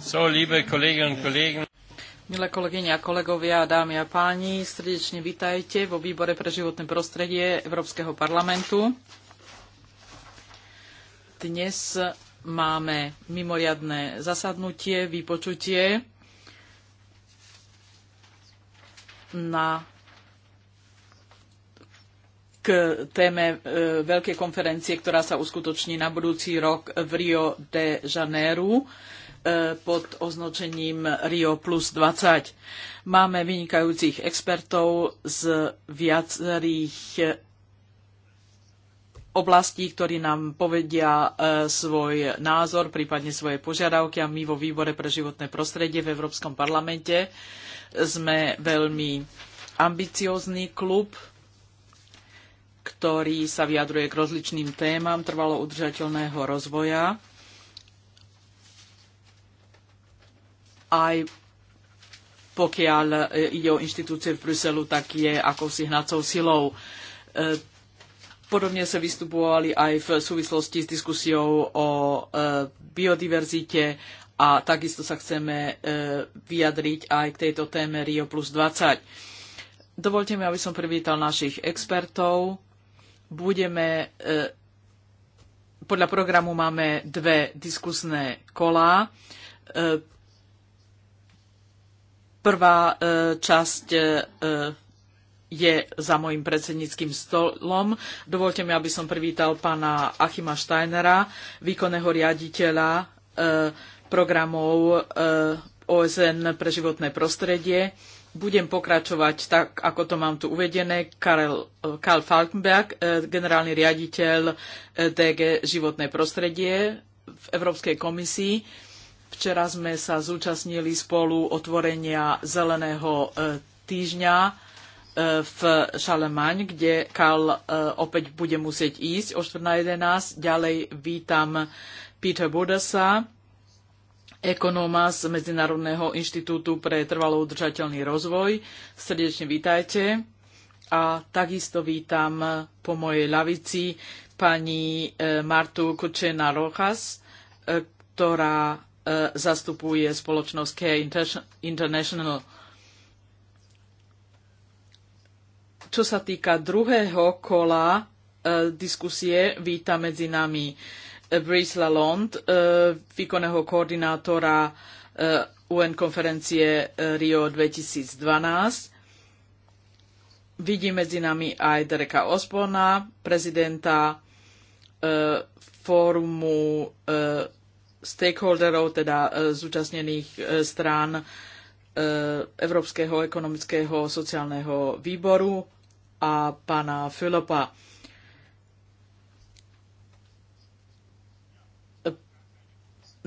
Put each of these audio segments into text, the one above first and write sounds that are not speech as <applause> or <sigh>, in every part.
So, liebe Kolleginnen und Kollegen. Milé kolegyne a kolegovia, dámy a páni, srdečne vitajte vo výbore pre životné prostredie Európskeho parlamentu. Dnes máme mimoriadne zasadnutie, vypočutie na k téme e, veľkej konferencie, ktorá sa uskutoční na budúci rok v Rio de Janeiro. E, pod označením Rio plus 20. Máme vynikajúcich expertov z viacerých e, oblastí, ktorí nám povedia e, svoj názor, prípadne svoje požiadavky a my vo výbore pre životné prostredie v Európskom parlamente sme veľmi ambiciózny klub, ktorý sa vyjadruje k rozličným témam trvalo udržateľného rozvoja aj pokiaľ e, ide o inštitúcie v Bruselu, tak je akousi si hnacou silou. E, podobne sa vystupovali aj v súvislosti s diskusiou o e, biodiverzite a takisto sa chceme vyjadriť aj k tejto téme Rio plus 20. Dovolte mi, aby som privítal našich expertov. Budeme, podľa programu máme dve diskusné kolá Prvá e, časť e, je za mojím predsedníckým stolom. Dovolte mi, aby som privítal pána Achima Steinera, výkonného riaditeľa e, programov OSN pre životné prostredie. Budem pokračovať tak, ako to mám tu uvedené. Karel, Karl Falkenberg, generálny riaditeľ DG životné prostredie v Európskej komisii Včera sme sa zúčastnili spolu otvorenia Zeleného e, týždňa e, v Šalemaň, kde Karl e, opäť bude musieť ísť o 4.11. Ďalej vítam Peter Budasa, ekonóma z Medzinárodného inštitútu pre trvalo udržateľný rozvoj. Srdečne vítajte. A takisto vítam po mojej lavici pani Martu Kočena Rojas, ktorá E, zastupuje spoločnosť Care International. Čo sa týka druhého kola e, diskusie, víta medzi nami e, Brice Lalonde, výkonného koordinátora UN konferencie Rio 2012. Vidí medzi nami aj Dereka Osborna, prezidenta e, fórumu e, stakeholderov, teda e, zúčastnených e, strán e, Európskeho ekonomického sociálneho výboru a pána Filopa.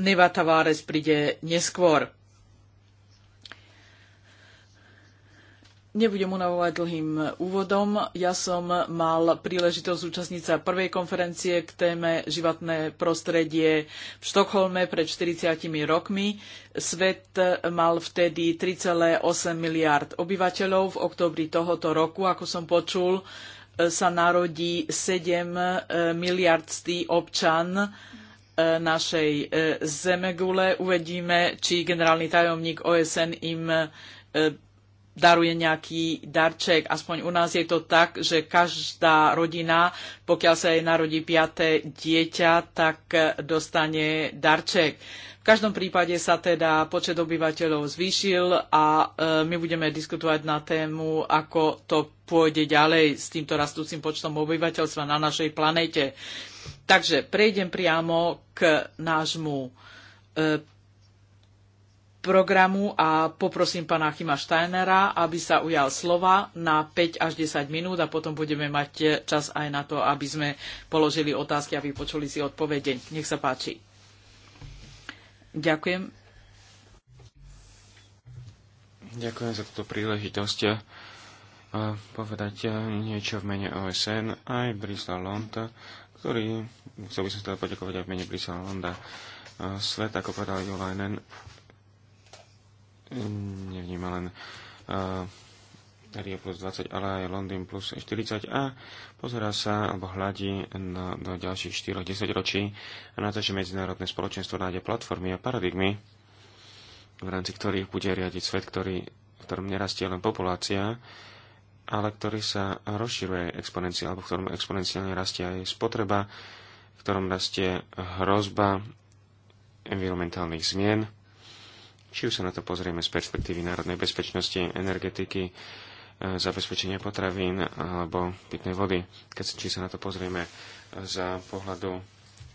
Neva Tavares príde neskôr. Nebudem unavovať dlhým úvodom. Ja som mal príležitosť zúčastniť sa prvej konferencie k téme životné prostredie v Štokholme pred 40 rokmi. Svet mal vtedy 3,8 miliard obyvateľov. V oktobri tohoto roku, ako som počul, sa narodí 7 e, miliardstý občan e, našej e, zemegule. Uvedíme, či generálny tajomník OSN im daruje nejaký darček. Aspoň u nás je to tak, že každá rodina, pokiaľ sa jej narodí piaté dieťa, tak dostane darček. V každom prípade sa teda počet obyvateľov zvýšil a e, my budeme diskutovať na tému, ako to pôjde ďalej s týmto rastúcim počtom obyvateľstva na našej planete. Takže prejdem priamo k nášmu e, programu a poprosím pána Chima Steinera, aby sa ujal slova na 5 až 10 minút a potom budeme mať čas aj na to, aby sme položili otázky a vypočuli si odpovede. Nech sa páči. Ďakujem. Ďakujem za túto príležitosť eh, povedať eh, niečo v mene OSN aj Brisa Lonta, ktorý, chcel by som teda poďakovať aj v mene Brisa Londa, eh, svet, ako povedal Jolajnen, nevníma len Rio plus 20, ale aj Londýn plus 40 a pozerá sa alebo hľadí na, do ďalších 4-10 ročí a na to, že medzinárodné spoločenstvo nájde platformy a paradigmy, v rámci ktorých bude riadiť svet, ktorý, v ktorom nerastie len populácia, ale ktorý sa rozširuje exponenciálne, alebo v ktorom exponenciálne rastie aj spotreba, v ktorom rastie hrozba environmentálnych zmien, či už sa na to pozrieme z perspektívy národnej bezpečnosti, energetiky, e, zabezpečenia potravín alebo pitnej vody. Keď či sa na to pozrieme za pohľadu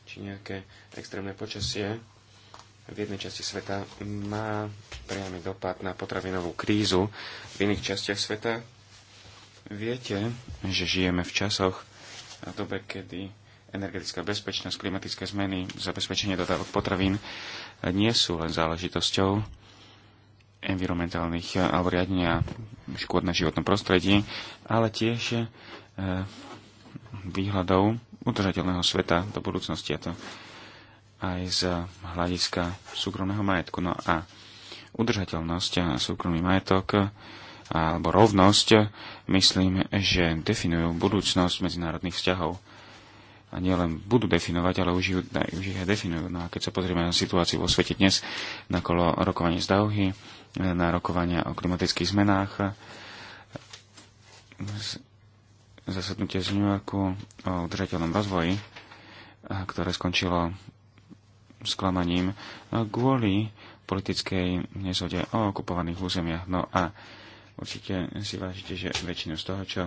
či nejaké extrémne počasie v jednej časti sveta má priamy dopad na potravinovú krízu. V iných častiach sveta viete, že žijeme v časoch a dobe, kedy energetická bezpečnosť, klimatické zmeny, zabezpečenie dodávok potravín e, nie sú len záležitosťou environmentálnych e, alebo riadenia škôd na životnom prostredí, ale tiež e, výhľadov udržateľného sveta do budúcnosti a to aj z hľadiska súkromného majetku. No a udržateľnosť a súkromný majetok alebo rovnosť, myslím, že definujú budúcnosť medzinárodných vzťahov nielen budú definovať, ale už, ju, už ich aj definujú. No a keď sa pozrieme na situáciu vo svete dnes, na kolo rokovanie z Dauhy, na rokovania o klimatických zmenách, zasadnutie z New Yorku o udržateľnom rozvoji, ktoré skončilo sklamaním kvôli politickej nezhode o okupovaných územiach. No a určite si vážite, že väčšinu z toho, čo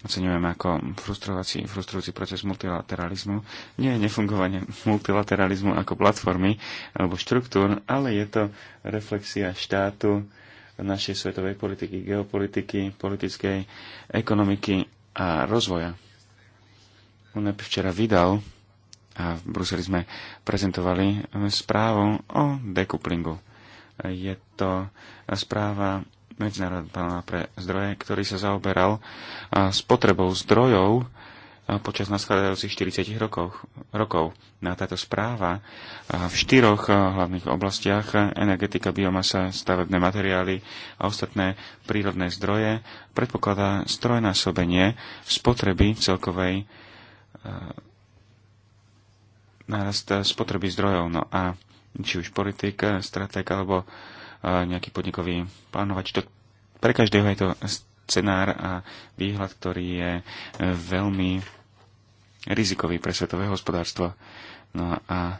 Oceňujeme ako frustrovací, frustrujúci proces multilateralizmu. Nie je nefungovanie multilateralizmu ako platformy alebo štruktúr, ale je to reflexia štátu našej svetovej politiky, geopolitiky, politickej ekonomiky a rozvoja. UNEP včera vydal a v Bruseli sme prezentovali e, správu o dekuplingu. Je to správa medzinárodného plána pre zdroje, ktorý sa zaoberal spotrebou zdrojov počas nasledajúcich 40 rokov. rokov. No Na táto správa v štyroch hlavných oblastiach energetika, biomasa, stavebné materiály a ostatné prírodné zdroje predpokladá strojnásobenie spotreby celkovej nárast spotreby zdrojov. No a či už politika, stratek alebo nejaký podnikový plánovač. To, pre každého je to scenár a výhľad, ktorý je e, veľmi rizikový pre svetové hospodárstvo. No a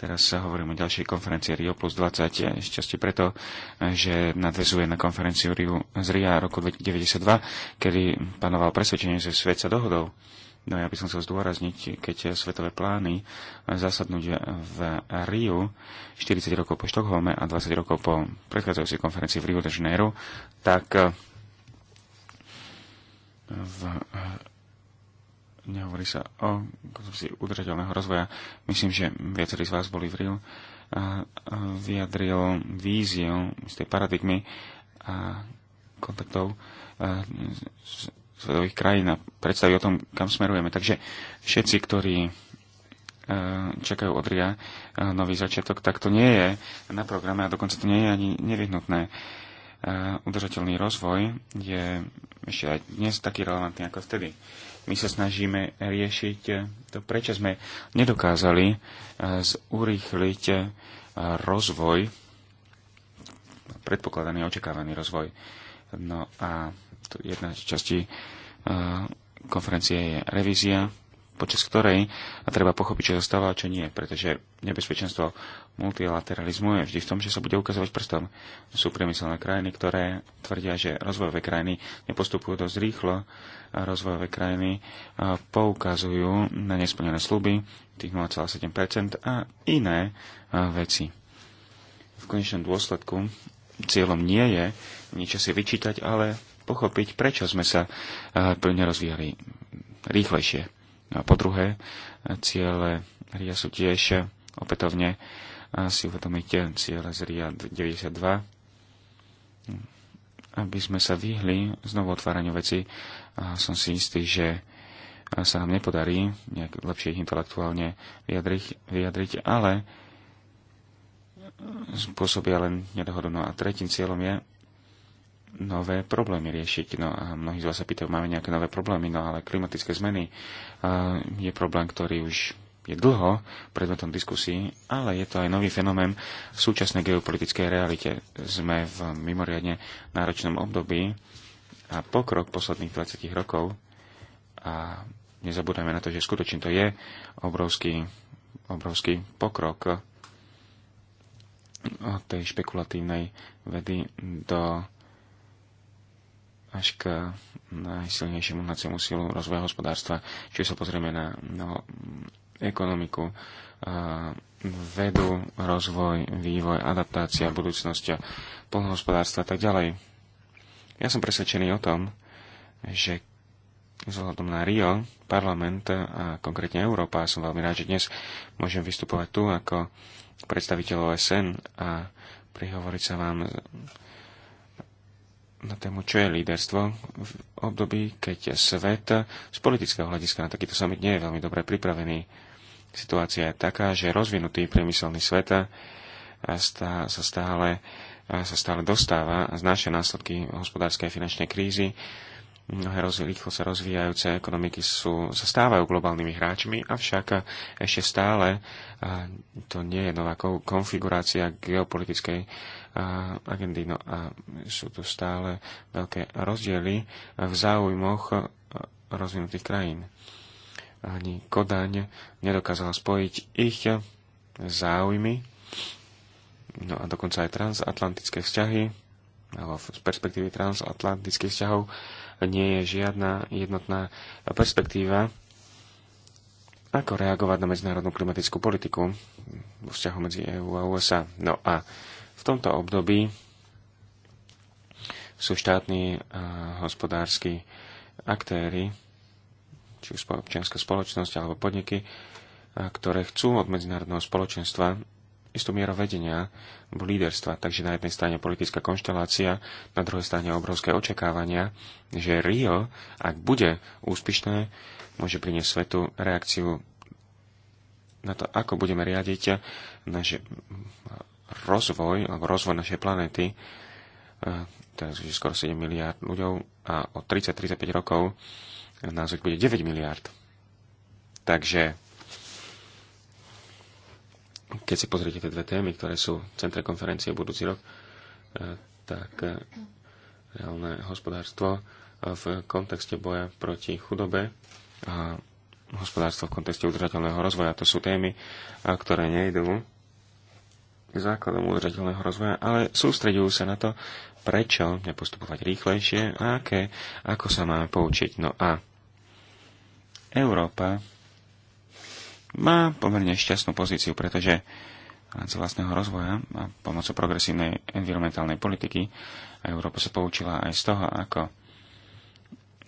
teraz sa hovorím o ďalšej konferencii Rio plus 20, šťastie preto, e, že nadvezuje na konferenciu Rio z Ria roku 1992, kedy panoval presvedčenie, že svet sa dohodol. No ja by som chcel zdôrazniť, keď svetové plány zasadnúť v Riu 40 rokov po Štokholme a 20 rokov po predchádzajúcej konferencii v Rio de Janeiro, tak eh, v, eh, nehovorí sa o udržateľného rozvoja. Myslím, že viacerí z vás boli v Riu a eh, vyjadril víziu z tej paradigmy a kontaktov svojich krajín a predstaví o tom, kam smerujeme. Takže všetci, ktorí e, čakajú od RIA e, nový začiatok, tak to nie je na programe a dokonca to nie je ani nevyhnutné. E, udržateľný rozvoj je ešte aj dnes taký relevantný ako vtedy. My sa snažíme riešiť to, prečo sme nedokázali zurýchliť rozvoj, predpokladaný a očakávaný rozvoj. No a jedna z častí E, konferencie je revízia, počas ktorej a treba pochopiť, čo zostáva a čo nie, pretože nebezpečenstvo multilateralizmu je vždy v tom, že sa bude ukazovať prstom. Sú priemyselné krajiny, ktoré tvrdia, že rozvojové krajiny nepostupujú dosť rýchlo a rozvojové krajiny e, poukazujú na nesplnené sluby, tých 0,7% a iné e, veci. V konečnom dôsledku cieľom nie je niečo si vyčítať, ale pochopiť, prečo sme sa eh, plne rozvíjali rýchlejšie. No a po druhé, ciele RIA sú tiež eh, opätovne eh, si uvedomíte ciele z RIA 92, aby sme sa vyhli znovu otváraniu veci. A som si istý, že sa nám nepodarí nejak lepšie ich intelektuálne vyjadriť, vyjadriť ale spôsobia len nedohodu. No a tretím cieľom je nové problémy riešiť. No a mnohí z vás sa pýtajú, máme nejaké nové problémy, no ale klimatické zmeny je problém, ktorý už je dlho predmetom diskusí, ale je to aj nový fenomén v súčasnej geopolitickej realite. Sme v mimoriadne náročnom období a pokrok posledných 20 rokov a nezabúdajme na to, že skutočne to je obrovský, obrovský pokrok od tej špekulatívnej vedy do až k najsilnejšiemu hnaciemu silu rozvoja hospodárstva. Čiže sa pozrieme na na ekonomiku, vedu, rozvoj, vývoj, adaptácia, budúcnosť, polnohospodárstva a tak ďalej. Ja som presvedčený o tom, že vzhľadom na Rio, parlament a konkrétne Európa, som veľmi rád, že dnes môžem vystupovať tu ako predstaviteľ OSN a prihovoriť sa vám na tému, čo je líderstvo v období, keď svet z politického hľadiska na takýto summit nie je veľmi dobre pripravený. Situácia je taká, že rozvinutý priemyselný svet sa stále, sa stále dostáva a znáša následky hospodárskej a finančnej krízy Mnohé roz, rýchlo sa rozvíjajúce ekonomiky sú, sa stávajú globálnymi hráčmi, avšak ešte stále to nie je nová konfigurácia geopolitickej agendy. No a sú tu stále veľké rozdiely v záujmoch rozvinutých krajín. Ani Kodaň nedokázala spojiť ich záujmy, no a dokonca aj transatlantické vzťahy, alebo z perspektívy transatlantických vzťahov nie je žiadna jednotná perspektíva, ako reagovať na medzinárodnú klimatickú politiku vo vzťahu medzi EÚ a USA. No a v tomto období sú štátni a hospodársky aktéry, či už občianská spoločnosť alebo podniky, ktoré chcú od medzinárodného spoločenstva istú mieru vedenia, líderstva. Takže na jednej strane politická konštelácia, na druhej strane obrovské očakávania, že Rio, ak bude úspešné, môže priniesť svetu reakciu na to, ako budeme riadiť naš rozvoj, alebo rozvoj našej planéty, eh, teraz už je skoro 7 miliard ľuďov a o 30-35 rokov nás už bude 9 miliard. Takže keď si pozriete tie dve témy, ktoré sú v centre konferencie budúci rok, eh, tak eh, reálne hospodárstvo v kontexte boja proti chudobe a hospodárstvo v kontexte udržateľného rozvoja. To sú témy, eh, ktoré nejdú základom udržateľného rozvoja, ale sústredujú sa na to, prečo nepostupovať rýchlejšie a aké, ako sa máme poučiť. No a Európa má pomerne šťastnú pozíciu, pretože z vlastného rozvoja a pomocou progresívnej environmentálnej politiky a Európa sa poučila aj z toho, ako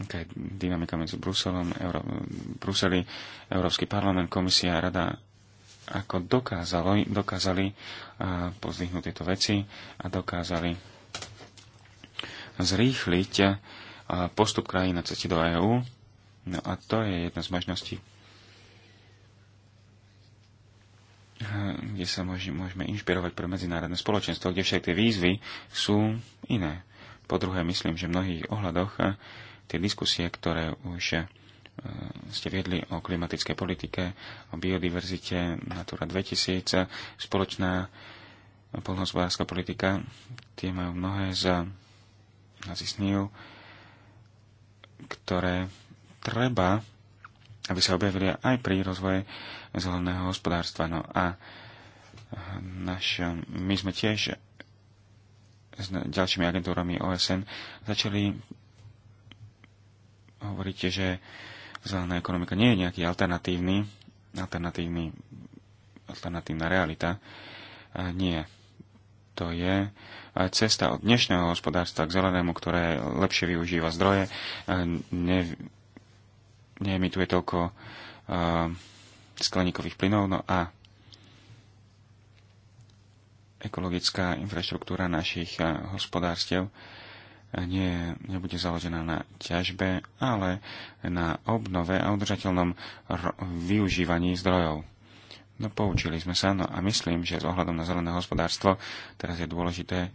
keď dynamika medzi Bruselom, Euró- Bruseli, Európsky parlament, komisia, rada, ako dokázali, dokázali pozdvihnúť tieto veci a dokázali zrýchliť postup krajín na ceste do EÚ. No a to je jedna z možností, kde sa môžeme inšpirovať pre medzinárodné spoločenstvo, kde však tie výzvy sú iné. Po druhé, myslím, že v mnohých ohľadoch eh, tie diskusie, ktoré už eh, ste viedli o klimatickej politike, o biodiverzite Natura 2000, eh, spoločná polnohospodárska politika, tie majú mnohé z nazisnív, ktoré treba aby sa objavili aj pri rozvoji zeleného hospodárstva. No a naš, my sme tiež s ďalšími agentúrami OSN začali hovoriť, že zelená ekonomika nie je nejaký alternatívny, alternatívny, alternatívna realita. Nie. To je cesta od dnešného hospodárstva k zelenému, ktoré lepšie využíva zdroje, ne, neemituje toľko eh, skleníkových plynov. No a ekologická infraštruktúra našich eh, hospodárstiev eh, nie, nebude založená na ťažbe, ale na obnove a udržateľnom využívaní zdrojov. No poučili sme sa, no a myslím, že s ohľadom na zelené hospodárstvo teraz je dôležité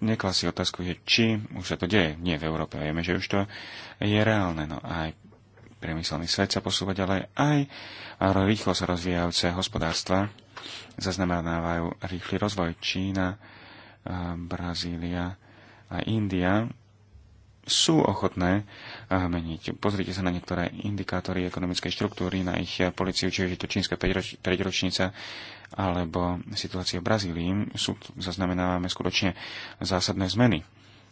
nekla si otázku, že či už sa to deje. Nie v Európe, vieme, že už to je reálne. No aj priemyselný svet sa posúva ďalej, aj rýchlo sa rozvíjajúce hospodárstva zaznamenávajú rýchly rozvoj. Čína, Brazília a India sú ochotné eh, meniť. Pozrite sa na niektoré indikátory ekonomickej štruktúry, na ich policiu, či je to čínska 5 ročnica alebo situácia v Brazílii. Sú, zaznamenávame skutočne zásadné zmeny.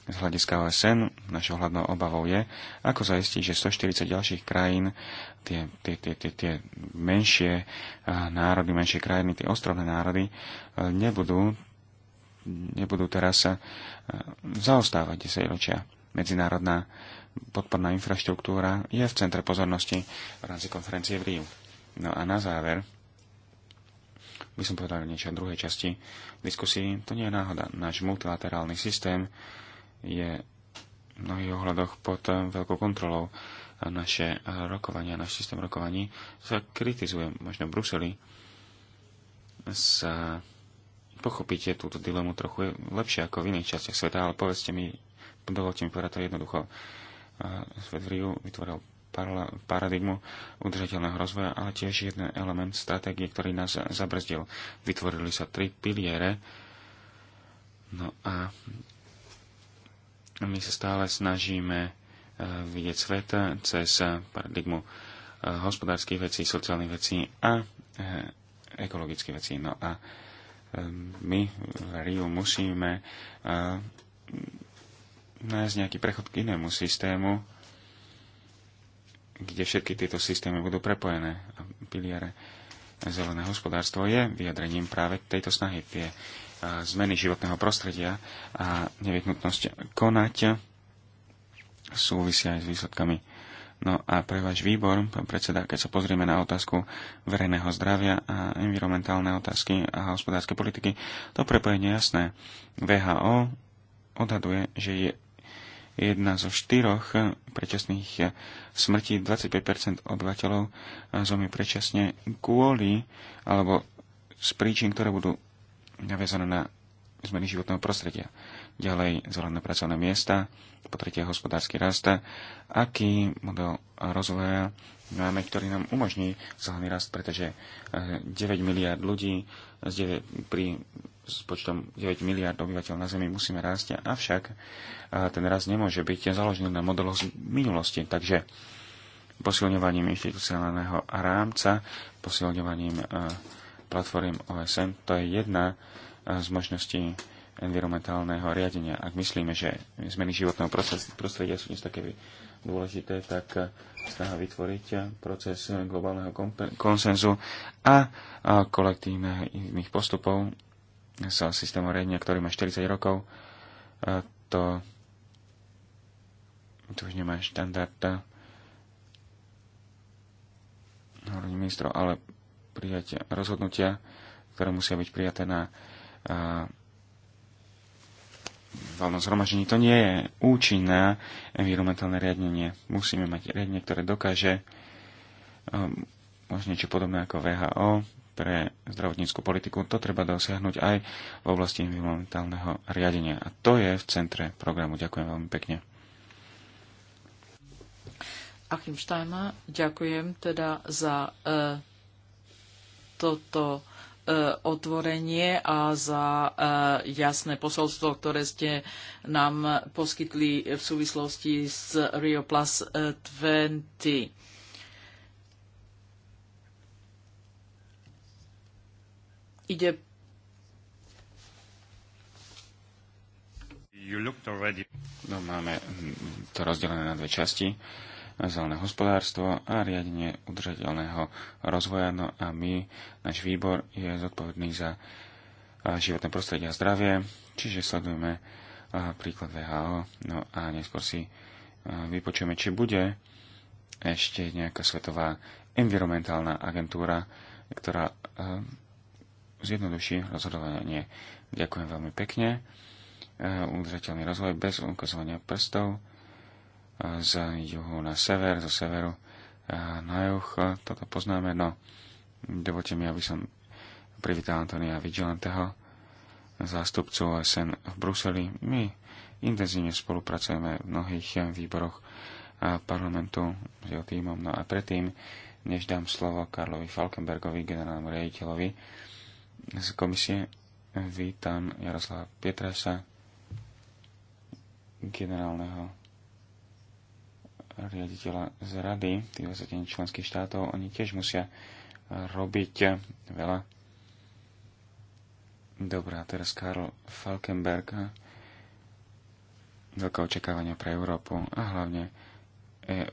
Z hľadiska OSN našou hlavnou obavou je, ako zaistiť, že 140 ďalších krajín, tie, tie, tie, tie, tie menšie eh, národy, menšie krajiny, tie ostrovné národy, eh, nebudú, nebudú teraz zaostávať 10 ročia medzinárodná podporná infraštruktúra je v centre pozornosti v rámci konferencie v Riu. No a na záver by som povedal niečo o druhej časti diskusii. To nie je náhoda. Náš multilaterálny systém je v mnohých ohľadoch pod veľkou kontrolou. A naše rokovania, náš systém rokovaní sa kritizuje. Možno v Bruseli sa pochopíte túto dilemu trochu lepšie ako v iných častiach sveta, ale povedzte mi dovolte mi povedať to jednoducho. E, svet v Riu vytvoril paradigmu udržateľného rozvoja, ale tiež jeden element stratégie, ktorý nás zabrzdil. Vytvorili sa tri piliere. No a my sa stále snažíme e, vidieť svet cez paradigmu e, hospodárskych vecí, sociálnych vecí a ekologických vecí. No a my v Riu musíme nájsť nejaký prechod k inému systému, kde všetky tieto systémy budú prepojené. A piliare zelené hospodárstvo je vyjadrením práve tejto snahy. Tie zmeny životného prostredia a nevyhnutnosť konať súvisia aj s výsledkami. No a pre váš výbor, pán predseda, keď sa pozrieme na otázku verejného zdravia a environmentálne otázky a hospodárske politiky, to prepojenie je jasné. VHO odhaduje, že je jedna zo štyroch predčasných smrtí 25 obyvateľov zomie predčasne kvôli alebo z príčin, ktoré budú naviazané na zmeny životného prostredia. Ďalej zelené pracovné miesta, po tretie hospodársky rast, aký model rozvoja máme, ktorý nám umožní zelený rast, pretože 9 eh, miliard ľudí z 9, pri s počtom 9 miliard obyvateľov na Zemi musíme rásť, avšak eh, ten rast nemôže byť založený na modeloch z minulosti. Takže posilňovaním institucionálneho rámca, posilňovaním eh, platform OSN, to je jedna z možností environmentálneho riadenia. Ak myslíme, že zmeny životného prostredia sú dnes také dôležité, tak eh, snaha vytvoriť eh, proces eh, globálneho konsenzu a kolektívnych postupov sa systému riadenia, ktorý má 40 rokov, to, tu už nemá štandard hovorím ale prijať rozhodnutia, ktoré musia byť prijaté na valnom zhromaždení. To nie je účinné environmentálne riadenie. Musíme mať riadenie, ktoré dokáže um, možno niečo podobné ako VHO pre zdravotníckú politiku. To treba dosiahnuť aj v oblasti environmentálneho riadenia. A to je v centre programu. Ďakujem veľmi pekne. Achim Štajma, ďakujem teda za e, toto Eh, otvorenie a za eh, jasné posolstvo, ktoré ste nám poskytli v súvislosti s Rio Plus 20. Ide No, máme to rozdelené na dve časti. Uh, zelené hospodárstvo a riadenie udržateľného rozvoja. No a my, náš výbor je zodpovedný za životné prostredie a zdravie, čiže sledujeme príklad VHO. No a neskôr si vypočujeme, či bude ešte nejaká svetová environmentálna agentúra, ktorá zjednoduší rozhodovanie. Ďakujem veľmi pekne. Udržateľný rozvoj bez ukazovania prstov z juhu na sever, zo severu eh, na juh. Toto poznáme, no dovolte mi, aby som privítal Antonia Vigilanteho, zástupcu OSN v Bruseli. My intenzívne spolupracujeme v mnohých eh, výboroch eh, parlamentu s jeho týmom. No a predtým, než dám slovo Karlovi Falkenbergovi, generálnemu riaditeľovi z komisie, vítam Jaroslava Pietrasa, generálneho riaditeľa z rady tých 27 členských štátov, oni tiež musia robiť veľa. Dobrá, teraz Karl Falkenberg veľké očakávania pre Európu a hlavne e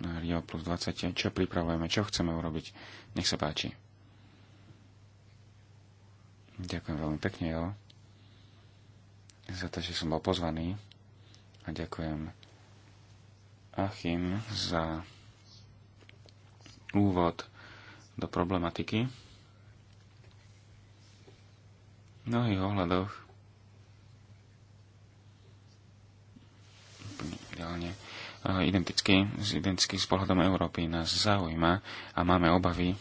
na Rio plus 20, čo pripravujeme, čo chceme urobiť. Nech sa páči. Ďakujem veľmi pekne, Jo, za to, že som bol pozvaný a ďakujem Achim za úvod do problematiky. V mnohých ohľadoch ideálne eh, identicky, z identický s pohľadom Európy nás zaujíma a máme obavy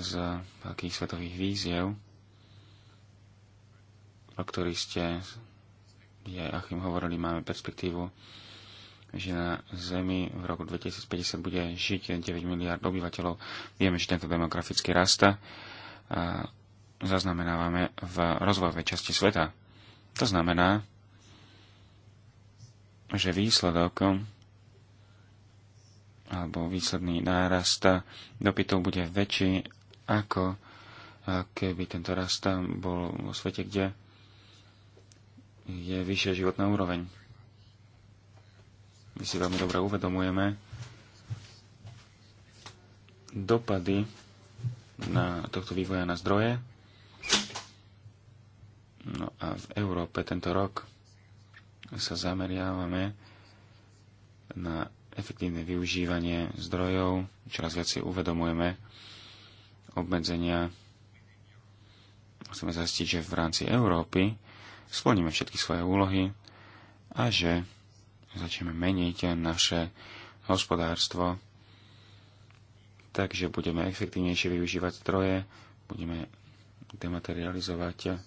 z takých svetových víziev, o ktorých ste, ja Achim hovorili, máme perspektívu že na Zemi v roku 2050 bude žiť 9 miliard obyvateľov. Vieme, že tento demografický rast zaznamenávame v rozvojovej časti sveta. To znamená, že výsledok alebo výsledný nárast dopytov bude väčší ako keby tento rast bol vo svete, kde je vyššia životná úroveň. My si veľmi dobre uvedomujeme dopady na tohto vývoja na zdroje. No a v Európe tento rok sa zameriavame na efektívne využívanie zdrojov. Čoraz viac si uvedomujeme obmedzenia. Musíme zastiť, že v rámci Európy splníme všetky svoje úlohy a že začneme meniť naše hospodárstvo, takže budeme efektívnejšie využívať stroje, budeme dematerializovať,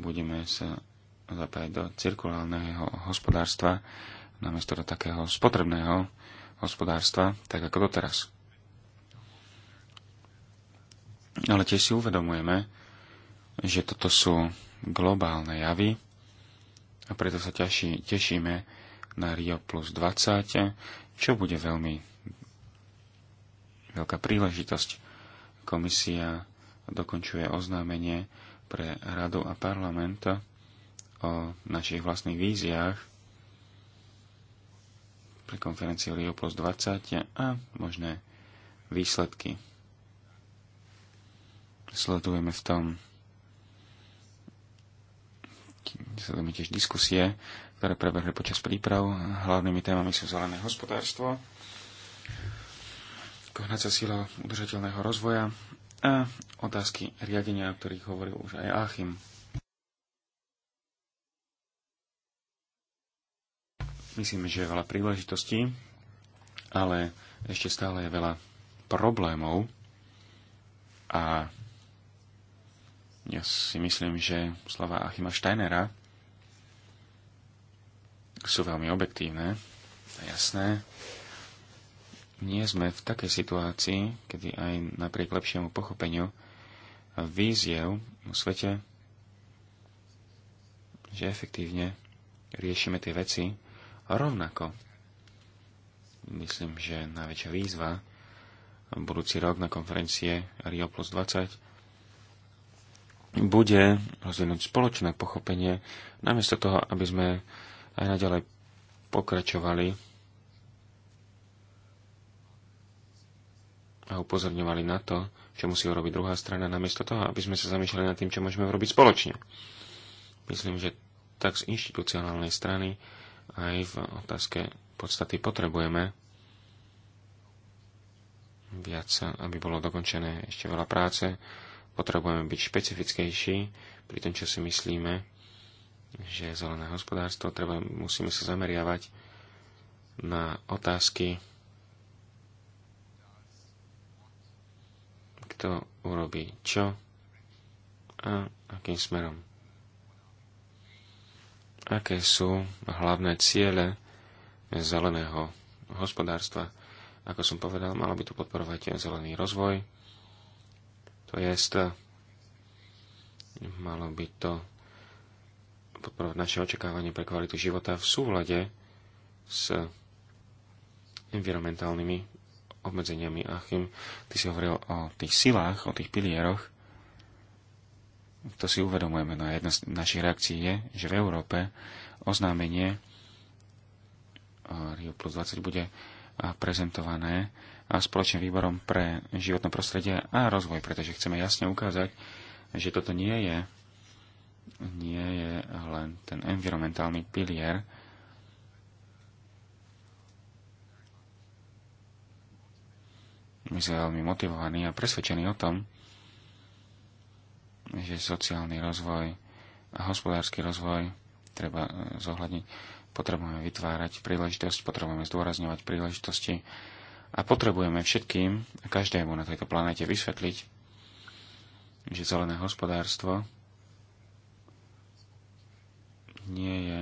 budeme sa zapájať do cirkulálneho hospodárstva, namiesto do takého spotrebného hospodárstva, tak ako doteraz. Ale tiež si uvedomujeme, že toto sú globálne javy, a preto sa teší, tešíme na Rio plus 20, čo bude veľmi veľká príležitosť. Komisia dokončuje oznámenie pre Radu a parlament o našich vlastných víziách pre konferenciu Rio plus 20 a možné výsledky. Sledujeme v tom tam tiež diskusie, ktoré prebehli počas príprav. Hlavnými témami sú zelené hospodárstvo, kohnáca sila udržateľného rozvoja a otázky riadenia, o ktorých hovoril už aj Achim. Myslím, že je veľa príležitostí, ale ešte stále je veľa problémov a ja si myslím, že slova Achima Steinera sú veľmi objektívne a jasné. Nie sme v takej situácii, kedy aj napriek lepšiemu pochopeniu víziev v svete, že efektívne riešime tie veci rovnako. Myslím, že najväčšia výzva budúci rok na konferencie Rio plus 20 bude rozvinúť spoločné pochopenie, namiesto toho, aby sme aj naďalej pokračovali a upozorňovali na to, čo musí urobiť druhá strana, namiesto toho, aby sme sa zamýšľali nad tým, čo môžeme urobiť spoločne. Myslím, že tak z inštitucionálnej strany aj v otázke podstaty potrebujeme viac, aby bolo dokončené ešte veľa práce, potrebujeme byť špecifickejší pri tom, čo si myslíme, že je zelené hospodárstvo. Treba, musíme sa zameriavať na otázky, kto urobí čo a akým smerom. Aké sú hlavné ciele zeleného hospodárstva? Ako som povedal, malo by tu podporovať zelený rozvoj, to jest, e, malo by to podporovať naše očakávanie pre kvalitu života v súhľade s environmentálnymi obmedzeniami. Achim, ty si hovoril o tých silách, o tých pilieroch. To si uvedomujeme. No a jedna z našich reakcií je, že v Európe oznámenie e, Rio plus 20 bude prezentované a spoločným výborom pre životné prostredie a rozvoj, pretože chceme jasne ukázať, že toto nie je, nie je len ten environmentálny pilier, My sme veľmi motivovaní a presvedčení o tom, že sociálny rozvoj a hospodársky rozvoj treba eh, zohľadniť. Potrebujeme vytvárať príležitosť, potrebujeme zdôrazňovať príležitosti, a potrebujeme všetkým a každému na tejto planete vysvetliť, že zelené hospodárstvo nie je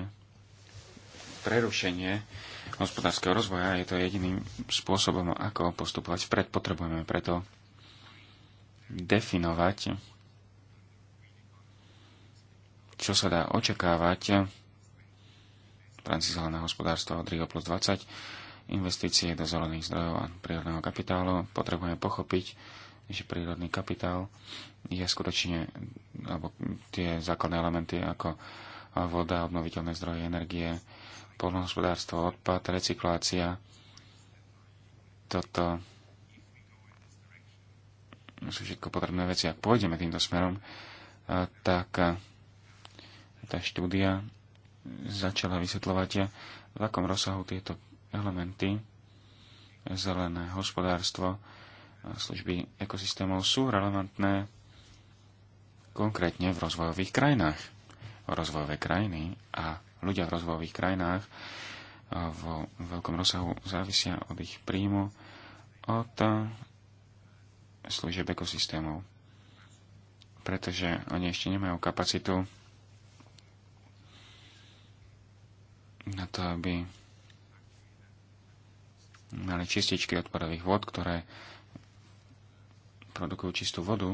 prerušenie hospodárskeho rozvoja, je to jediným spôsobom, ako postupovať vpred. Potrebujeme preto definovať, čo sa dá očakávať v rámci zeleného hospodárstva od Rio plus 20 investície do zelených zdrojov a prírodného kapitálu, potrebujeme pochopiť, že prírodný kapitál je skutočne, alebo tie základné elementy ako voda, obnoviteľné zdroje energie, polnohospodárstvo, odpad, recyklácia, toto sú všetko potrebné veci. Ak pôjdeme týmto smerom, tak tá štúdia začala vysvetľovať, v akom rozsahu tieto elementy zelené hospodárstvo a služby ekosystémov sú relevantné konkrétne v rozvojových krajinách. Rozvojové krajiny a ľudia v rozvojových krajinách vo veľkom rozsahu závisia od ich príjmu, od služieb ekosystémov. Pretože oni ešte nemajú kapacitu na to, aby mali čističky odpadových vod, ktoré produkujú čistú vodu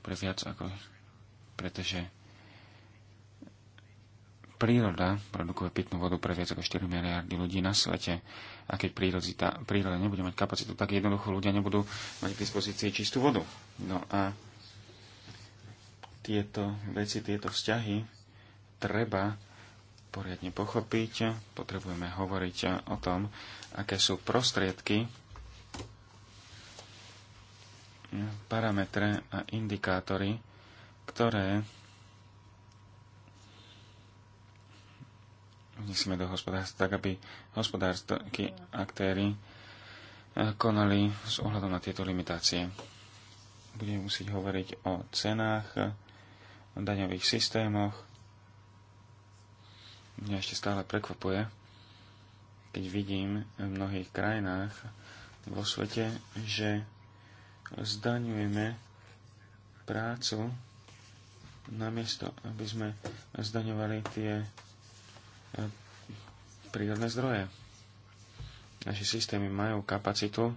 pre viac ako... pretože príroda produkuje pitnú vodu pre viac ako 4 miliardy ľudí na svete. A keď príroda, príroda nebude mať kapacitu, tak jednoducho ľudia nebudú mať k dispozícii čistú vodu. No a tieto veci, tieto vzťahy treba poriadne pochopiť, potrebujeme hovoriť o tom, aké sú prostriedky, parametre a indikátory, ktoré vniesieme do hospodárstva, tak aby hospodárstvky aktéry eh, konali s ohľadom na tieto limitácie. Budeme musieť hovoriť o cenách, o daňových systémoch, mňa ešte stále prekvapuje, keď vidím v mnohých krajinách vo svete, že zdaňujeme prácu namiesto, aby sme zdaňovali tie e, prírodné zdroje. Naše systémy majú kapacitu,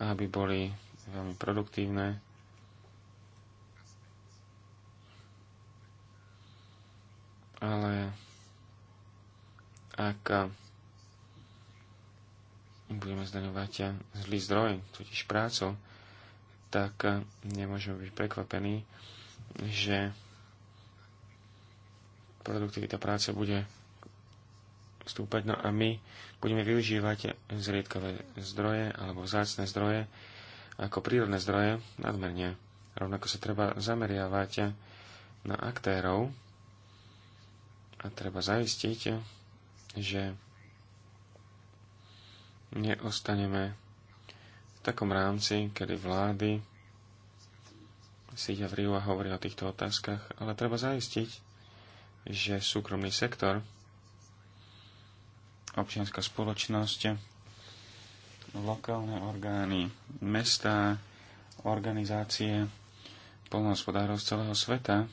aby boli veľmi produktívne, ale ak eh, budeme zdaňovať eh, zlý zdroj, totiž prácu, tak eh, nemôžeme byť prekvapení, že produktivita práce bude stúpať. No a my budeme využívať zriedkavé zdroje alebo vzácne zdroje ako prírodné zdroje nadmerne. Rovnako sa treba zameriavať na aktérov a treba zaistiť, že neostaneme v takom rámci, kedy vlády sídia v Riu a hovoria o týchto otázkach, ale treba zaistiť, že súkromný sektor, občianská spoločnosť, lokálne orgány, mesta, organizácie, polnohospodárov z celého sveta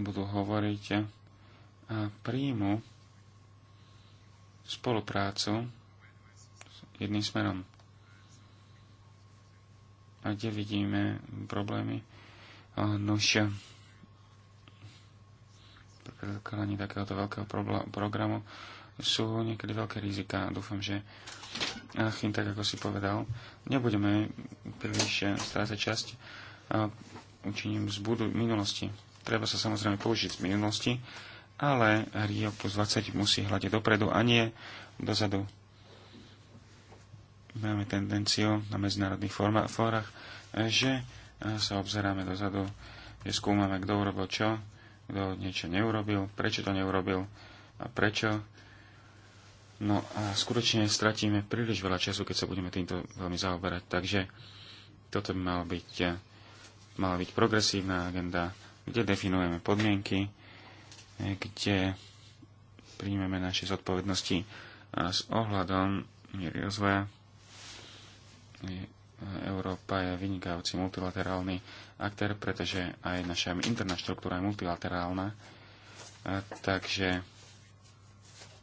budú hovoriť a príjmu spoluprácu s jedným smerom. A kde vidíme problémy? Nož, prekladanie takéhoto veľkého programu sú niekedy veľké rizika. Dúfam, že Achim, tak ako si povedal, nebudeme príliš eh, strácať časť a učiním z budu- minulosti Treba sa samozrejme použiť z minulosti, ale Rio plus 20 musí hľadiť dopredu a nie dozadu. Máme tendenciu na medzinárodných fórach, že eh, sa obzeráme dozadu, že skúmame, kto urobil čo, kto niečo neurobil, prečo to neurobil a prečo. No a skutočne stratíme príliš veľa času, keď sa budeme týmto veľmi zaoberať. Takže toto by mala byť, eh, mala byť progresívna agenda kde definujeme podmienky, eh, kde príjmeme naše zodpovednosti a s ohľadom miery rozvoja. Eh, Európa je vynikajúci multilaterálny aktér, pretože aj naša interná štruktúra je multilaterálna. A takže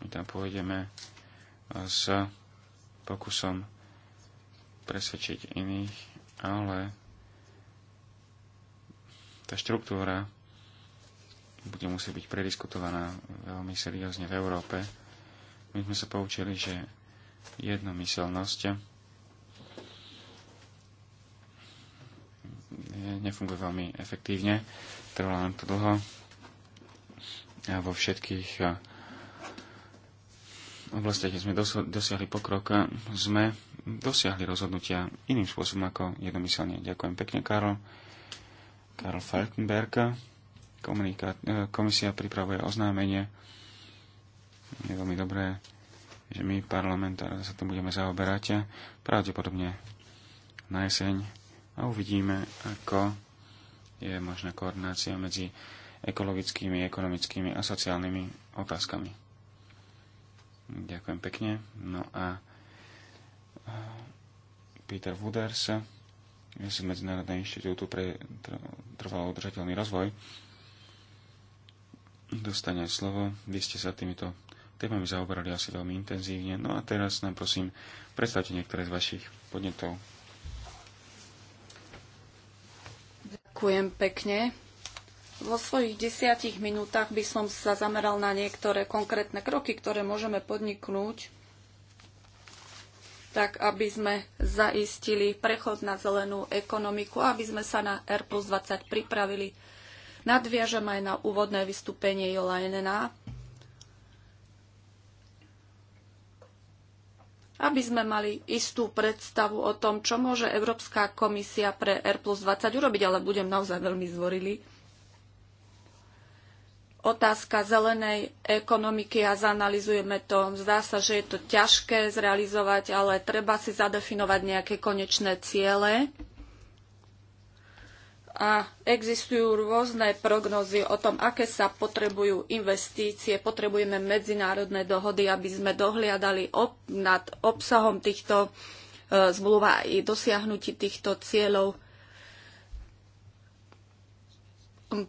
my tam pôjdeme eh, s pokusom presvedčiť iných, ale tá štruktúra bude musieť byť prediskutovaná veľmi seriózne v Európe. My sme sa poučili, že jednomyselnosť nefunguje veľmi efektívne. Trvalo nám to dlho. A vo všetkých oblastiach, kde sme dosiahli pokrok, sme dosiahli rozhodnutia iným spôsobom ako jednomyselne. Ďakujem pekne, Karol. Karl Falkenberg. E, komisia pripravuje oznámenie. Je veľmi dobré, že my, parlament, sa to budeme zaoberať pravdepodobne na jeseň a uvidíme, ako je možná koordinácia medzi ekologickými, ekonomickými a sociálnymi otázkami. Ďakujem pekne. No a e, Peter Wooders z Medzinárodného inštitútu pre trvalo udržateľný rozvoj dostane slovo. Vy ste sa týmito témami zaoberali asi veľmi intenzívne. No a teraz nám prosím predstavte niektoré z vašich podnetov. Ďakujem pekne. Vo svojich desiatich minútach by som sa zameral na niektoré konkrétne kroky, ktoré môžeme podniknúť tak aby sme zaistili prechod na zelenú ekonomiku, aby sme sa na R plus 20 pripravili. Nadviažem aj na úvodné vystúpenie Jolajnena, aby sme mali istú predstavu o tom, čo môže Európska komisia pre R plus 20 urobiť, ale budem naozaj veľmi zvorili otázka zelenej ekonomiky a zanalizujeme to. Zdá sa, že je to ťažké zrealizovať, ale treba si zadefinovať nejaké konečné ciele. A existujú rôzne prognozy o tom, aké sa potrebujú investície. Potrebujeme medzinárodné dohody, aby sme dohliadali ob- nad obsahom týchto e, zmluv a i dosiahnutí týchto cieľov.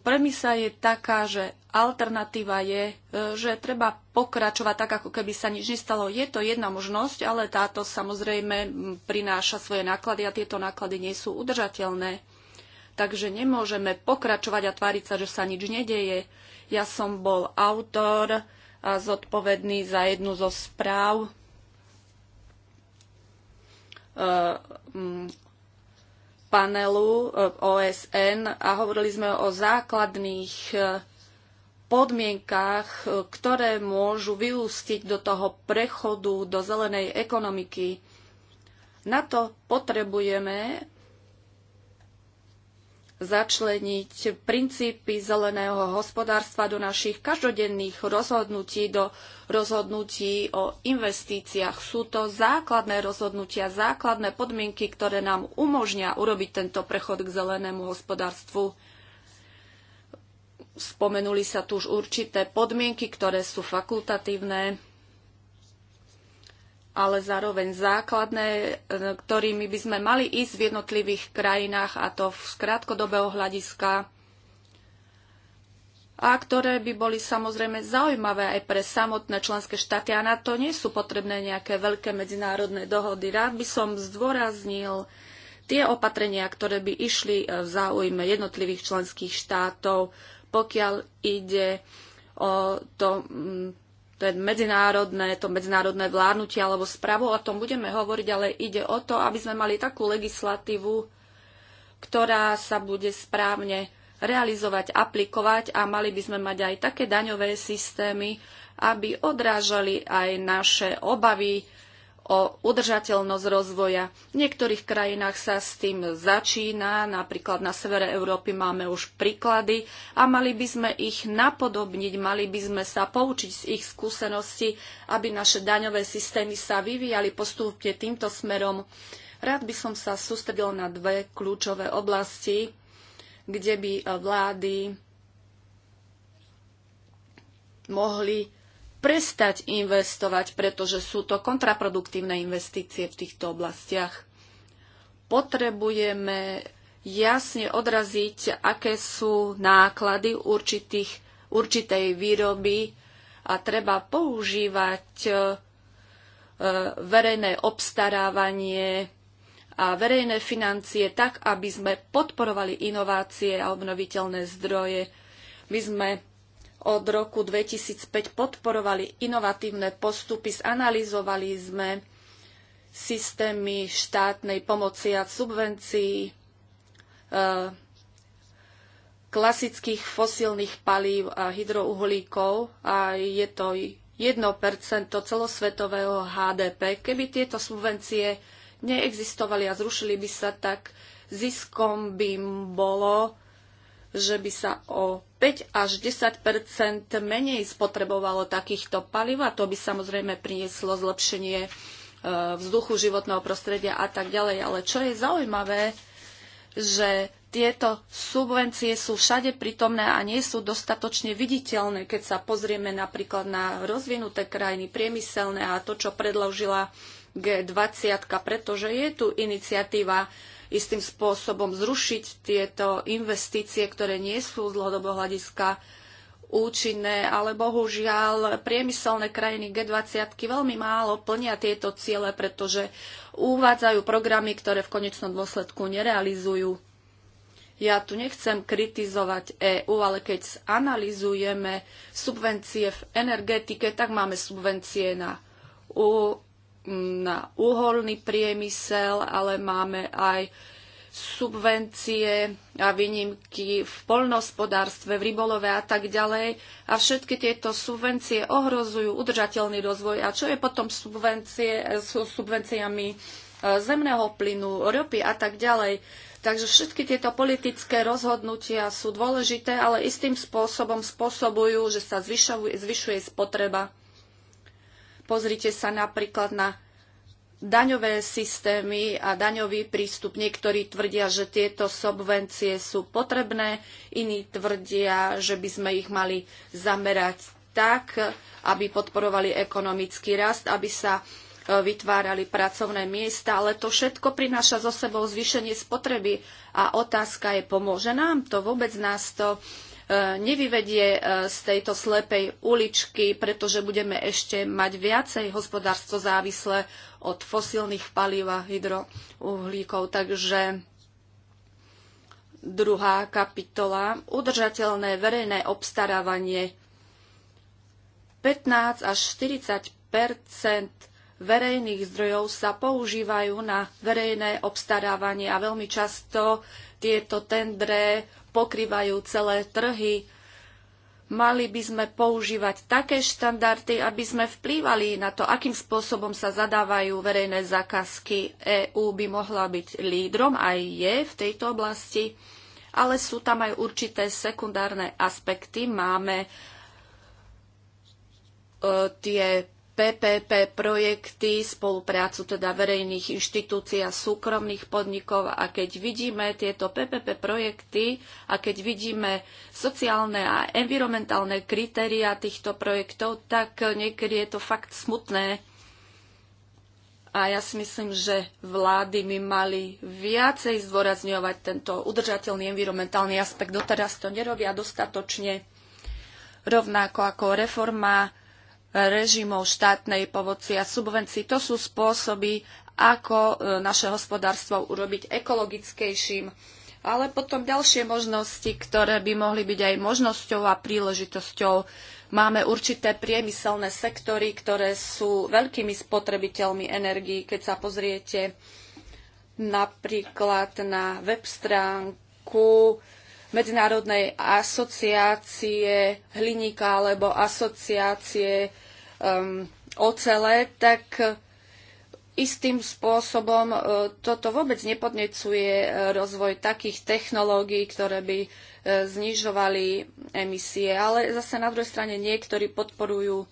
Premisa je taká, že Alternatíva je, e, že treba pokračovať tak, ako keby sa nič nestalo. Je to jedna možnosť, ale táto samozrejme prináša svoje náklady a tieto náklady nie sú udržateľné. Takže nemôžeme pokračovať a tváriť sa, že sa nič nedeje. Ja som bol autor a zodpovedný za jednu zo správ e, panelu e, OSN a hovorili sme o základných podmienkách, e, ktoré môžu vyústiť do toho prechodu do zelenej ekonomiky. Na to potrebujeme začleniť princípy zeleného hospodárstva do našich každodenných rozhodnutí, do rozhodnutí o investíciách. Sú to základné rozhodnutia, základné podmienky, ktoré nám umožnia urobiť tento prechod k zelenému hospodárstvu. Spomenuli sa tu už určité podmienky, ktoré sú fakultatívne, ale zároveň základné, e, ktorými by sme mali ísť v jednotlivých krajinách, a to z krátkodobého hľadiska, a ktoré by boli samozrejme zaujímavé aj pre samotné členské štáty. A na to nie sú potrebné nejaké veľké medzinárodné dohody. Rád by som zdôraznil tie opatrenia, ktoré by išli e, v záujme jednotlivých členských štátov pokiaľ ide o to, mm, ten medzinárodné, to medzinárodné vládnutie alebo správu, o tom budeme hovoriť, ale ide o to, aby sme mali takú legislatívu, ktorá sa bude správne realizovať, aplikovať a mali by sme mať aj také daňové systémy, aby odrážali aj naše obavy, o udržateľnosť rozvoja. V niektorých krajinách sa s tým začína, napríklad na severe Európy máme už príklady a mali by sme ich napodobniť, mali by sme sa poučiť z ich skúseností, aby naše daňové systémy sa vyvíjali postupne týmto smerom. Rád by som sa sústredil na dve kľúčové oblasti, kde by vlády mohli prestať investovať, pretože sú to kontraproduktívne investície v týchto oblastiach. Potrebujeme jasne odraziť, aké sú náklady určitých, určitej výroby a treba používať e, verejné obstarávanie a verejné financie tak, aby sme podporovali inovácie a obnoviteľné zdroje. My sme od roku 2005 podporovali inovatívne postupy, zanalizovali sme systémy štátnej pomoci a subvencií, e, klasických fosílnych palív a hydrouhlíkov a je to 1% celosvetového HDP. Keby tieto subvencie neexistovali a zrušili by sa, tak ziskom by bolo že by sa o 5 až 10 menej spotrebovalo takýchto palív a to by samozrejme prinieslo zlepšenie e, vzduchu, životného prostredia a tak ďalej. Ale čo je zaujímavé, že tieto subvencie sú všade prítomné a nie sú dostatočne viditeľné, keď sa pozrieme napríklad na rozvinuté krajiny, priemyselné a to, čo predložila G20, pretože je tu iniciatíva istým spôsobom zrušiť tieto investície, ktoré nie sú z dlhodobého hľadiska účinné, ale bohužiaľ priemyselné krajiny G20 veľmi málo plnia tieto ciele, pretože uvádzajú programy, ktoré v konečnom dôsledku nerealizujú. Ja tu nechcem kritizovať EÚ, ale keď analizujeme subvencie v energetike, tak máme subvencie na na uholný priemysel, ale máme aj subvencie a výnimky v poľnohospodárstve, v rybolove a tak ďalej. A všetky tieto subvencie ohrozujú udržateľný rozvoj. A čo je potom subvencie, s subvenciami e, zemného plynu, ropy a tak ďalej? Takže všetky tieto politické rozhodnutia sú dôležité, ale istým spôsobom spôsobujú, že sa zvyšuje spotreba Pozrite sa napríklad na daňové systémy a daňový prístup. Niektorí tvrdia, že tieto subvencie sú potrebné, iní tvrdia, že by sme ich mali zamerať tak, aby podporovali ekonomický rast, aby sa e, vytvárali pracovné miesta, ale to všetko prináša zo sebou zvýšenie spotreby a otázka je, pomôže nám to, vôbec nás to E, nevyvedie e, z tejto slepej uličky, pretože budeme ešte mať viacej hospodárstvo závislé od fosílnych palív a hydrouhlíkov. Takže druhá kapitola, udržateľné verejné obstarávanie. 15 až 40 verejných zdrojov sa používajú na verejné obstarávanie a veľmi často tieto tendre pokrývajú celé trhy. Mali by sme používať také štandardy, aby sme vplývali na to, akým spôsobom sa zadávajú verejné zákazky. EÚ by mohla byť lídrom, aj je v tejto oblasti, ale sú tam aj určité sekundárne aspekty. Máme e, tie PPP projekty, spoluprácu teda verejných inštitúcií a súkromných podnikov a keď vidíme tieto PPP projekty a keď vidíme sociálne a environmentálne kritéria týchto projektov, tak niekedy je to fakt smutné. A ja si myslím, že vlády by mali viacej zdôrazňovať tento udržateľný environmentálny aspekt. Doteraz to nerobia dostatočne. Rovnako ako reforma režimov štátnej povodci a subvencií. To sú spôsoby, ako e, naše hospodárstvo urobiť ekologickejším. Ale potom ďalšie možnosti, ktoré by mohli byť aj možnosťou a príležitosťou. Máme určité priemyselné sektory, ktoré sú veľkými spotrebiteľmi energií. Keď sa pozriete napríklad na web stránku Medzinárodnej asociácie hliníka alebo asociácie um, ocele, tak uh, istým spôsobom uh, toto vôbec nepodnecuje uh, rozvoj takých technológií, ktoré by znižovali emisie. Ale zase na druhej strane niektorí podporujú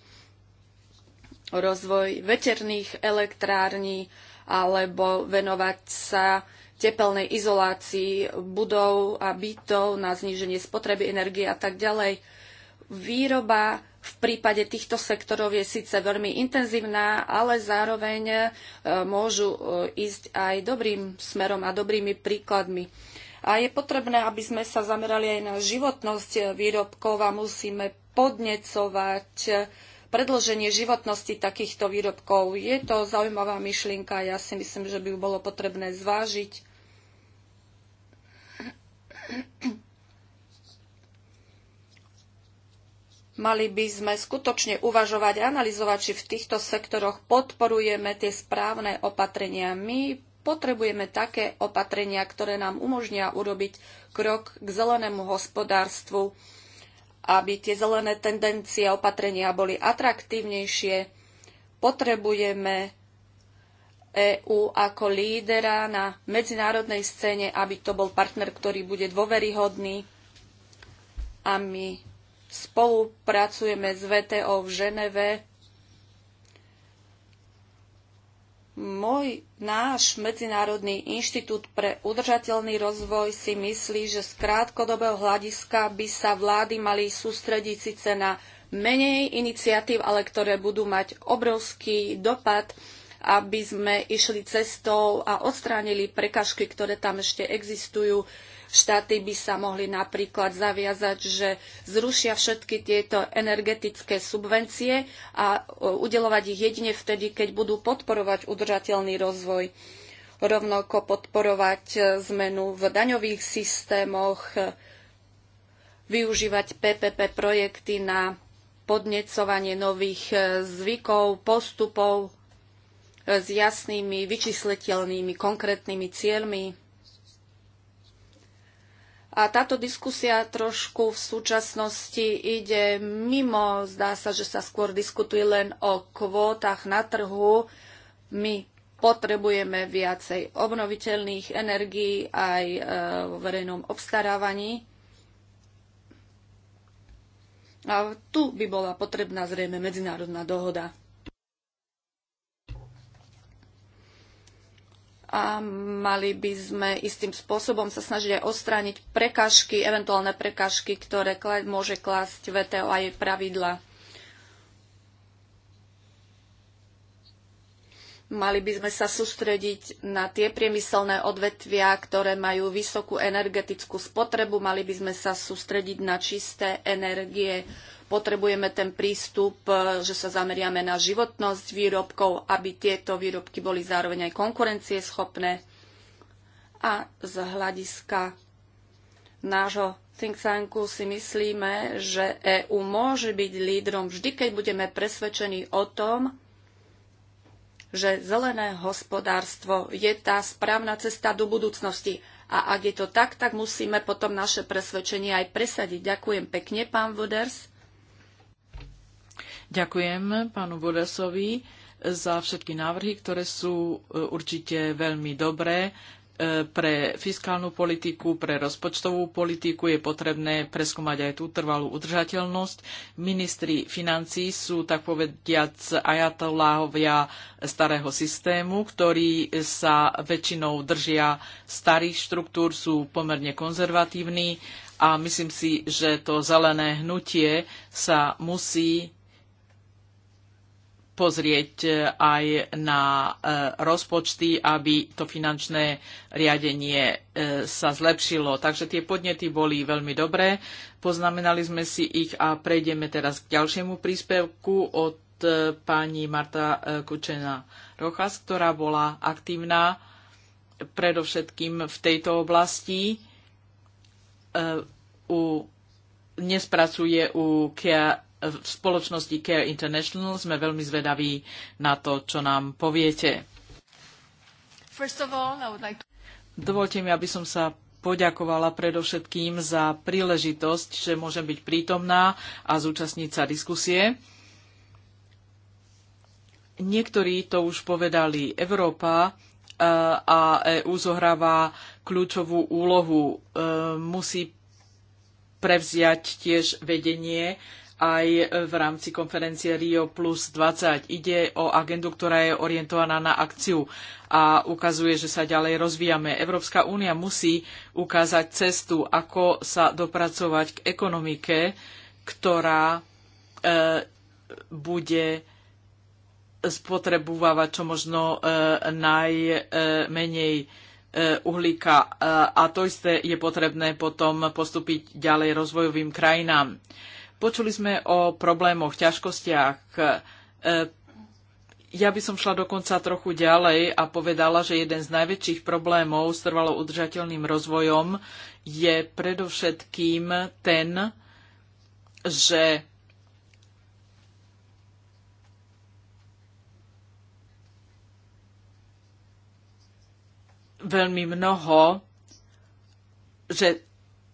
rozvoj veterných elektrární alebo venovať sa tepelnej izolácii budov a bytov na zníženie spotreby energie a tak ďalej. Výroba v prípade týchto sektorov je síce veľmi intenzívna, ale zároveň e, môžu e, ísť aj dobrým smerom a dobrými príkladmi. A je potrebné, aby sme sa zamerali aj na životnosť e, výrobkov a musíme podnecovať predlženie životnosti takýchto výrobkov. Je to zaujímavá myšlienka, ja si myslím, že by ju bolo potrebné zvážiť. Mali by sme skutočne uvažovať a analyzovať, či v týchto sektoroch podporujeme tie správne opatrenia. My potrebujeme také opatrenia, ktoré nám umožnia urobiť krok k zelenému hospodárstvu, aby tie zelené tendencie a opatrenia boli atraktívnejšie. Potrebujeme EÚ ako lídera na medzinárodnej scéne, aby to bol partner, ktorý bude dôveryhodný. A my Spolupracujeme s VTO v Ženeve. Môj náš Medzinárodný inštitút pre udržateľný rozvoj si myslí, že z krátkodobého hľadiska by sa vlády mali sústrediť síce na menej iniciatív, ale ktoré budú mať obrovský dopad, aby sme išli cestou a odstránili prekažky, ktoré tam ešte existujú. Štáty by sa mohli napríklad zaviazať, že zrušia všetky tieto energetické subvencie a e, udelovať ich jedine vtedy, keď budú podporovať udržateľný rozvoj rovnako podporovať e, zmenu v daňových systémoch, e, využívať PPP projekty na podnecovanie nových zvykov, postupov s jasnými, vyčísliteľnými, konkrétnymi cieľmi. A táto diskusia trošku v súčasnosti ide mimo, zdá sa, že sa skôr diskutuje len o kvótach na trhu. My potrebujeme viacej obnoviteľných energií aj e, vo verejnom obstarávaní. A tu by bola potrebná zrejme medzinárodná dohoda. a mali by sme istým spôsobom sa snažiť aj ostrániť prekážky, eventuálne prekážky, ktoré môže klásť VTO a jej pravidla. Mali by sme sa sústrediť na tie priemyselné odvetvia, ktoré majú vysokú energetickú spotrebu. Mali by sme sa sústrediť na čisté energie. Potrebujeme ten prístup, e, že sa zameriame na životnosť výrobkov, aby tieto výrobky boli zároveň aj konkurencieschopné. A z hľadiska nášho think tanku si myslíme, že EÚ môže byť lídrom vždy, keď budeme presvedčení o tom, že zelené hospodárstvo je tá správna cesta do budúcnosti. A ak je to tak, tak musíme potom naše presvedčenie aj presadiť. Ďakujem pekne, pán Voders. Ďakujem pánu Bodasovi za všetky návrhy, ktoré sú e, určite veľmi dobré e, pre fiskálnu politiku, pre rozpočtovú politiku je potrebné preskúmať aj tú trvalú udržateľnosť. Ministri financí sú, tak povediac, ajatoláhovia starého systému, ktorí sa väčšinou držia starých štruktúr, sú pomerne konzervatívni a myslím si, že to zelené hnutie sa musí pozrieť e, aj na e, rozpočty, aby to finančné riadenie e, sa zlepšilo. Takže tie podnety boli veľmi dobré, poznamenali sme si ich a prejdeme teraz k ďalšiemu príspevku od pani Marta Kučena Rochas, ktorá bola aktívna predovšetkým v tejto oblasti. U, dnes pracuje u Care v spoločnosti Care International. Sme veľmi zvedaví na to, čo nám poviete. All, like to... Dovolte mi, aby som sa poďakovala predovšetkým za príležitosť, že môžem byť prítomná a zúčastniť sa diskusie. Niektorí to už povedali. Európa eh, a EU zohráva kľúčovú úlohu. Eh, musí prevziať tiež vedenie aj v rámci konferencie Rio plus 20. Ide o agendu, ktorá je orientovaná na akciu a ukazuje, že sa ďalej rozvíjame. Európska únia musí ukázať cestu, ako sa dopracovať k ekonomike, ktorá e, bude spotrebovávať čo možno e, najmenej e, e, uhlíka. A, e, a to isté je potrebné potom postúpiť ďalej rozvojovým krajinám. E, Počuli sme o problémoch, ťažkostiach. E, ja by som šla dokonca trochu ďalej a povedala, že jeden z najväčších problémov s trvalo udržateľným rozvojom je predovšetkým ten, že veľmi mnoho, že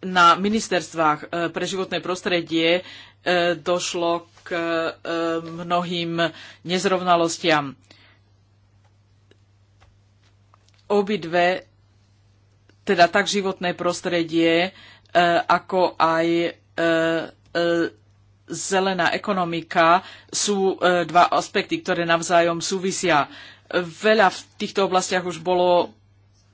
na ministerstvách e, pre životné prostredie e, došlo k e, mnohým nezrovnalostiam. Obidve, teda tak životné prostredie, ako aj zelená ekonomika, sú dva aspekty, ktoré navzájom súvisia. Veľa v týchto oblastiach už bolo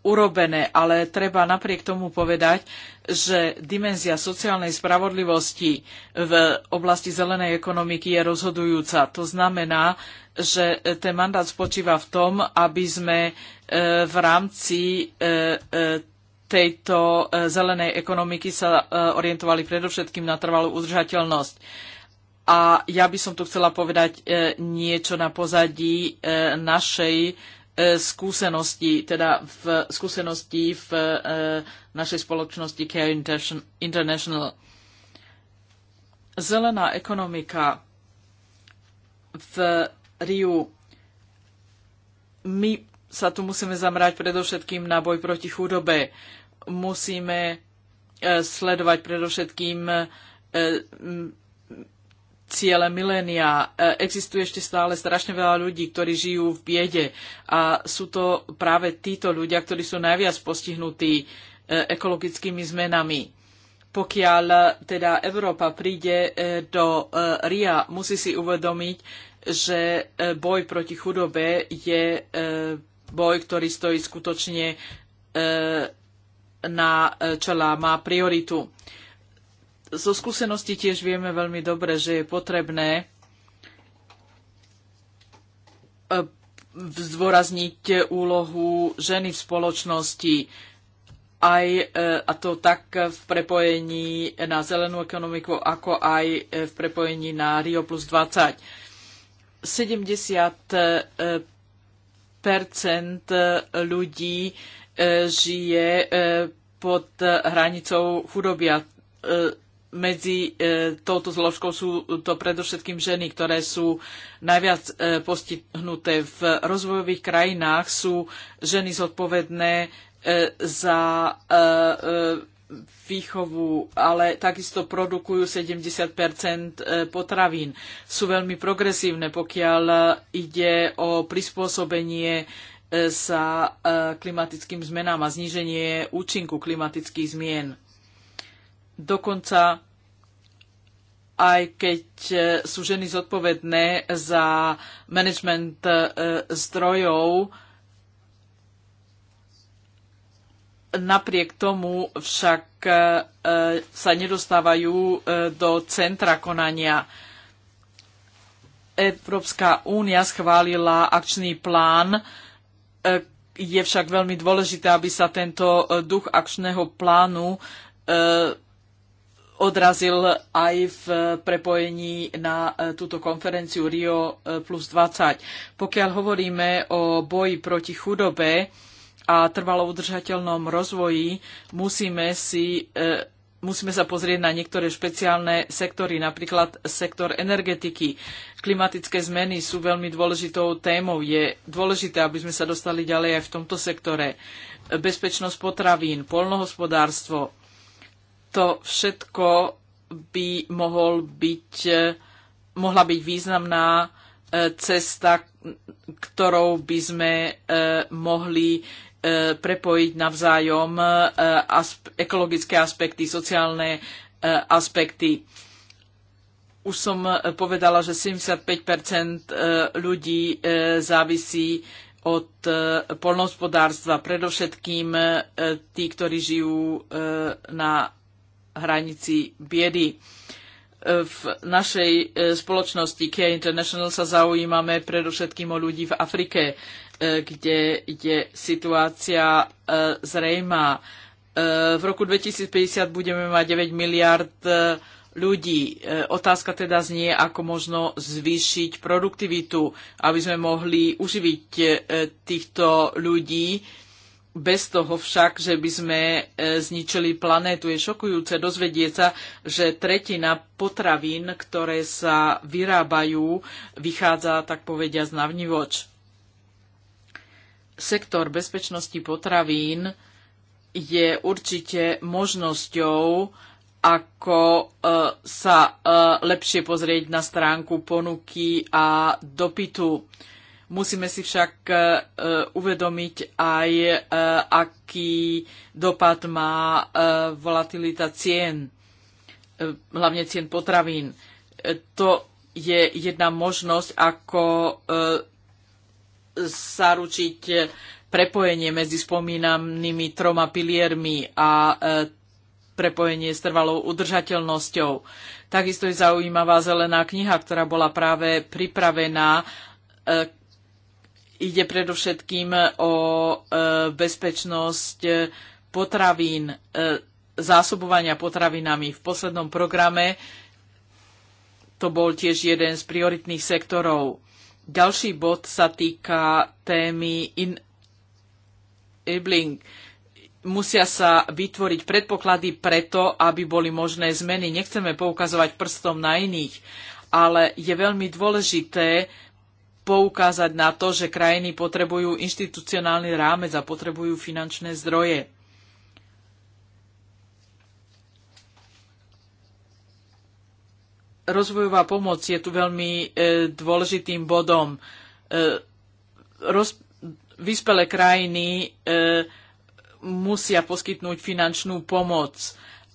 urobené, ale treba napriek tomu povedať, že dimenzia sociálnej spravodlivosti v oblasti zelenej ekonomiky je rozhodujúca. To znamená, že e, ten mandát spočíva v tom, aby sme e, v rámci e, tejto zelenej ekonomiky sa orientovali predovšetkým na trvalú udržateľnosť. A ja by som tu chcela povedať niečo na pozadí našej E, skúsenosti, teda v skúsenosti v e, našej spoločnosti Care International. Zelená ekonomika v Riu. My sa tu musíme zamerať predovšetkým na boj proti chudobe. Musíme e, sledovať predovšetkým ciele milénia. E, existuje ešte stále strašne veľa ľudí, ktorí žijú v biede a sú to práve títo ľudia, ktorí sú najviac postihnutí e, ekologickými zmenami. Pokiaľ e, teda Európa príde do RIA, musí si uvedomiť, že boj proti chudobe je boj, ktorý stojí skutočne na čela, má prioritu zo skúsenosti tiež vieme veľmi dobre, že je potrebné e, zdôrazniť úlohu ženy v spoločnosti aj, e, a to tak v prepojení na zelenú ekonomiku, ako aj e, v prepojení na Rio plus 20. 70 ľudí žije pod hranicou chudobia medzi e, touto zložkou sú to predovšetkým ženy, ktoré sú najviac e, postihnuté. V rozvojových krajinách sú ženy zodpovedné e, za výchovu, ale takisto produkujú 70 potravín. Sú veľmi progresívne, pokiaľ ide o prispôsobenie sa klimatickým zmenám a zníženie účinku klimatických zmien dokonca aj keď e, sú ženy zodpovedné za management e, zdrojov, napriek tomu však e, sa nedostávajú do centra konania. Európska únia schválila akčný plán. Je však veľmi dôležité, aby sa tento duch akčného plánu odrazil aj v prepojení na e, túto konferenciu Rio e, plus 20. Pokiaľ hovoríme o boji proti chudobe a trvalo udržateľnom rozvoji, musíme, si, e, musíme sa pozrieť na niektoré špeciálne sektory, napríklad sektor energetiky. Klimatické zmeny sú veľmi dôležitou témou. Je dôležité, aby sme sa dostali ďalej aj v tomto sektore. Bezpečnosť potravín, polnohospodárstvo, to všetko by mohol byť, mohla byť významná e, cesta, ktorou by sme e, mohli e, prepojiť navzájom ekologické aspekty, sociálne aspekty. Už som povedala, že 75 ľudí závisí od polnohospodárstva, predovšetkým tí, ktorí žijú na hranici biedy. V našej e, spoločnosti Care International sa zaujímame predovšetkým o ľudí v Afrike, e, kde je situácia e, zrejmá. V roku 2050 budeme mať 9 miliard ľudí. Otázka teda znie, ako možno zvýšiť produktivitu, aby sme mohli uživiť týchto ľudí bez toho však, že by sme e, zničili planétu, je šokujúce dozvedieť sa, že tretina potravín, ktoré sa vyrábajú, vychádza, tak povedia, z navnívoč. Sektor bezpečnosti potravín je určite možnosťou, ako e, sa e, lepšie pozrieť na stránku ponuky a dopytu Musíme si však e, e, uvedomiť aj, e, aký dopad má volatilita cien, hlavne cien potravín. To je jedna možnosť, ako zaručiť prepojenie medzi spomínanými troma piliermi a prepojenie s trvalou udržateľnosťou. Takisto je zaujímavá zelená kniha, ktorá bola práve pripravená Ide predovšetkým o e, bezpečnosť e, potravín, e, zásobovania potravinami. V poslednom programe to bol tiež jeden z prioritných sektorov. Ďalší bod sa týka témy in- enabling. Musia sa vytvoriť predpoklady preto, aby boli možné zmeny. Nechceme poukazovať prstom na iných, ale je veľmi dôležité, poukázať na to, že krajiny potrebujú inštitucionálny rámec a potrebujú finančné zdroje. Rozvojová pomoc je tu veľmi e, dôležitým bodom. E, roz, vyspelé krajiny e, musia poskytnúť finančnú pomoc,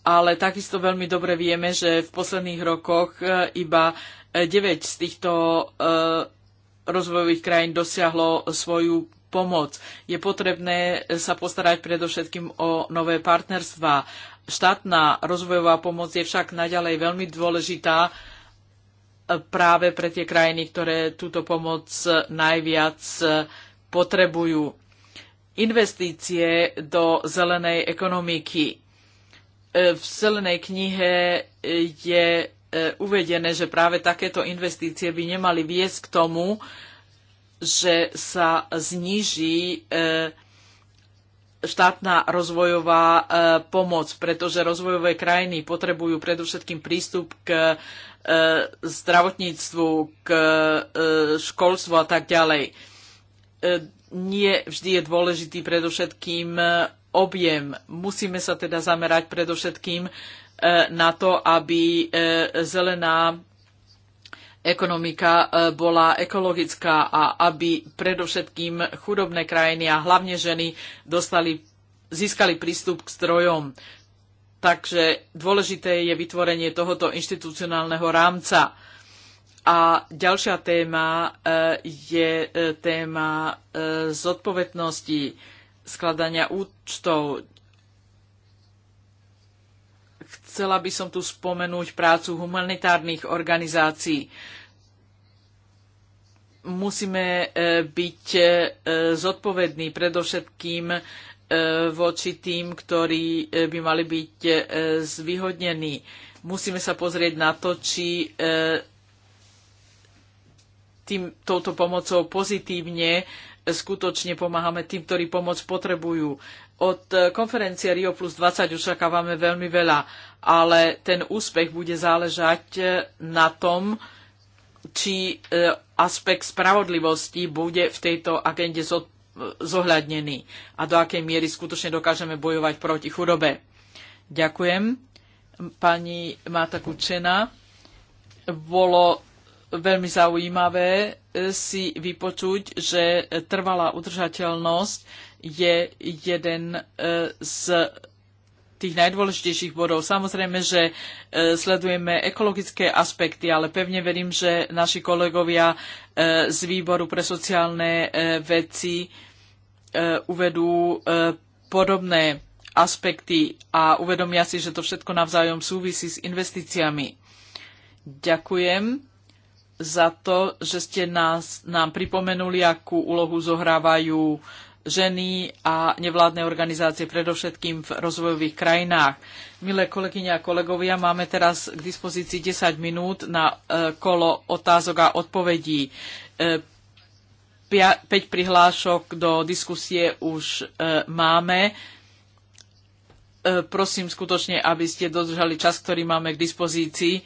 ale takisto veľmi dobre vieme, že v posledných rokoch e, iba 9 e, z týchto e, rozvojových krajín dosiahlo svoju pomoc. Je potrebné sa postarať predovšetkým o nové partnerstvá. Štátna rozvojová pomoc je však naďalej veľmi dôležitá e, práve pre tie krajiny, ktoré túto pomoc najviac e, potrebujú. Investície do zelenej ekonomiky. E, v zelenej knihe je E, uvedené, že práve takéto investície by nemali viesť k tomu, že sa zniží e, štátna rozvojová e, pomoc, pretože rozvojové krajiny potrebujú predovšetkým prístup k zdravotníctvu, k školstvu a tak ďalej. Nie vždy je dôležitý predovšetkým objem. Musíme sa teda zamerať predovšetkým Eh, na to, aby eh, zelená ekonomika eh, bola ekologická a aby predovšetkým chudobné krajiny a hlavne ženy dostali, získali prístup k strojom. Takže dôležité je vytvorenie tohoto inštitucionálneho rámca. A ďalšia téma je téma zodpovednosti skladania účtov. Chcela by som tu spomenúť prácu humanitárnych organizácií. Musíme e, byť e, zodpovední predovšetkým e, voči tým, ktorí by mali byť zvyhodnení. Musíme sa pozrieť na to, či tým, touto pomocou pozitívne skutočne pomáhame tým, ktorí pomoc potrebujú. Od e, konferencie Rio plus 20 očakávame veľmi veľa, ale ten úspech bude záležať e, na tom, či e, aspekt spravodlivosti bude v tejto agende zohľadnený a do akej miery skutočne dokážeme bojovať proti chudobe. Ďakujem. Pani Máta Kučena, bolo veľmi zaujímavé si vypočuť, že trvalá udržateľnosť je jeden e, z tých najdôležitejších bodov. Samozrejme, že e, sledujeme ekologické aspekty, ale pevne verím, že naši kolegovia e, z výboru pre sociálne veci uvedú podobné aspekty a uvedomia si, že to všetko navzájom súvisí s investíciami. Ďakujem za to, že ste nás, nám pripomenuli, akú úlohu zohrávajú ženy a nevládne organizácie, predovšetkým v rozvojových krajinách. Milé kolegyne a kolegovia, máme teraz k dispozícii 10 minút na e, kolo otázok a odpovedí. 5 e, prihlášok do diskusie už e, máme. Prosím skutočne, aby ste dodržali čas, ktorý máme k dispozícii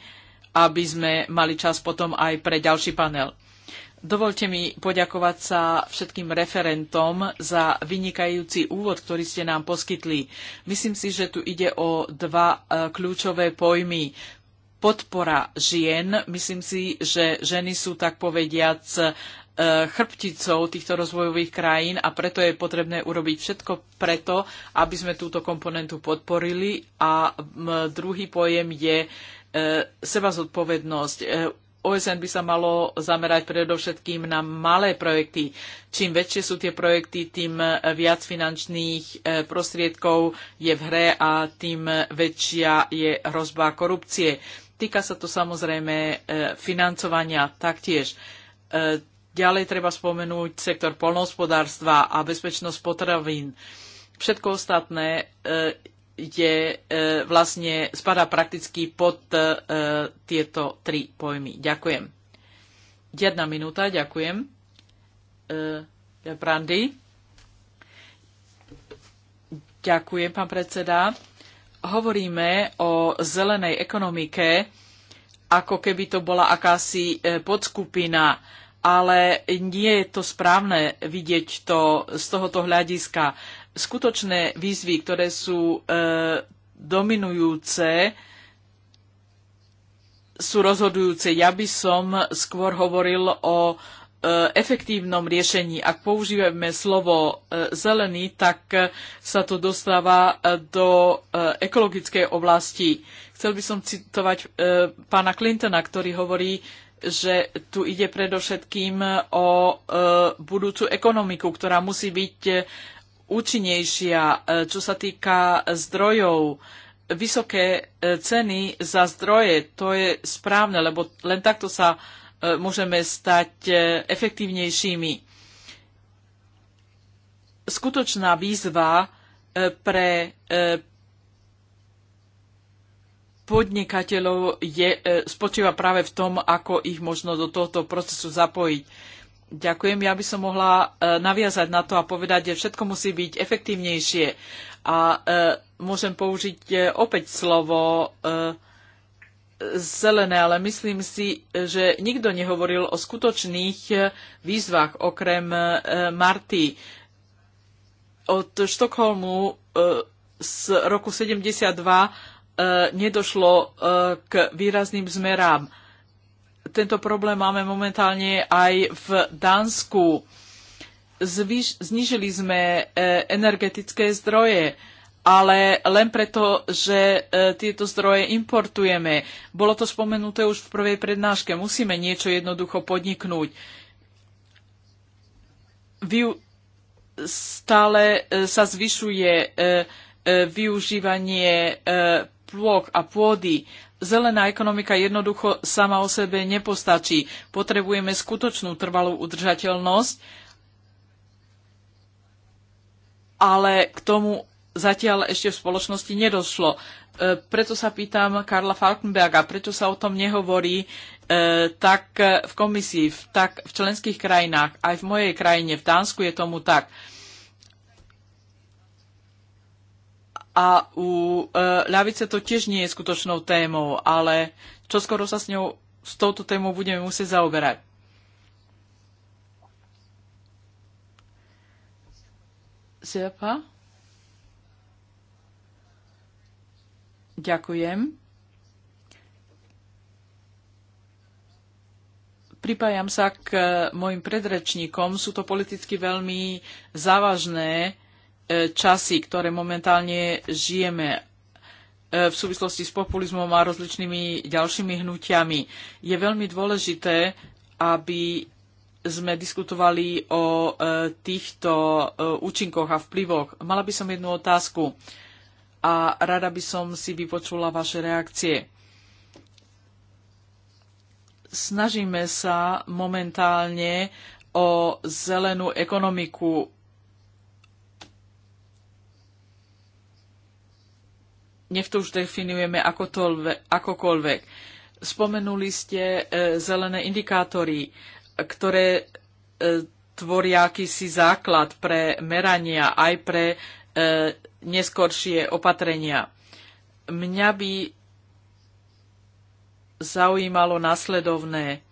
aby sme mali čas potom aj pre ďalší panel. Dovolte mi poďakovať sa všetkým referentom za vynikajúci úvod, ktorý ste nám poskytli. Myslím si, že tu ide o dva e, kľúčové pojmy. Podpora žien. Myslím si, že ženy sú tak povediac e, chrbticou týchto rozvojových krajín a preto je potrebné urobiť všetko preto, aby sme túto komponentu podporili. A druhý pojem je E, seba zodpovednosť. E, OSN by sa malo zamerať predovšetkým na malé projekty. Čím väčšie sú tie projekty, tým viac finančných e, prostriedkov je v hre a tým väčšia je hrozba korupcie. Týka sa to samozrejme financovania taktiež. Ďalej treba spomenúť sektor polnohospodárstva a bezpečnosť potravín. Všetko ostatné je e, vlastne spadá prakticky pod e, tieto tri pojmy. Ďakujem. Jedna minúta, ďakujem. E, Brandy. Ďakujem, pán predseda. Hovoríme o zelenej ekonomike, ako keby to bola akási podskupina ale nie je to správne vidieť to z tohoto hľadiska skutočné výzvy, ktoré sú e, dominujúce, sú rozhodujúce. Ja by som skôr hovoril o e, efektívnom riešení. Ak používame slovo e, zelený, tak e, sa to dostáva e, do e, ekologickej oblasti. Chcel by som citovať e, pána Clintona, ktorý hovorí, že tu ide predovšetkým o e, budúcu ekonomiku, ktorá musí byť účinnejšia, e, čo sa týka zdrojov, vysoké e, ceny za zdroje, to je správne, lebo len takto sa e, môžeme stať efektívnejšími. Skutočná výzva pre podnikateľov je, spočíva práve v tom, ako ich možno do tohto procesu zapojiť. Ďakujem. Ja by som mohla e, naviazať na to a povedať, že všetko musí byť efektívnejšie. A e, môžem použiť e, opäť slovo zelené, ale myslím si, že nikto nehovoril o skutočných výzvach okrem Marty. Od Štokholmu z roku 72 nedošlo k výrazným zmerám tento problém máme momentálne aj v Dánsku. Zvyš, znižili sme e, energetické zdroje, ale len preto, že e, tieto zdroje importujeme. Bolo to spomenuté už v prvej prednáške. Musíme niečo jednoducho podniknúť. Vy, stále e, sa zvyšuje využívanie plôk a pôdy Zelená ekonomika jednoducho sama o sebe nepostačí. Potrebujeme skutočnú trvalú udržateľnosť, ale k tomu zatiaľ ešte v spoločnosti nedošlo. E, preto sa pýtam Karla Falkenberga, prečo sa o tom nehovorí e, tak v komisii, tak v členských krajinách. Aj v mojej krajine, v Dánsku je tomu tak. a u e, ľavice to tiež nie je skutočnou témou, ale čo skoro sa s ňou, s touto témou budeme musieť zaoberať. Zepa? Ďakujem. Pripájam sa k e, mojim predrečníkom. Sú to politicky veľmi závažné E, časy, ktoré momentálne žijeme e, v súvislosti s populizmom a rozličnými ďalšími hnutiami. Je veľmi dôležité, aby sme diskutovali o e, týchto účinkoch a vplyvoch. Mala by som jednu otázku a rada by som si vypočula vaše reakcie. Snažíme sa momentálne o zelenú ekonomiku nech to už definujeme ako tolve, akokoľvek. Spomenuli ste e, zelené indikátory, ktoré e, tvoria akýsi základ pre merania aj pre e, neskoršie opatrenia. Mňa by zaujímalo nasledovné.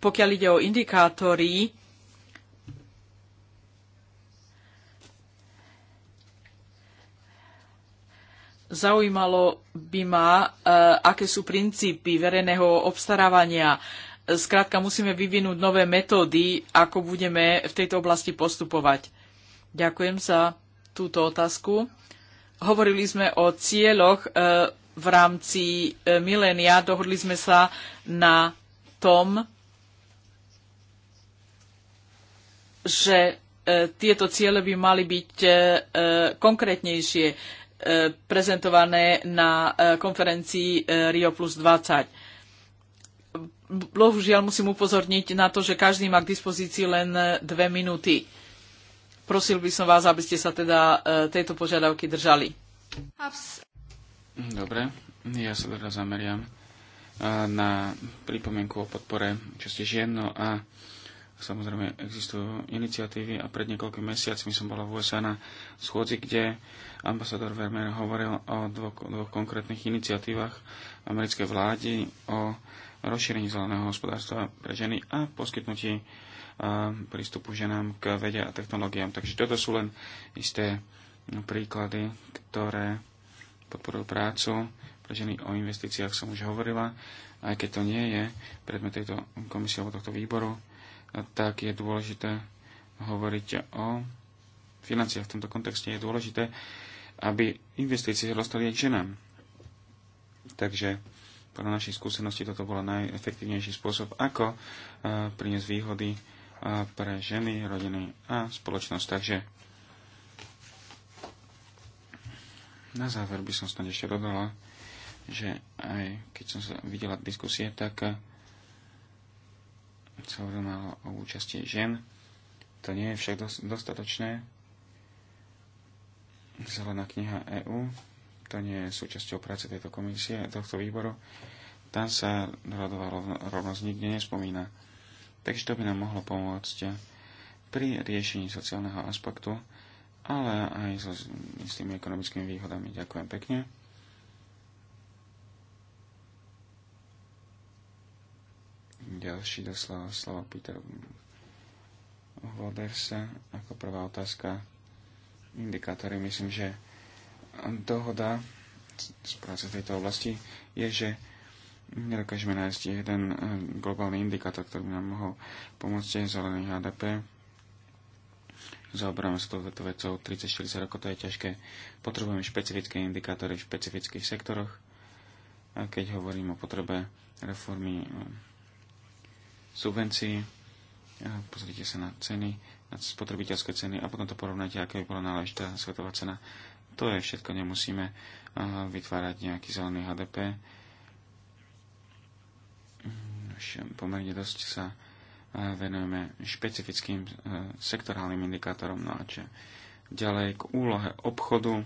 Pokiaľ ide o indikátory, Zaujímalo by ma, e, aké sú princípy verejného obstarávania. Skrátka, musíme vyvinúť nové metódy, ako budeme v tejto oblasti postupovať. Ďakujem za túto otázku. Hovorili sme o cieľoch e, v rámci e, milénia. Dohodli sme sa na tom, že tieto ciele by mali byť konkrétnejšie E, prezentované na e, konferencii e, Rio plus 20 bohužiaľ musím upozorniť na to, že každý má k dispozícii len dve minúty. Prosil by som vás, aby ste sa teda tejto požiadavky držali. Dobre, ja sa teda zameriam na pripomienku o podpore časti žien. No a samozrejme existujú iniciatívy a pred niekoľkými mesiacmi som bola v USA na schôdzi, kde Ambasador Vermeer hovoril o dvoch, dvoch konkrétnych iniciatívach americkej vlády o rozšírení zeleného hospodárstva pre ženy a poskytnutí prístupu ženám k vede a technológiám. Takže toto sú len isté príklady, ktoré podporujú prácu pre ženy o investíciách som už hovorila, aj keď to nie je predmet tejto komisie alebo tohto výboru, tak je dôležité hovoriť o financiách v tomto kontexte. Je dôležité aby investície rostali aj ženám. Takže podľa našej skúsenosti toto bolo najefektívnejší spôsob, ako e, priniesť výhody e, pre ženy, rodiny a spoločnosť. Takže na záver by som snad ešte dodala, že aj keď som sa videla diskusie, tak e, sa hovorilo o účasti žen. To nie je však dostatočné, Zelená kniha EÚ, to nie je súčasťou práce tejto komisie, tohto výboru, tam sa rodová rovnosť nikde nespomína. Takže to by nám mohlo pomôcť pri riešení sociálneho aspektu, ale aj so, s tými ekonomickými výhodami. Ďakujem pekne. Ďalší doslova slovo Peter Vodersa ako prvá otázka indikátory. Myslím, že dohoda z práce v tejto oblasti je, že nedokážeme nájsť jeden eh, globálny indikátor, ktorý by nám mohol pomôcť zelený HDP. Zaoberáme sa touto vecou 30-40 rokov, to je ťažké. Potrebujeme špecifické indikátory v špecifických sektoroch. A keď hovorím o potrebe reformy eh, subvencií, eh, pozrite sa na ceny spotrebiteľské ceny a potom to porovnáte, aká by bola náležitá svetová cena. To je všetko, nemusíme eh, vytvárať nejaký zelený HDP. Pomerne dosť sa eh, venujeme špecifickým eh, sektorálnym indikátorom. No a čo? Ďalej k úlohe obchodu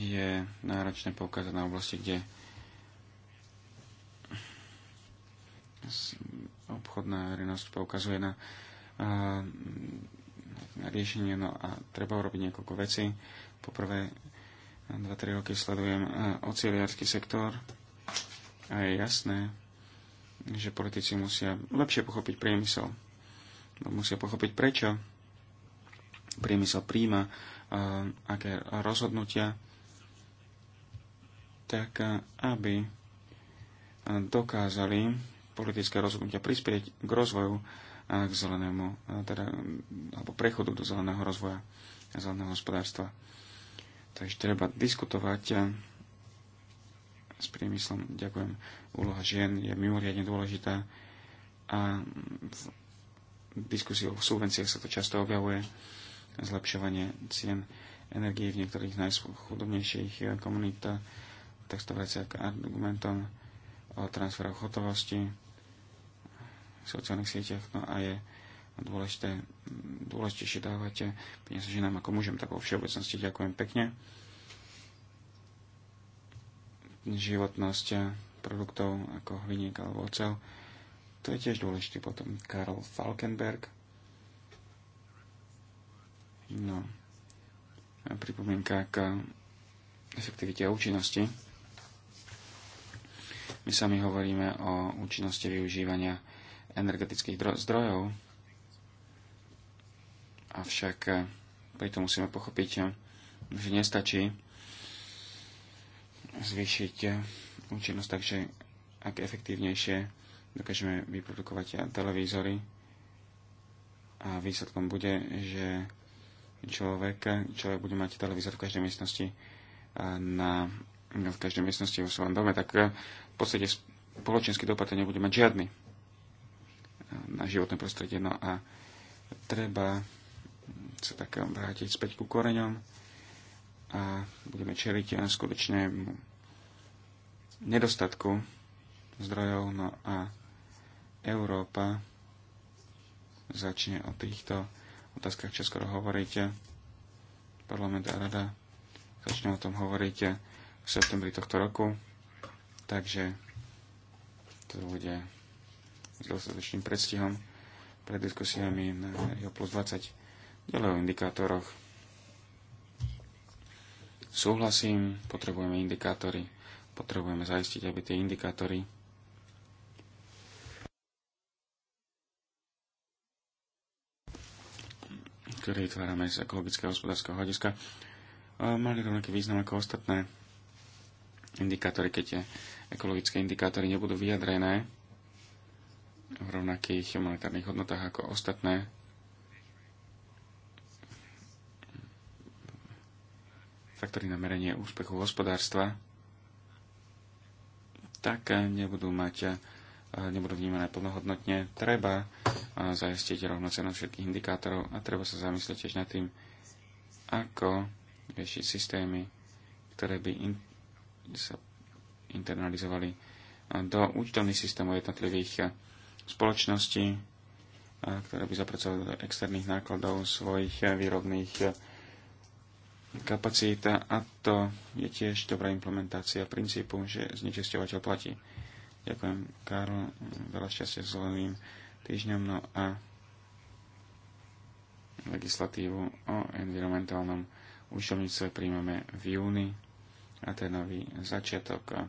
je náročné poukázať na oblasti, kde obchodná verejnosť poukazuje na, na riešenie, no a treba urobiť niekoľko vecí. Poprvé, 2-3 roky sledujem oceliársky sektor a je jasné, že politici musia lepšie pochopiť priemysel. Musia pochopiť, prečo priemysel príjma aké rozhodnutia, tak aby dokázali politické rozhodnutia prispieť k rozvoju a k zelenému, teda, alebo prechodu do zeleného rozvoja a zeleného hospodárstva. Takže treba diskutovať s priemyslom. Ďakujem. Úloha žien je mimoriadne dôležitá a v diskusii o subvenciách sa to často objavuje. Zlepšovanie cien energie v niektorých najchudobnejších e, komunitách tak to vracia k argumentom o transferoch hotovosti v sociálnych sieťach. No a je dôležité, dôležitejšie dávať peniaze ženám ako mužom, tak vo všeobecnosti ďakujem pekne. Životnosť produktov ako hliniek alebo ocel, to je tiež dôležité. Potom Karl Falkenberg. No, pripomienka k efektivite a účinnosti. My sami hovoríme o účinnosti využívania energetických zdrojov. Avšak eh, preto musíme pochopiť, eh, že nestačí zvýšiť eh, účinnosť, takže ak efektívnejšie dokážeme vyprodukovať televízory a výsledkom bude, že človek, človek bude mať televízor v každej miestnosti na, v každej miestnosti vo svojom dome, tak v podstate spoločenský dopad to nebude mať žiadny na životné prostredie. No a treba sa tak vrátiť späť ku koreňom a budeme čeliť skutočne nedostatku zdrojov. No a Európa začne o týchto otázkach čoskoro hovoriť. Parlament a rada začne o tom hovoriť v septembri tohto roku. Takže to bude s dostatočným predstihom pred diskusiami na jeho plus 20 ďalej o indikátoroch. Súhlasím, potrebujeme indikátory, potrebujeme zaistiť, aby tie indikátory ktoré vytvárame z ekologického hospodárskeho hľadiska, eh, mali rovnaký význam ako ostatné indikátory, keď tie ekologické indikátory nebudú vyjadrené v rovnakých monetárnych hodnotách ako ostatné faktory na merenie úspechu hospodárstva, tak nebudú mať nebudú vnímané plnohodnotne. Treba zajistiť rovnocenosť všetkých indikátorov a treba sa zamyslieť tiež nad tým, ako riešiť systémy, ktoré by in, sa internalizovali do účtovných systémov jednotlivých spoločnosti, ktoré by zapracovali do externých nákladov svojich výrobných kapacít a to je tiež dobrá implementácia princípu, že znečisťovateľ platí. Ďakujem, Karol. veľa šťastia s zeleným týždňom, no a legislatívu o environmentálnom účelníctve príjmeme v júni a ten nový začiatok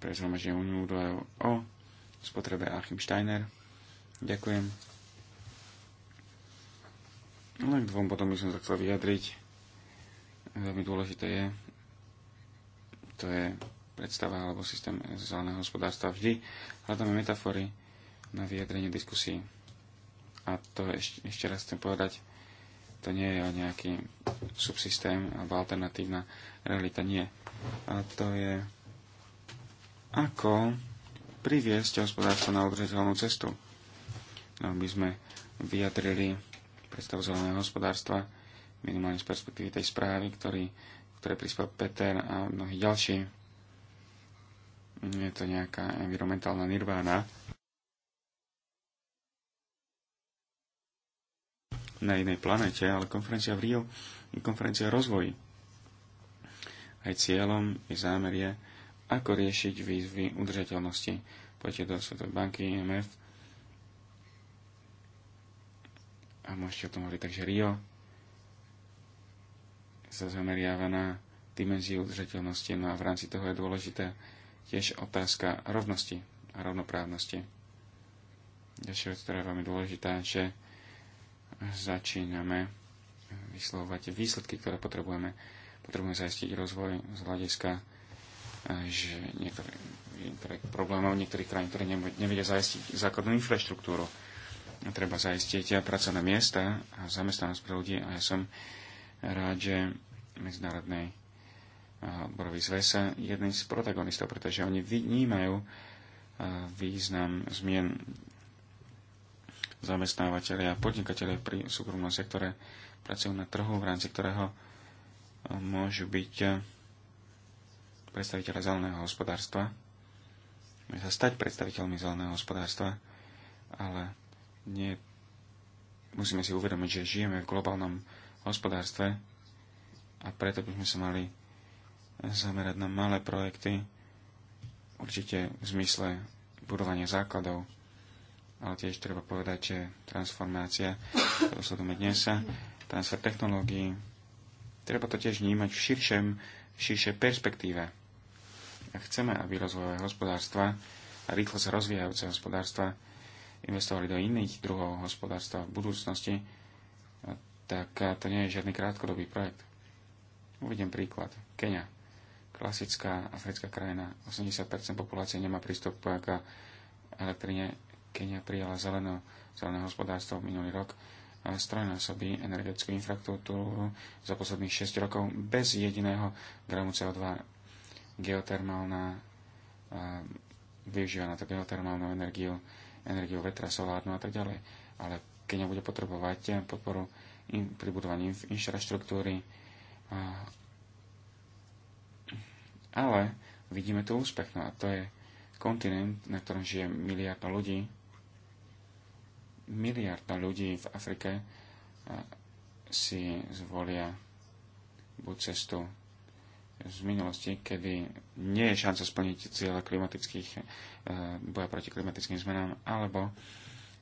pre zhromaždenie Uniu údajov e o spotrebe Achim Steiner. Ďakujem. Len no k dvom bodom by som sa chcel vyjadriť. Veľmi dôležité je, to je predstava alebo systém zeleného hospodárstva. Vždy hľadáme metafory na vyjadrenie diskusí. A to ešte, ešte raz chcem povedať, to nie je nejaký subsystém alebo alternatívna realita, nie. A to je ako priviesť hospodárstvo na udržateľnú cestu. No, my sme vyjadrili predstavu zeleného hospodárstva minimálne z perspektívy tej správy, ktorý, ktoré prispel Peter a mnohí ďalší. Je to nejaká environmentálna nirvána. na inej planete, ale konferencia v Rio je konferencia rozvoji. Aj cieľom, i zámer je ako riešiť výzvy udržateľnosti. Poďte do Svetovej banky IMF a môžete o tom hovoriť. Takže Rio sa zameriava na dimenziu udržateľnosti, no a v rámci toho je dôležitá tiež otázka rovnosti a rovnoprávnosti. Ďalšia vec, ktorá je veľmi dôležitá, že začíname vyslovovať výsledky, ktoré potrebujeme. Potrebujeme zaistiť rozvoj z hľadiska že niektoré, niektoré problémov niektorých krajín, ktoré nevedia zajistiť základnú infraštruktúru. Treba zajistiť pracovné miesta a zamestnanosť pre ľudí a ja som rád, že Medzinárodnej odborový zväz je jedným z protagonistov, pretože oni vnímajú význam zmien zamestnávateľia a podnikateľe pri súkromnom sektore pracujú na trhu, v rámci ktorého môžu byť predstaviteľa zeleného hospodárstva. Môžeme sa stať predstaviteľmi zeleného hospodárstva, ale nie, musíme si uvedomiť, že žijeme v globálnom hospodárstve a preto by sme sa mali zamerať na malé projekty, určite v zmysle budovania základov, ale tiež treba povedať, že transformácia, ktorú sledujeme dnes, transfer technológií, treba to tiež vnímať v širšej perspektíve. Ak chceme, aby rozvojové hospodárstva a rýchlo sa rozvíjajúce hospodárstva investovali do iných druhov hospodárstva v budúcnosti, tak to nie je žiadny krátkodobý projekt. Uvidím príklad. Kenia. Klasická africká krajina. 80% populácie nemá prístup k elektrine. Kenia prijala zeleno, zelené hospodárstvo minulý rok strojnásobí energetickú infraštruktúru za posledných 6 rokov bez jediného gramu CO2 geotermálna, využíva na to geotermálnu energiu, energiu vetra, solárnu a tak ďalej. Ale keď nebude potrebovať eh, podporu in, pri budovaní infraštruktúry, ale vidíme tu úspech. No a to je kontinent, na ktorom žije miliarda ľudí. Miliarda ľudí v Afrike si zvolia buď cestu z minulosti, kedy nie je šanca splniť cieľa klimatických, e, boja proti klimatickým zmenám, alebo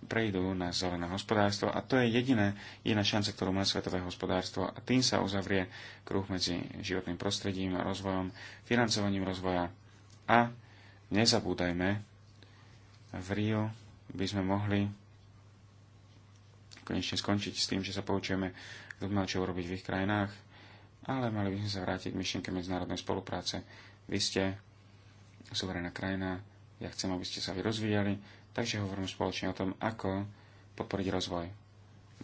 prejdú na zelené hospodárstvo a to je jediné, jediná šanca, ktorú má svetové hospodárstvo a tým sa uzavrie kruh medzi životným prostredím a rozvojom, financovaním rozvoja a nezabúdajme, v Rio by sme mohli konečne skončiť s tým, že sa poučujeme, kto má čo urobiť v ich krajinách ale mali by sme sa vrátiť k myšlienke medzinárodnej spolupráce. Vy ste suverénna krajina, ja chcem, aby ste sa vy rozvíjali, takže hovorím spoločne o tom, ako podporiť rozvoj.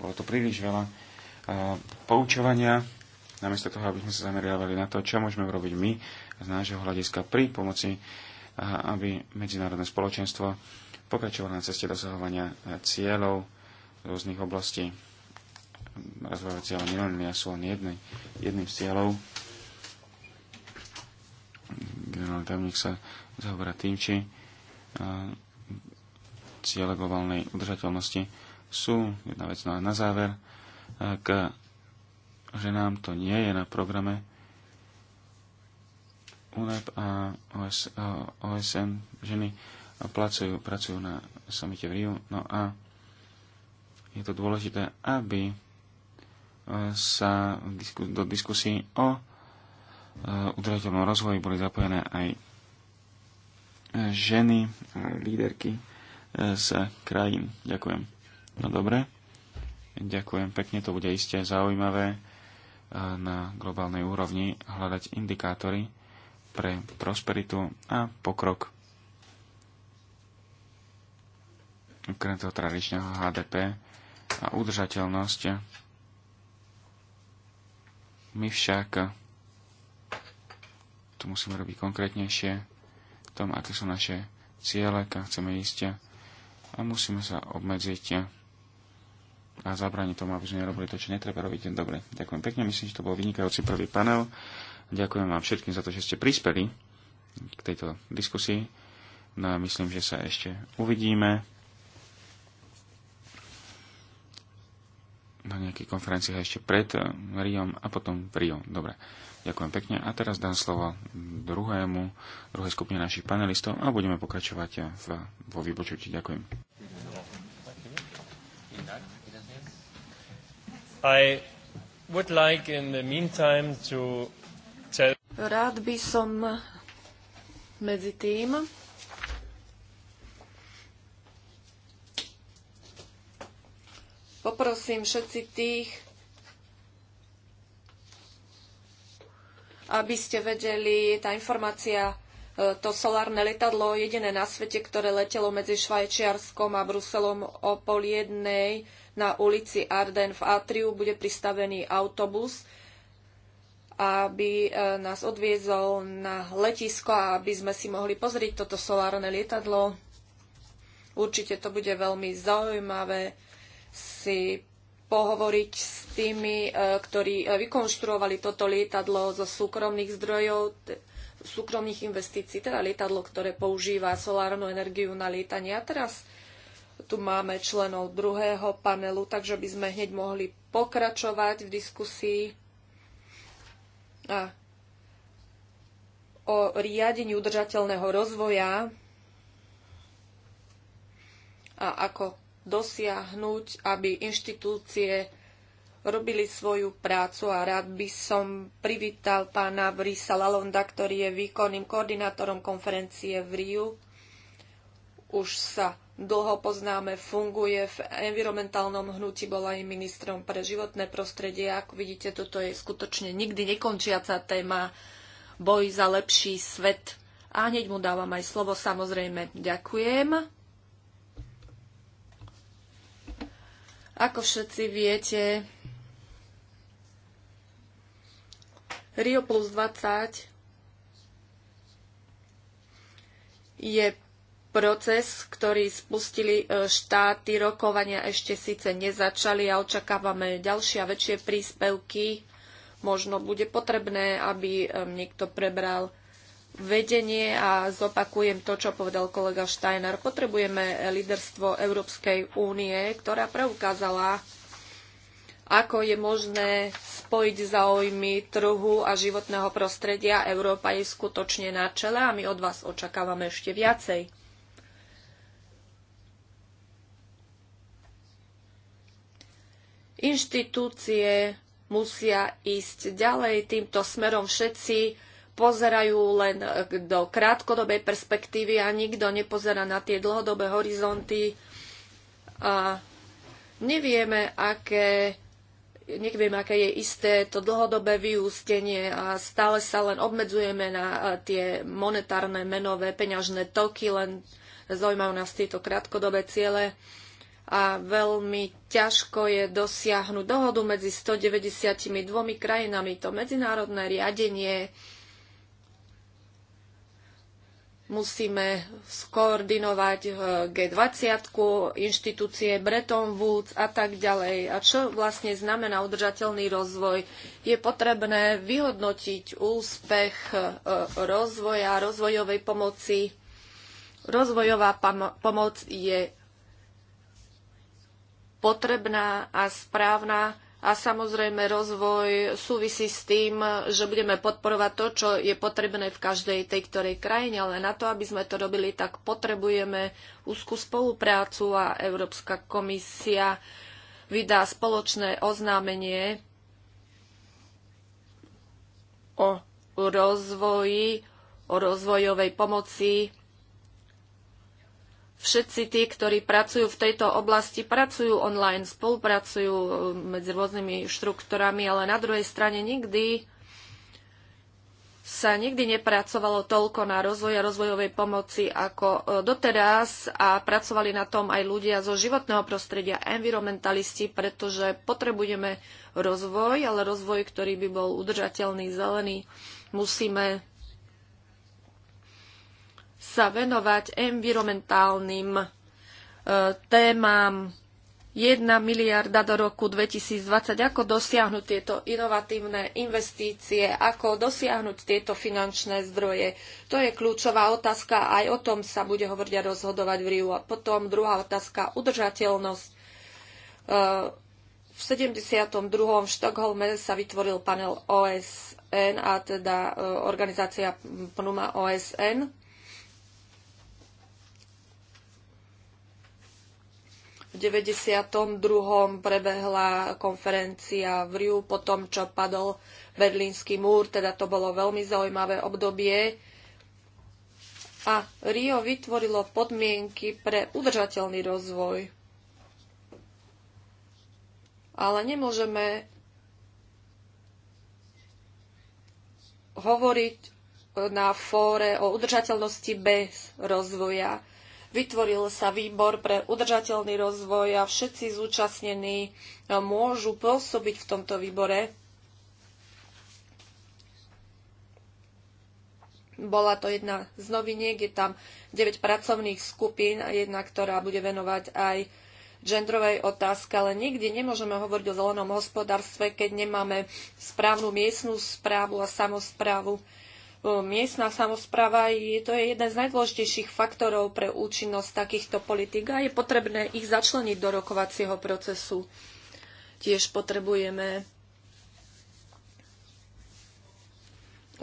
Bolo to príliš veľa uh, poučovania, namiesto toho, aby sme sa zameriavali na to, čo môžeme robiť my z nášho hľadiska pri pomoci, uh, aby medzinárodné spoločenstvo pokračovalo na ceste dosahovania cieľov rôznych oblastí rozvojové cieľe milénia sú len jednej, jedným z cieľov. Generálny tajomník sa zaoberá tým, či ciele globálnej udržateľnosti sú jedna vec. No a na záver, k, že nám to nie je na programe UNEP a OS, OSN ženy placujú, pracujú na samite v Riu. No a je to dôležité, aby sa do diskusí o e, udržateľnom rozvoji boli zapojené aj e, ženy a e, líderky z krajín. Ďakujem. No dobre. Ďakujem pekne, to bude iste zaujímavé na globálnej úrovni hľadať indikátory pre prosperitu a pokrok. Okrem toho tradičného HDP a udržateľnosť my však tu musíme robiť konkrétnejšie v tom, aké sú naše ciele, kam chceme ísť a musíme sa obmedziť a zabrániť tomu, aby sme nerobili to, čo netreba robiť. Dobre, ďakujem pekne, myslím, že to bol vynikajúci prvý panel. Ďakujem vám všetkým za to, že ste prispeli k tejto diskusii. No a myslím, že sa ešte uvidíme. na nejakých konferenciách ešte pred eh, Riom a potom v Rio. Dobre, ďakujem pekne. A teraz dám slovo druhému, druhej skupine našich panelistov a budeme pokračovať eh, v, vo vypočutí. Ďakujem. I would like in the meantime to tell... Rád by som medzi tým Poprosím všetci tých, aby ste vedeli, tá informácia, e, to solárne letadlo, jediné na svete, ktoré letelo medzi Švajčiarskom a Bruselom o pol jednej na ulici Arden v Atriu, bude pristavený autobus, aby e, nás odviezol na letisko a aby sme si mohli pozrieť toto solárne lietadlo. Určite to bude veľmi zaujímavé si pohovoriť s tými, e, ktorí e, vykonštruovali toto lietadlo zo súkromných zdrojov, súkromných investícií, teda lietadlo, ktoré používa solárnu energiu na lietanie. A teraz tu máme členov druhého panelu, takže by sme hneď mohli pokračovať v diskusii a o riadení udržateľného rozvoja a ako dosiahnuť, aby inštitúcie robili svoju prácu a rád by som privítal pána Brisa Lalonda, ktorý je výkonným koordinátorom konferencie v Riu. Už sa dlho poznáme, funguje v environmentálnom hnutí, bola aj ministrom pre životné prostredie. Ako vidíte, toto je skutočne nikdy nekončiaca téma boj za lepší svet. A hneď mu dávam aj slovo, samozrejme. Ďakujem. Ako všetci viete, Rio plus 20 je proces, ktorý spustili e, štáty. Rokovania ešte síce nezačali a očakávame ďalšie a väčšie príspevky. Možno bude potrebné, aby e, niekto prebral vedenie a zopakujem to, čo povedal kolega Steiner. Potrebujeme líderstvo Európskej únie, ktorá preukázala, ako je možné spojiť záujmy trhu a životného prostredia. Európa je skutočne na čele a my od vás očakávame ešte viacej. Inštitúcie musia ísť ďalej týmto smerom všetci pozerajú len do krátkodobej perspektívy a nikto nepozerá na tie dlhodobé horizonty. A nevieme, aké nevieme, aké je isté to dlhodobé vyústenie a stále sa len obmedzujeme na tie monetárne, menové, peňažné toky, len zaujímajú nás tieto krátkodobé ciele a veľmi ťažko je dosiahnuť dohodu medzi 192 krajinami. To medzinárodné riadenie Musíme skoordinovať eh, G20, inštitúcie Bretton Woods a tak ďalej. A čo vlastne znamená udržateľný rozvoj? Je potrebné vyhodnotiť úspech eh, rozvoja, rozvojovej pomoci. Rozvojová pomoc je potrebná a správna a samozrejme rozvoj súvisí s tým, že budeme podporovať to, čo je potrebné v každej tej ktorej krajine, ale na to, aby sme to robili, tak potrebujeme úzkú spoluprácu a Európska komisia vydá spoločné oznámenie o rozvoji, o rozvojovej pomoci všetci tí, ktorí pracujú v tejto oblasti, pracujú online, spolupracujú um, medzi rôznymi štruktúrami, ale na druhej strane nikdy sa nikdy nepracovalo toľko na rozvoj a rozvojovej pomoci ako e, doteraz a pracovali na tom aj ľudia zo životného prostredia, environmentalisti, pretože potrebujeme rozvoj, ale rozvoj, ktorý by bol udržateľný, zelený, musíme sa venovať environmentálnym e, témam 1 miliarda do roku 2020, ako dosiahnuť tieto inovatívne investície, ako dosiahnuť tieto finančné zdroje. To je kľúčová otázka, aj o tom sa bude hovoriť a rozhodovať v Riu. A potom druhá otázka, udržateľnosť. E, v 72. v Štokholme sa vytvoril panel OSN, a teda e, organizácia PNUMA OSN, 92. prebehla konferencia v Riu po tom, čo padol Berlínsky múr, teda to bolo veľmi zaujímavé obdobie. A Rio vytvorilo podmienky pre udržateľný rozvoj. Ale nemôžeme hovoriť na fóre o udržateľnosti bez rozvoja. Vytvoril sa výbor pre udržateľný rozvoj a všetci zúčastnení e, môžu pôsobiť v tomto výbore. Bola to jedna z noviniek, je tam 9 pracovných skupín, jedna, ktorá bude venovať aj genderovej otázke, ale nikdy nemôžeme hovoriť o zelenom hospodárstve, keď nemáme správnu miestnú správu a samozprávu. E, miestna samozpráva je, to je jeden z najdôležitejších faktorov pre účinnosť takýchto politik a je potrebné ich začleniť do rokovacieho procesu. Tiež potrebujeme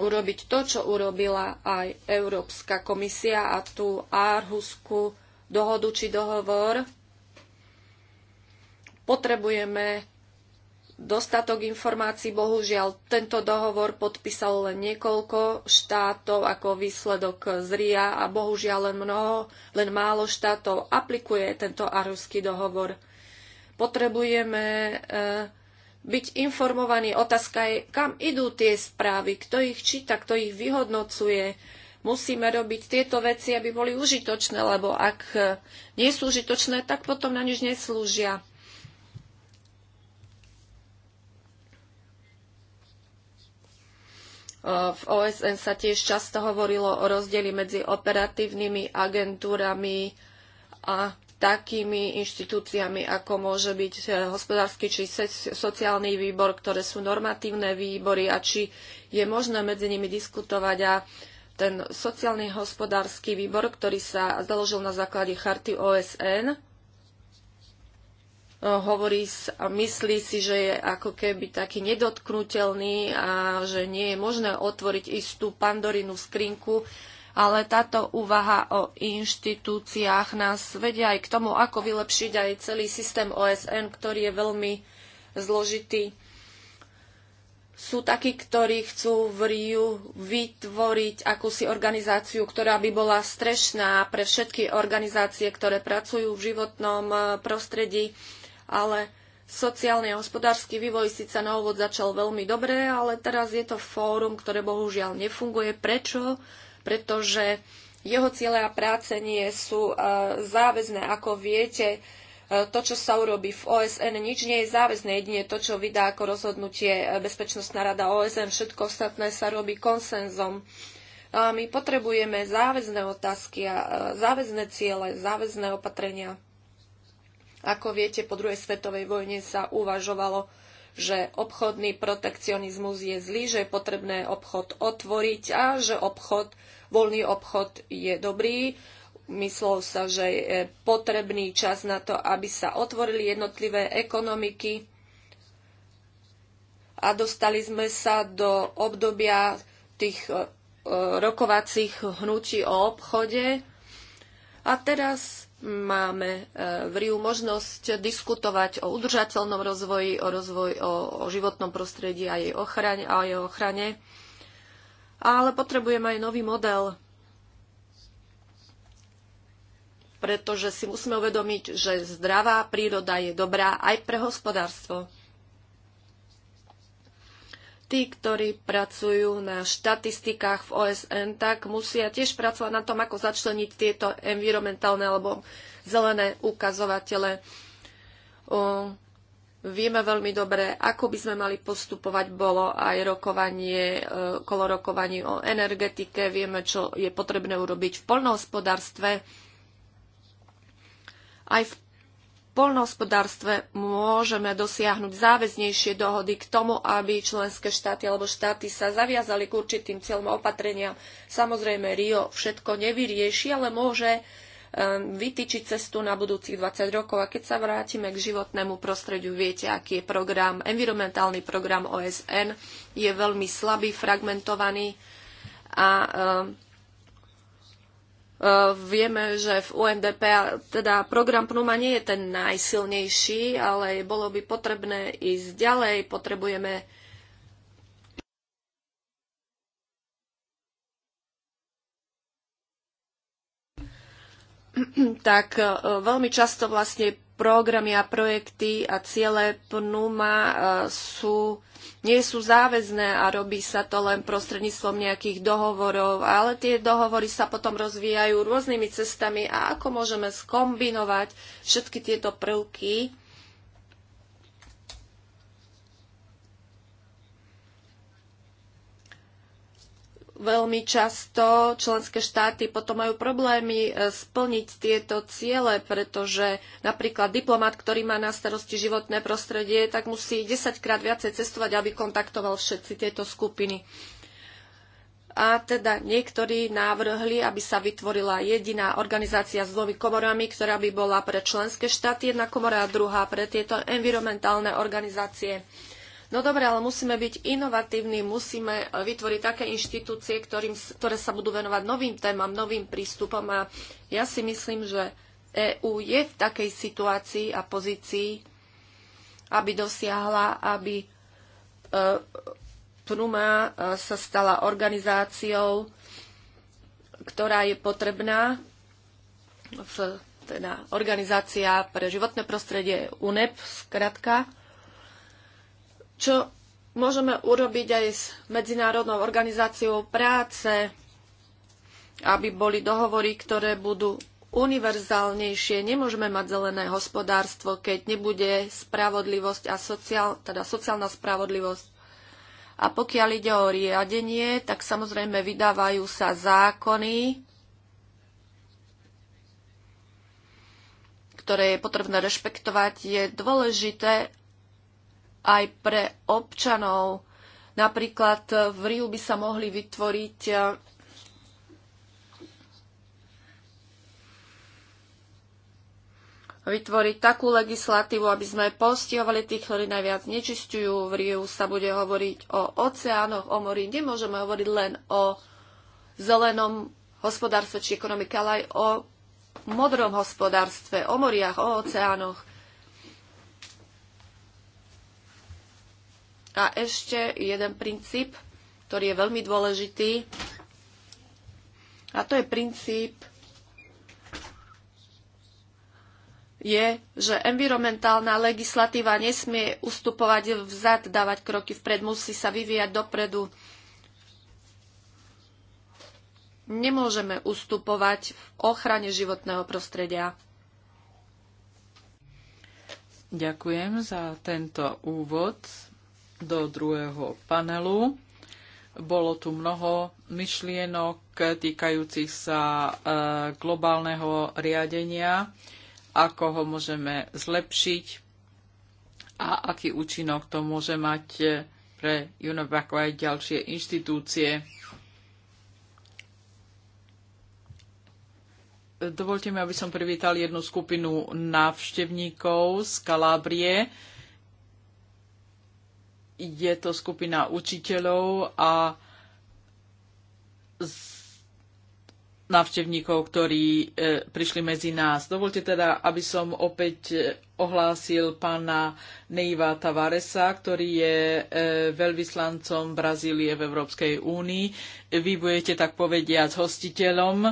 urobiť to, čo urobila aj Európska komisia a tú Aarhuskú dohodu či dohovor. Potrebujeme dostatok informácií. Bohužiaľ, tento dohovor podpísalo len niekoľko štátov ako výsledok z RIA a bohužiaľ len, mnoho, len málo štátov aplikuje tento aruský dohovor. Potrebujeme eh, byť informovaní. Otázka je, kam idú tie správy, kto ich číta, kto ich vyhodnocuje musíme robiť tieto veci, aby boli užitočné, lebo ak eh, nie sú užitočné, tak potom na nič neslúžia. V OSN sa tiež často hovorilo o rozdieli medzi operatívnymi agentúrami a takými inštitúciami, ako môže byť e, hospodársky či sociálny výbor, ktoré sú normatívne výbory a či je možné medzi nimi diskutovať a ten sociálny hospodársky výbor, ktorý sa založil na základe charty OSN, E, hovorí a myslí si, že je ako keby taký nedotknutelný a že nie je možné otvoriť istú pandorinu skrinku, ale táto úvaha o inštitúciách nás vedia aj k tomu, ako vylepšiť aj celý systém OSN, ktorý je veľmi zložitý. Sú takí, ktorí chcú v Riu vytvoriť akúsi organizáciu, ktorá by bola strešná pre všetky organizácie, ktoré pracujú v životnom e, prostredí ale sociálny a hospodársky vývoj síce na úvod začal veľmi dobre, ale teraz je to fórum, ktoré bohužiaľ nefunguje. Prečo? Pretože jeho ciele a práce nie sú e, záväzné. Ako viete, e, to, čo sa urobí v OSN, nič nie je záväzné, jedine to, čo vydá ako rozhodnutie e, Bezpečnostná rada OSN, všetko ostatné sa robí konsenzom. my potrebujeme záväzné otázky a záväzné ciele, záväzné opatrenia. Ako viete, po druhej svetovej vojne sa uvažovalo, že obchodný protekcionizmus je zlý, že je potrebné obchod otvoriť a že obchod, voľný obchod je dobrý. Myslelo sa, že je potrebný čas na to, aby sa otvorili jednotlivé ekonomiky a dostali sme sa do obdobia tých e, rokovacích hnutí o obchode. A teraz máme e, v Riu možnosť diskutovať o udržateľnom rozvoji, o, rozvoji o, o životnom prostredí a jej ochrane, a jej ochrane. Ale potrebujeme aj nový model, pretože si musíme uvedomiť, že zdravá príroda je dobrá aj pre hospodárstvo tí, ktorí pracujú na štatistikách v OSN, tak musia tiež pracovať na tom, ako začleniť tieto environmentálne alebo zelené ukazovatele. O, vieme veľmi dobre, ako by sme mali postupovať. Bolo aj rokovanie, e, kolo rokovaní o energetike, vieme, čo je potrebné urobiť v poľnohospodárstve. Aj v poľnohospodárstve môžeme dosiahnuť záväznejšie dohody k tomu, aby členské štáty alebo štáty sa zaviazali k určitým cieľom opatrenia. Samozrejme, Rio všetko nevyrieši, ale môže e, vytýčiť cestu na budúcich 20 rokov. A keď sa vrátime k životnému prostrediu, viete, aký je program, environmentálny program OSN, je veľmi slabý, fragmentovaný a E, vieme, že v UNDP, teda program PNUMA nie je ten najsilnejší, ale bolo by potrebné ísť ďalej. Potrebujeme <clears throat> tak e, veľmi často vlastne programy a projekty a ciele PNUMA e, sú nie sú záväzné a robí sa to len prostredníctvom nejakých dohovorov, ale tie dohovory sa potom rozvíjajú rôznymi cestami a ako môžeme skombinovať všetky tieto prvky, veľmi často členské štáty potom majú problémy e, splniť tieto ciele, pretože napríklad diplomat, ktorý má na starosti životné prostredie, tak musí 10 krát viacej cestovať, aby kontaktoval všetci tieto skupiny. A teda niektorí návrhli, aby sa vytvorila jediná organizácia s dvomi komorami, ktorá by bola pre členské štáty jedna komora a druhá pre tieto environmentálne organizácie. No dobre, ale musíme byť inovatívni, musíme vytvoriť také inštitúcie, ktorým, ktoré sa budú venovať novým témam, novým prístupom a ja si myslím, že EÚ je v takej situácii a pozícii, aby dosiahla, aby e, Pruma e, sa stala organizáciou, ktorá je potrebná v, teda organizácia pre životné prostredie UNEP, zkrátka čo môžeme urobiť aj s Medzinárodnou organizáciou práce, aby boli dohovory, ktoré budú univerzálnejšie. Nemôžeme mať zelené hospodárstvo, keď nebude spravodlivosť a sociál, teda sociálna spravodlivosť. A pokiaľ ide o riadenie, tak samozrejme vydávajú sa zákony, ktoré je potrebné rešpektovať. Je dôležité, aj pre občanov. Napríklad v Riu by sa mohli vytvoriť e, vytvoriť takú legislatívu, aby sme postihovali tých, ktorí najviac nečistujú. V Riu sa bude hovoriť o oceánoch, o mori. Nemôžeme hovoriť len o zelenom hospodárstve či ekonomike, ale aj o modrom hospodárstve, o moriach, o oceánoch. A ešte jeden princíp, ktorý je veľmi dôležitý. A to je princíp, je, že environmentálna legislatíva nesmie ustupovať vzad, dávať kroky vpred, musí sa vyvíjať dopredu. Nemôžeme ustupovať v ochrane životného prostredia. Ďakujem za tento úvod do druhého panelu. Bolo tu mnoho myšlienok týkajúcich sa e, globálneho riadenia, ako ho môžeme zlepšiť a aký účinok to môže mať pre UNOVAC aj ďalšie inštitúcie. Dovolte mi, aby som privítal jednu skupinu návštevníkov z Kalábrie, je to skupina učiteľov a návštevníkov, ktorí e, prišli medzi nás. Dovolte teda, aby som opäť e, ohlásil pána Neiva Tavaresa, ktorý je e, veľvyslancom Brazílie v Európskej únii. Vy budete tak povediať hostiteľom e,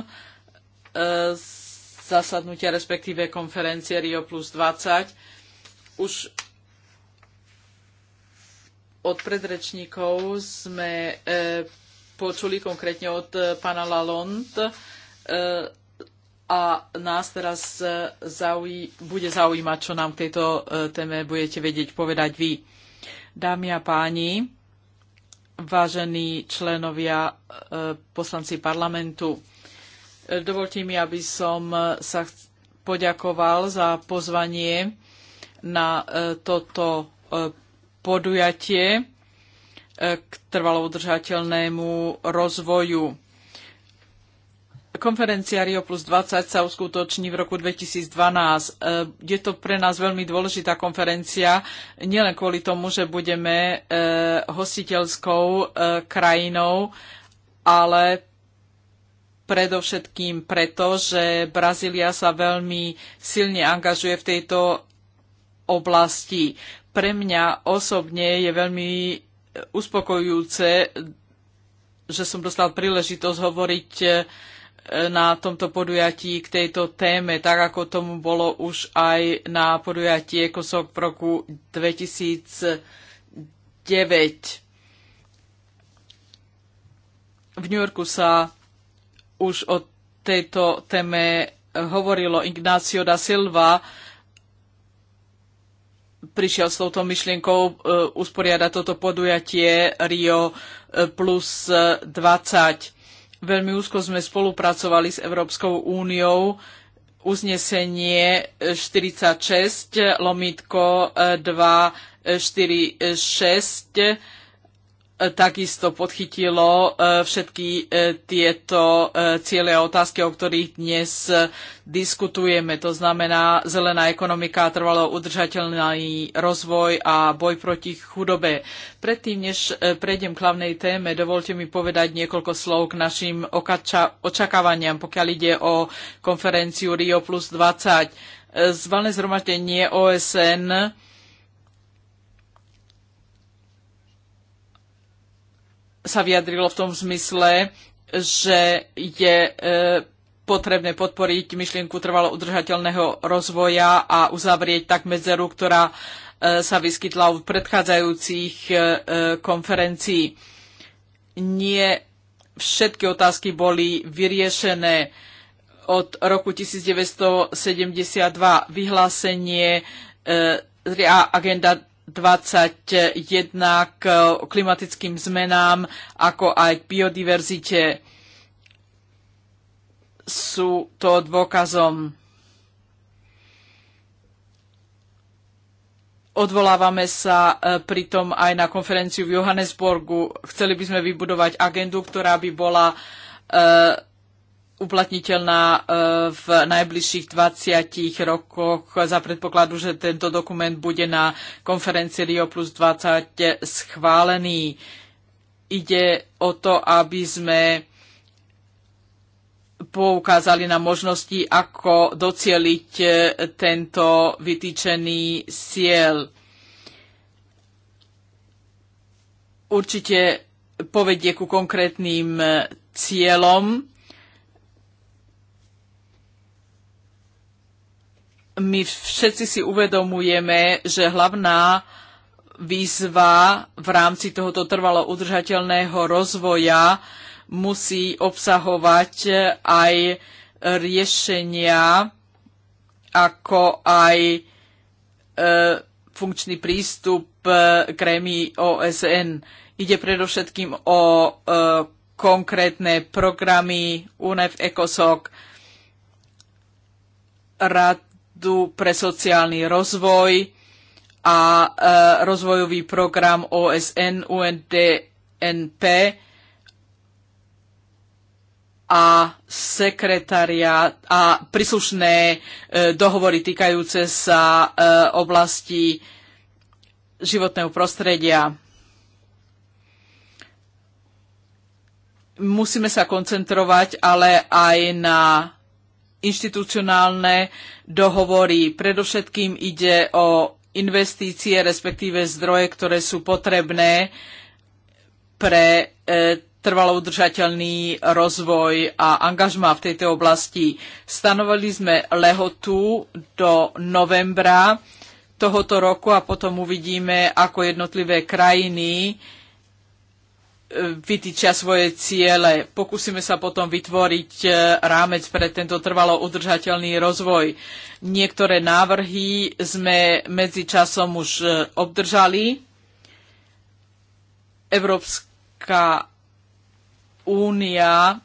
zasadnutia, respektíve konferencie Rio plus 20. Už od predrečníkov sme e, počuli konkrétne od e, pána Lalond e, a nás teraz zauj- bude zaujímať, čo nám k tejto téme budete vedieť povedať vy. Dámy a páni, vážení členovia poslanci parlamentu, dovolte mi, aby som sa poďakoval za pozvanie na toto podujatie e, k trvalo udržateľnému rozvoju. Konferencia Rio plus 20 sa uskutoční v roku 2012. E, je to pre nás veľmi dôležitá konferencia, nielen kvôli tomu, že budeme e, hostiteľskou krajinou, ale predovšetkým preto, že Brazília sa veľmi silne angažuje v tejto oblasti. Pre mňa osobne je veľmi uspokojujúce, že som dostal príležitosť hovoriť e, na tomto podujatí k tejto téme, tak ako tomu bolo už aj na podujatí Ekosok v roku 2009. V New Yorku sa už o tejto téme hovorilo Ignacio da Silva, prišiel s touto myšlienkou e, usporiadať toto podujatie Rio e, plus 20. E, Veľmi úzko sme spolupracovali s Európskou úniou. Uznesenie 46 lomitko 246 takisto podchytilo e, všetky e, tieto e, ciele a otázky, o ktorých dnes diskutujeme. To znamená zelená ekonomika, trvalo udržateľný rozvoj a boj proti chudobe. Predtým, než prejdem k hlavnej téme, dovolte mi povedať niekoľko slov k našim očakávaniam, pokiaľ ide o konferenciu Rio plus 20. Zvalné zhromaždenie OSN sa vyjadrilo v tom zmysle, že je e, potrebné podporiť myšlienku trvalo udržateľného rozvoja a uzavrieť tak medzeru, ktorá e, sa vyskytla v predchádzajúcich e, konferencií. Nie všetky otázky boli vyriešené od roku 1972 vyhlásenie a Agenda 21 k klimatickým zmenám, ako aj k biodiverzite sú to dôkazom. Odvolávame sa e, pritom aj na konferenciu v Johannesburgu. Chceli by sme vybudovať agendu, ktorá by bola e, uplatniteľná e, v najbližších 20 rokoch za predpokladu, že tento dokument bude na konferencii Rio plus 20 schválený. Ide o to, aby sme poukázali na možnosti, ako docieliť e, tento vytýčený cieľ. Určite povedie ku konkrétnym e, cieľom my všetci si uvedomujeme, že hlavná výzva v rámci tohoto trvalo udržateľného rozvoja musí obsahovať aj riešenia, ako aj e, funkčný prístup k e, rémi OSN. Ide predovšetkým o e, konkrétne programy UNEF ECOSOC. Rád fondu pre sociálny rozvoj a e, rozvojový program OSN UNDNP a sekretariat a príslušné e, dohovory týkajúce sa e, oblasti životného prostredia. Musíme sa koncentrovať ale aj na inštitucionálne dohovory. Predovšetkým ide o investície, respektíve zdroje, ktoré sú potrebné pre e, trvalo udržateľný rozvoj a angažma v tejto oblasti. Stanovili sme lehotu do novembra tohoto roku a potom uvidíme, ako jednotlivé krajiny vytýčia svoje ciele. Pokúsime sa potom vytvoriť e, rámec pre tento trvalo udržateľný rozvoj. Niektoré návrhy sme medzi časom už e, obdržali. Európska únia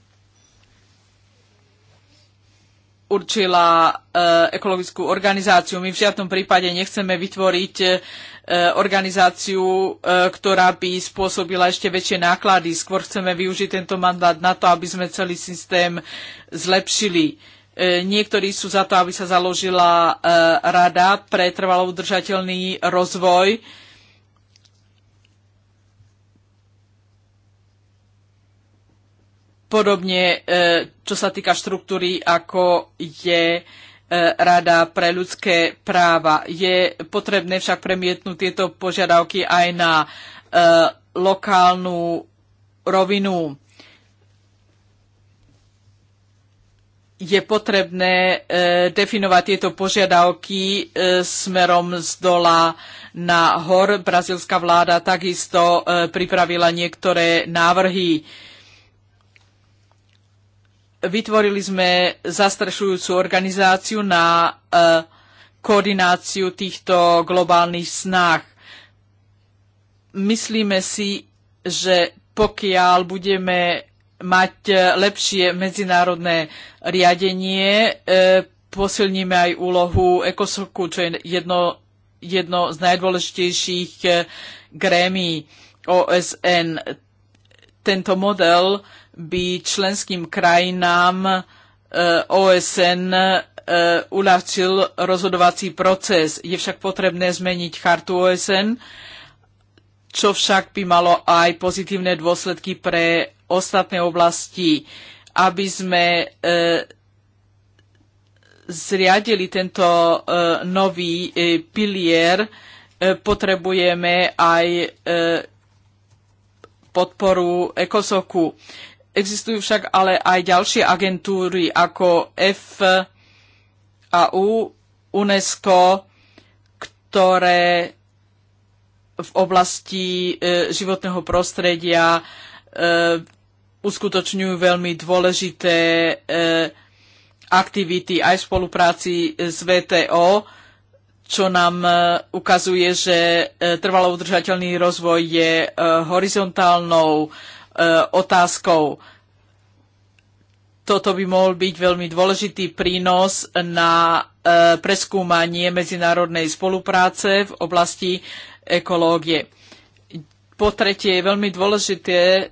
určila e, ekologickú organizáciu. My v žiadnom prípade nechceme vytvoriť E, organizáciu, e, ktorá by spôsobila ešte väčšie náklady. Skôr chceme využiť tento mandát na to, aby sme celý systém zlepšili. E, niektorí sú za to, aby sa založila rada pre trvalo udržateľný rozvoj. Podobne, čo sa týka štruktúry, ako je E, Rada pre ľudské práva. Je potrebné však premietnúť tieto požiadavky aj na e, lokálnu rovinu. Je potrebné e, definovať tieto požiadavky smerom z dola na hor. Brazilská vláda takisto pripravila niektoré návrhy vytvorili sme zastrešujúcu organizáciu na eh, koordináciu týchto globálnych snách. Myslíme si, že pokiaľ budeme mať eh, lepšie medzinárodné riadenie, eh, posilníme aj úlohu ECOSOCu, čo je jedno, jedno z najdôležitejších grémí OSN tento model by členským krajinám e, OSN e, uľahčil rozhodovací proces. Je však potrebné zmeniť chartu OSN, čo však by malo aj pozitívne dôsledky pre ostatné oblasti, aby sme e, zriadili tento nový pilier, potrebujeme aj podporu ECOSOKu. Existujú však ale aj ďalšie agentúry ako FAU, UNESCO, ktoré v oblasti e, životného prostredia e, uskutočňujú veľmi dôležité e, aktivity aj v spolupráci s VTO čo nám e, ukazuje, že e, trvalo udržateľný rozvoj je e, horizontálnou otázkou. Toto by mohol byť veľmi dôležitý prínos na preskúmanie medzinárodnej spolupráce v oblasti ekológie. Po tretie je veľmi dôležité,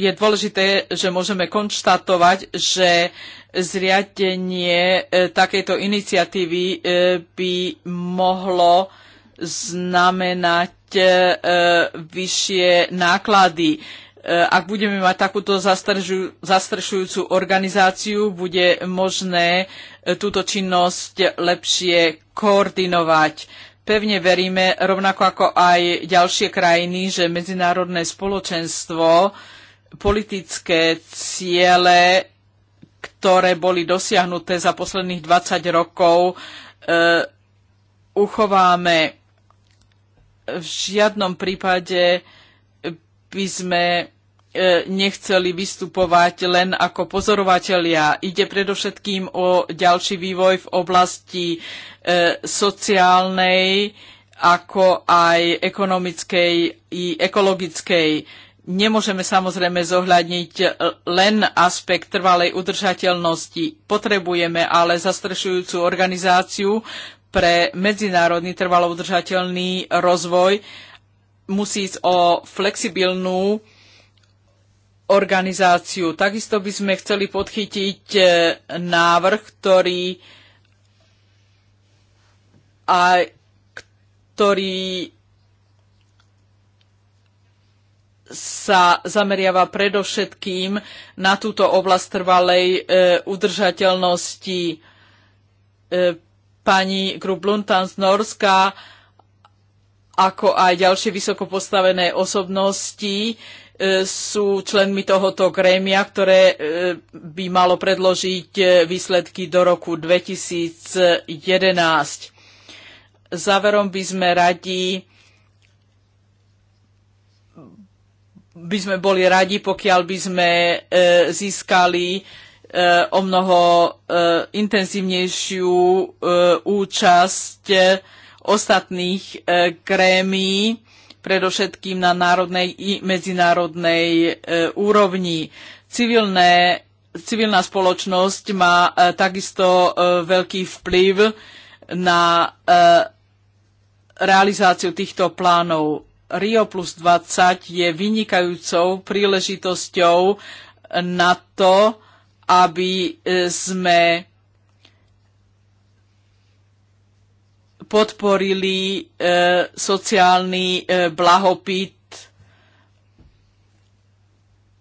je dôležité, že môžeme konštatovať, že zriadenie e, takejto iniciatívy e, by mohlo znamenať e, vyššie náklady. Ak budeme mať takúto zastrešujúcu organizáciu, bude možné túto činnosť lepšie koordinovať. Pevne veríme, rovnako ako aj ďalšie krajiny, že medzinárodné spoločenstvo politické ciele ktoré boli dosiahnuté za posledných 20 rokov, e, uchováme. V žiadnom prípade by sme e, nechceli vystupovať len ako pozorovatelia. Ide predovšetkým o ďalší vývoj v oblasti e, sociálnej, ako aj ekonomickej i ekologickej. Nemôžeme samozrejme zohľadniť e, len aspekt trvalej udržateľnosti. Potrebujeme ale zastrešujúcu organizáciu pre medzinárodný trvalo udržateľný rozvoj. Musí ísť o flexibilnú organizáciu. Takisto by sme chceli podchytiť e, návrh, ktorý, aj ktorý sa zameriava predovšetkým na túto oblasť trvalej e, udržateľnosti. E, pani Grubluntan z Norska, ako aj ďalšie vysoko postavené osobnosti, e, sú členmi tohoto grémia, ktoré e, by malo predložiť e, výsledky do roku 2011. Záverom by sme radi by sme boli radi, pokiaľ by sme e, získali e, o mnoho e, intenzívnejšiu účasť ostatných krémí, predovšetkým na národnej i medzinárodnej úrovni. Civilné, civilná spoločnosť má takisto veľký vplyv na realizáciu týchto plánov Rio plus 20 je vynikajúcou príležitosťou na to, aby e, sme podporili e, sociálny e, blahopyt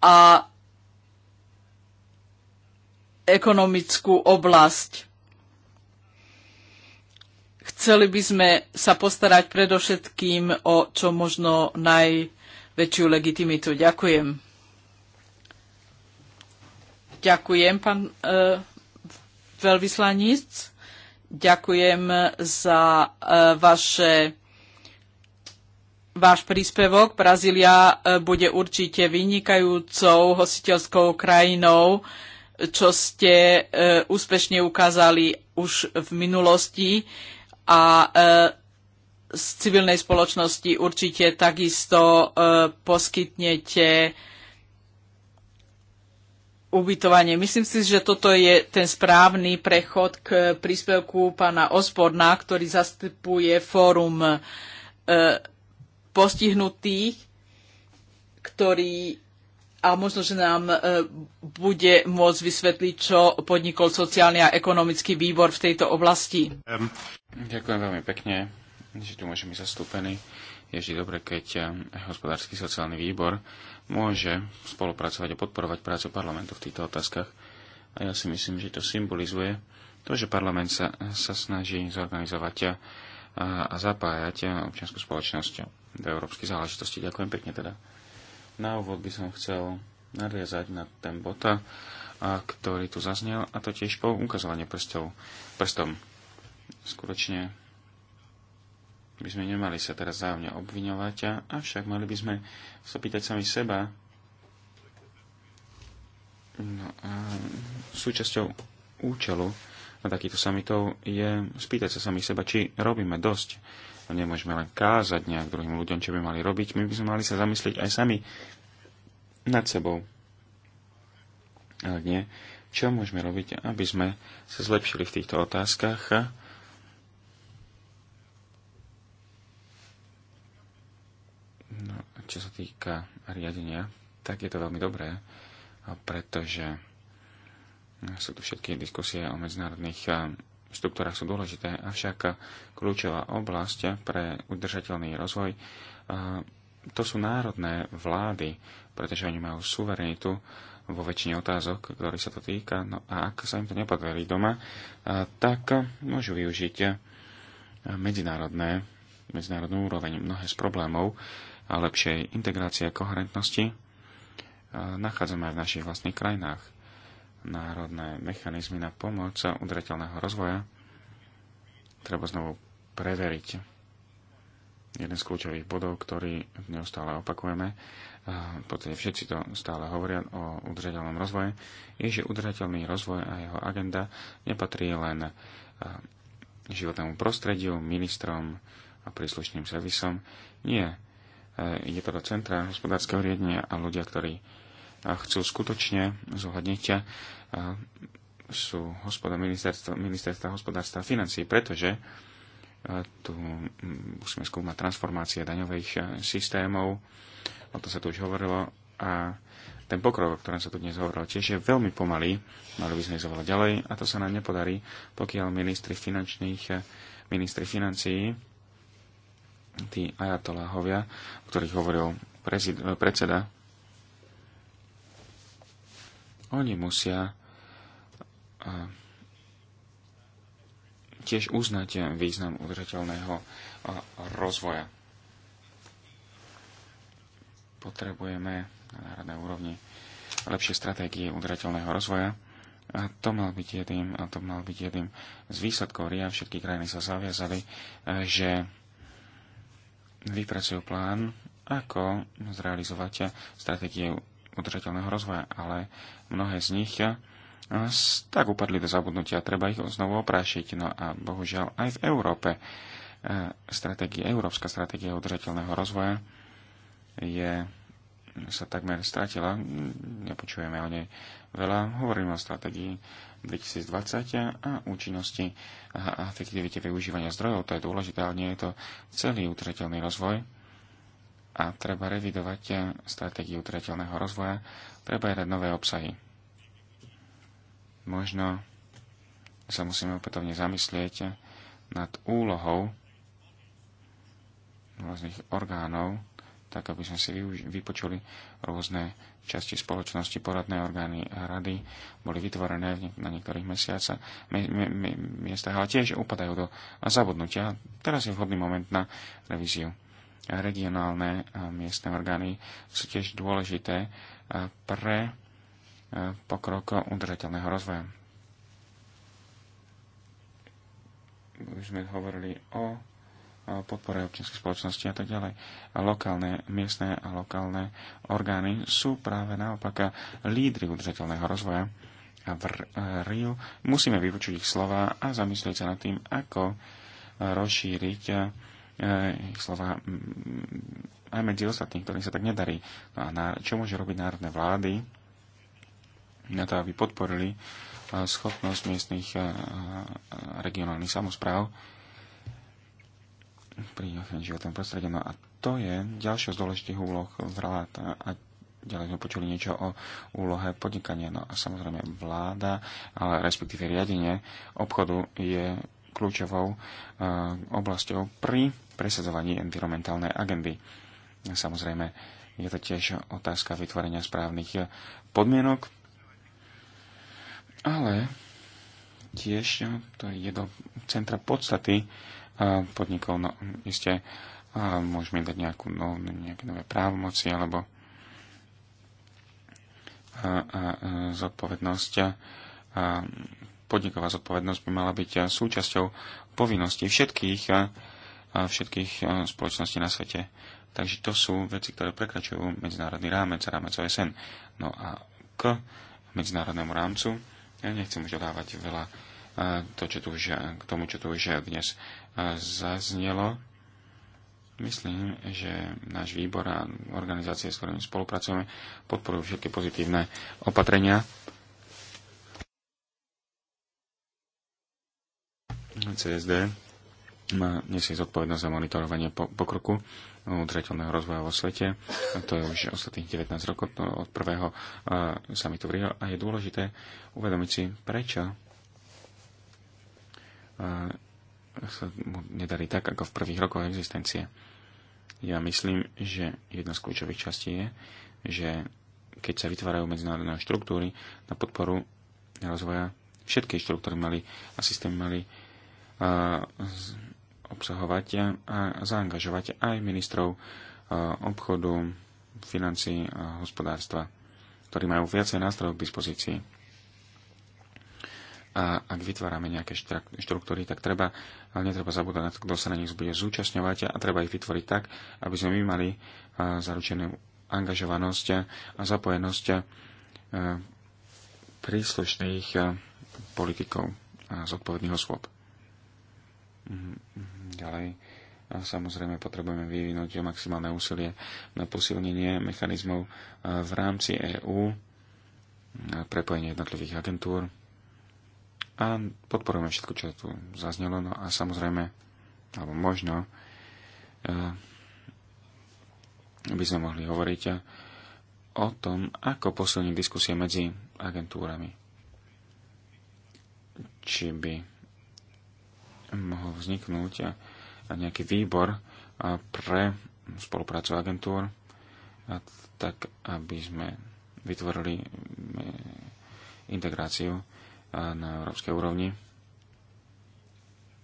a ekonomickú oblasť. Chceli by sme sa postarať predovšetkým o čo možno najväčšiu legitimitu. Ďakujem. Ďakujem, pán e, veľvyslanic. Ďakujem za e, vaše, váš príspevok. Brazília e, bude určite vynikajúcou hostiteľskou krajinou, čo ste e, úspešne ukázali už v minulosti. E, a e, z civilnej spoločnosti určite takisto e, poskytnete ubytovanie. Myslím si, že toto je ten správny prechod k príspevku pána Osborna, ktorý zastupuje fórum e, postihnutých, ktorý a možno, že nám bude môcť vysvetliť, čo podnikol sociálny a ekonomický výbor v tejto oblasti. Um. Ďakujem veľmi pekne, že tu môžeme byť zastúpení. Je vždy dobre, keď eh, hospodársky sociálny výbor môže spolupracovať a podporovať prácu parlamentu v týchto otázkach. A ja si myslím, že to symbolizuje to, že parlament sa, sa snaží zorganizovať a, eh, a zapájať eh, občianskú spoločnosť do európskej záležitosti. Ďakujem pekne teda. Na úvod by som chcel nadviazať na ten bota, a ktorý tu zaznel, a to tiež po ukazovanie prstov, prstom skutočne by sme nemali sa teraz závne obviňovať, avšak mali by sme sa pýtať sami seba, no a súčasťou účelu na takýchto samitov je spýtať sa sami seba, či robíme dosť. Nemôžeme len kázať nejak druhým ľuďom, čo by mali robiť. My by sme mali sa zamyslieť aj sami nad sebou. Ale nie, čo môžeme robiť, aby sme sa zlepšili v týchto otázkach čo sa týka riadenia, tak je to veľmi dobré, pretože sú tu všetky diskusie o medzinárodných štruktúrach sú dôležité, avšak kľúčová oblasť pre udržateľný rozvoj to sú národné vlády, pretože oni majú suverenitu vo väčšine otázok, ktorý sa to týka. No a ak sa im to nepodarí doma, tak môžu využiť medzinárodné, medzinárodnú úroveň. Mnohé z problémov a lepšej integrácie a koherentnosti e, nachádzame aj v našich vlastných krajinách. Národné mechanizmy na pomoc udržateľného rozvoja treba znovu preveriť. Jeden z kľúčových bodov, ktorý neustále opakujeme, potom podstate všetci to stále hovoria o udržateľnom rozvoje, je, že udržateľný rozvoj a jeho agenda nepatrí len životnému prostrediu, ministrom a príslušným servisom. Nie, E, je to do centra hospodárskeho riadenia a ľudia, ktorí e, chcú skutočne zohľadniť e, sú hospoda ministerstva, ministerstva hospodárstva a financí, pretože tu musíme skúmať transformácie daňových systémov, o tom sa tu už hovorilo a ten pokrok, o ktorom sa tu dnes hovorilo, tiež je veľmi pomalý, mali by sme ísť ďalej a to sa nám nepodarí, pokiaľ ministri finančných, ministri financií tí ajatoláhovia, o ktorých hovoril eh, predseda, oni musia eh, tiež uznať význam udržateľného eh, rozvoja. Potrebujeme na národnej úrovni lepšie stratégie udržateľného rozvoja. A to mal byť jedným, a to mal byť jedným z výsledkov RIA. Všetky krajiny sa zaviazali, že vypracujú plán, ako zrealizovať stratégie udržateľného rozvoja, ale mnohé z nich eh, tak upadli do zabudnutia, treba ich znovu oprášiť. No a bohužiaľ aj v Európe eh, stratégie, európska stratégia udržateľného rozvoja je sa takmer stratila, nepočujeme o nej veľa. Hovoríme o stratégii 2020 a účinnosti a efektivite využívania zdrojov. To je dôležité, ale nie je to celý utretelný rozvoj. A treba revidovať stratégiu utretelného rozvoja, treba jedať nové obsahy. Možno sa musíme opätovne zamyslieť nad úlohou rôznych orgánov, tak aby sme si vypočuli rôzne časti spoločnosti, poradné orgány a rady boli vytvorené na niektorých mesiacach miestach, ale tiež upadajú do zabudnutia. Teraz je vhodný moment na revíziu. Regionálne a miestne orgány sú tiež dôležité pre pokrok udržateľného rozvoja. Už sme hovorili o podpore občianskej spoločnosti a tak ďalej. A lokálne, miestne a lokálne orgány sú práve naopak lídry udržateľného rozvoja. A v Riu musíme vypočuť ich slova a zamyslieť sa nad tým, ako rozšíriť eh, ich slova aj medzi ostatných, ktorým sa tak nedarí. No a na, čo môže robiť národné vlády na to, aby podporili eh, schopnosť miestnych eh, regionálnych samozpráv pri životnom prostredí. No a to je ďalšia z dôležitých úloh vlád a ďalej sme počuli niečo o úlohe podnikania. No a samozrejme vláda, ale respektíve riadenie obchodu je kľúčovou e, oblasťou pri presadzovaní environmentálnej agendy. Samozrejme, je to tiež otázka vytvorenia správnych podmienok, ale tiež to je do centra podstaty podnikov. No, iste môžeme dať nejakú, no, nejaké nové právomoci alebo a, a, zodpovednosť. A, podniková zodpovednosť by mala byť súčasťou povinností všetkých, a, všetkých spoločností na svete. Takže to sú veci, ktoré prekračujú medzinárodný rámec, rámec OSN. No a k medzinárodnému rámcu, ja nechcem už dodávať veľa to, čo tu už, k tomu, čo tu už dnes zaznelo, myslím, že náš výbor a organizácie, s ktorými spolupracujeme, podporujú všetky pozitívne opatrenia. CSD má nesie zodpovednosť za monitorovanie pokroku udržateľného rozvoja vo svete. To je už ostatných 19 rokov od prvého e, samitu v Rio a je dôležité uvedomiť si, prečo e, sa mu nedarí tak, ako v prvých rokoch existencie. Ja myslím, že jedna z kľúčových častí je, že keď sa vytvárajú medzinárodné štruktúry na podporu rozvoja, všetky štruktúry mali a systémy mali a, z, obsahovať a, a zaangažovať aj ministrov a, obchodu, financií a hospodárstva, ktorí majú viacej nástrojov k dispozícii a ak vytvárame nejaké štruktúry, tak treba, ale netreba zabúdať na to, kto sa na nich bude zúčastňovať a treba ich vytvoriť tak, aby sme my mali zaručenú angažovanosť a zapojenosť príslušných politikov a zodpovedných osôb. Mhm, mhm, ďalej. A samozrejme potrebujeme vyvinúť maximálne úsilie na posilnenie mechanizmov v rámci EÚ, prepojenie jednotlivých agentúr, a podporujeme všetko, čo tu zaznelo. No a samozrejme, alebo možno, eh, by sme mohli hovoriť o tom, ako posilniť diskusie medzi agentúrami. Či by mohol vzniknúť eh, nejaký výbor eh, pre spoluprácu agentúr, tak aby sme vytvorili integráciu na európskej úrovni.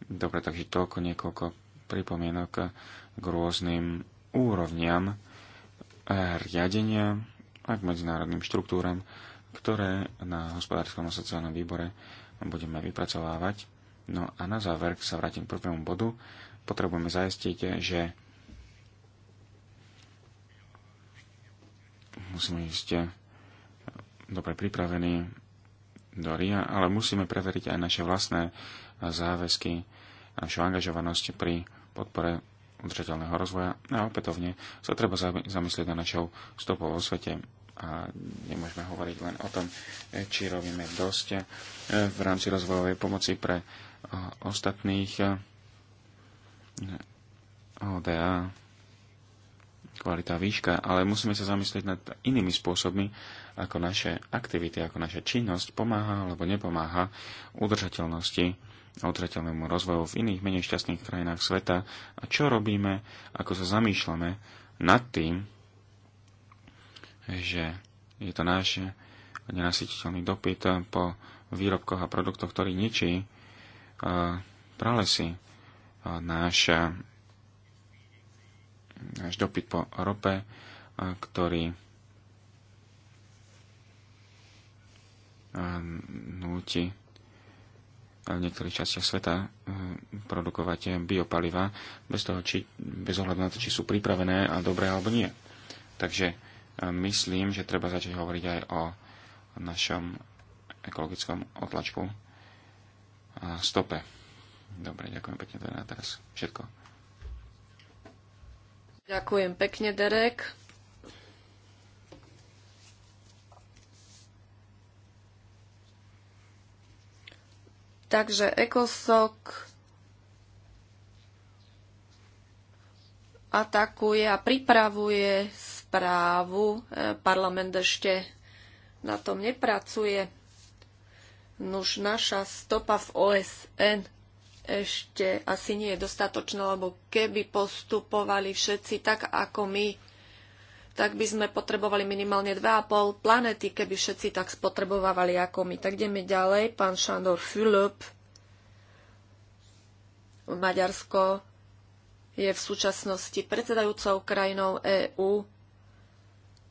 Dobre, takže toľko niekoľko pripomienok k rôznym úrovniam riadenia a k medzinárodným štruktúram, ktoré na hospodárskom a sociálnom výbore budeme vypracovávať. No a na záver sa vrátim k prvému bodu. Potrebujeme zaistiť, že musíme ísť dobre pripravení do RIA, ale musíme preveriť aj naše vlastné záväzky, našu angažovanosť pri podpore udržateľného rozvoja a opätovne sa treba zamyslieť na našou stopou vo svete a nemôžeme hovoriť len o tom, či robíme dosť e, v rámci rozvojovej pomoci pre ostatných e, ODA, kvalita výška, ale musíme sa zamyslieť nad inými spôsobmi, ako naše aktivity, ako naša činnosť pomáha alebo nepomáha udržateľnosti a udržateľnému rozvoju v iných menej šťastných krajinách sveta a čo robíme, ako sa zamýšľame nad tým, že je to náš nenasytiteľný dopyt po výrobkoch a produktoch, ktorý ničí e, pralesy. Náš, e, náš dopyt po rope, e, ktorý Ehm, núti v niektorých častiach sveta ehm, produkovať ehm, biopaliva bez, toho, či, bez ohľadu na to, či sú pripravené a dobré alebo nie. Takže myslím, že treba začať hovoriť aj o našom ekologickom otlačku a stope. Dobre, ďakujem pekne, to je na teraz všetko. Ďakujem pekne, Derek. Takže Ekosok atakuje a pripravuje správu. E, parlament ešte na tom nepracuje. Nuž naša stopa v OSN ešte asi nie je dostatočná, lebo keby postupovali všetci tak, ako my, tak by sme potrebovali minimálne 2,5 planety, keby všetci tak spotrebovávali ako my. Tak ideme ďalej. Pán Šandor Fülöp, Maďarsko je v súčasnosti predsedajúcou krajinou EÚ.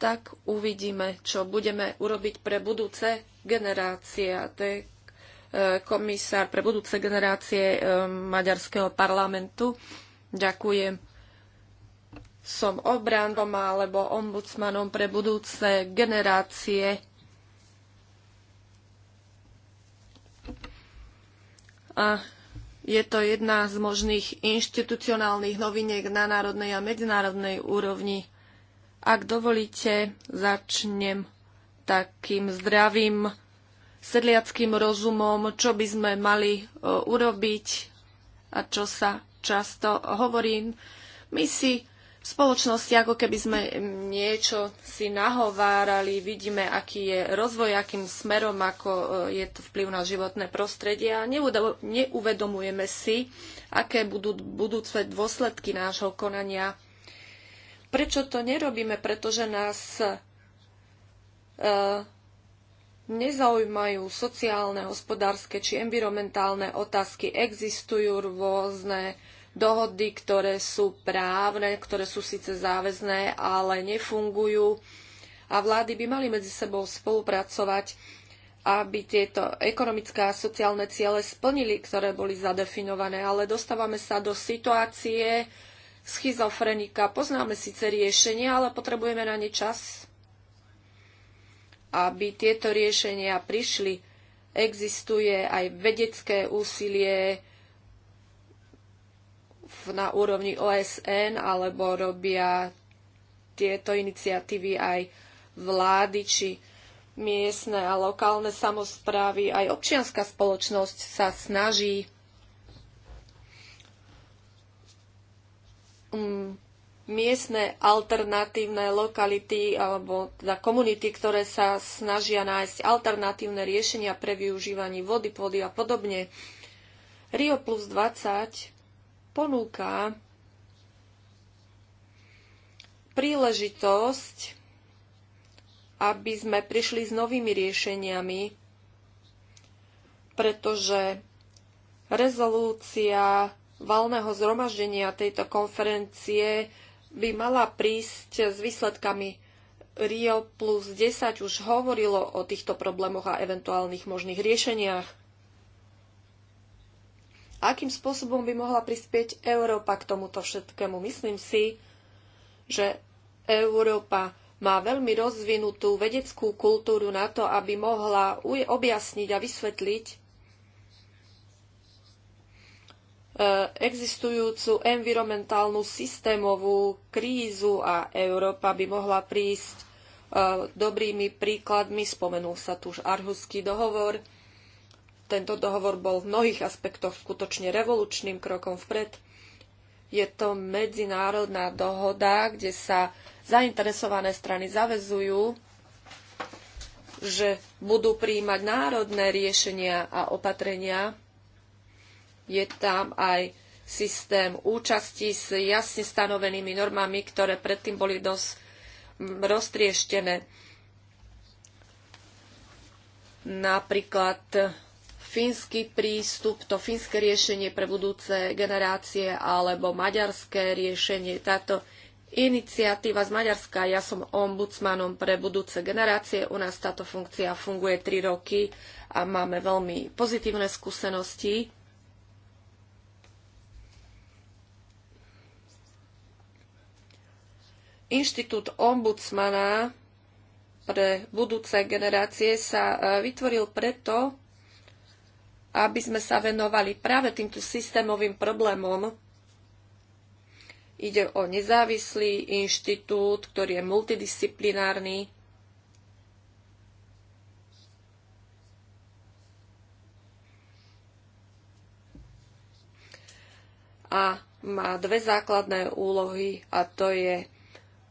Tak uvidíme, čo budeme urobiť pre budúce generácie. A to je e, komisár pre budúce generácie e, maďarského parlamentu. Ďakujem som obránom alebo ombudsmanom pre budúce generácie. A je to jedna z možných inštitucionálnych noviniek na národnej a medzinárodnej úrovni. Ak dovolíte, začnem takým zdravým sedliackým rozumom, čo by sme mali e, urobiť a čo sa často hovorím. My si v spoločnosti, ako keby sme niečo si nahovárali, vidíme, aký je rozvoj, akým smerom, ako e, je to vplyv na životné prostredie a neuvedomujeme si, aké budú budúce dôsledky nášho konania. Prečo to nerobíme? Pretože nás e, nezaujímajú sociálne, hospodárske či environmentálne otázky. Existujú rôzne dohody, ktoré sú právne, ktoré sú síce záväzné, ale nefungujú. A vlády by mali medzi sebou spolupracovať, aby tieto ekonomické a sociálne ciele splnili, ktoré boli zadefinované. Ale dostávame sa do situácie schizofrenika. Poznáme síce riešenie, ale potrebujeme na ne čas, aby tieto riešenia prišli existuje aj vedecké úsilie, na úrovni OSN alebo robia tieto iniciatívy aj vlády či miestne a lokálne samozprávy, aj občianská spoločnosť sa snaží mm, miestne alternatívne lokality alebo teda komunity, ktoré sa snažia nájsť alternatívne riešenia pre využívanie vody, pôdy a podobne. Rio plus 20 ponúka príležitosť, aby sme prišli s novými riešeniami, pretože rezolúcia valného zhromaždenia tejto konferencie by mala prísť s výsledkami Rio plus 10 už hovorilo o týchto problémoch a eventuálnych možných riešeniach akým spôsobom by mohla prispieť Európa k tomuto všetkému. Myslím si, že Európa má veľmi rozvinutú vedeckú kultúru na to, aby mohla objasniť a vysvetliť e, existujúcu environmentálnu systémovú krízu a Európa by mohla prísť e, dobrými príkladmi. Spomenul sa tu už Arhusský dohovor tento dohovor bol v mnohých aspektoch skutočne revolučným krokom vpred. Je to medzinárodná dohoda, kde sa zainteresované strany zavezujú, že budú príjmať národné riešenia a opatrenia. Je tam aj systém účasti s jasne stanovenými normami, ktoré predtým boli dosť roztrieštené. Napríklad fínsky prístup, to fínske riešenie pre budúce generácie alebo maďarské riešenie. Táto iniciatíva z Maďarska, ja som ombudsmanom pre budúce generácie, u nás táto funkcia funguje 3 roky a máme veľmi pozitívne skúsenosti. Inštitút ombudsmana pre budúce generácie sa e, vytvoril preto, aby sme sa venovali práve týmto systémovým problémom. Ide o nezávislý inštitút, ktorý je multidisciplinárny. A má dve základné úlohy a to je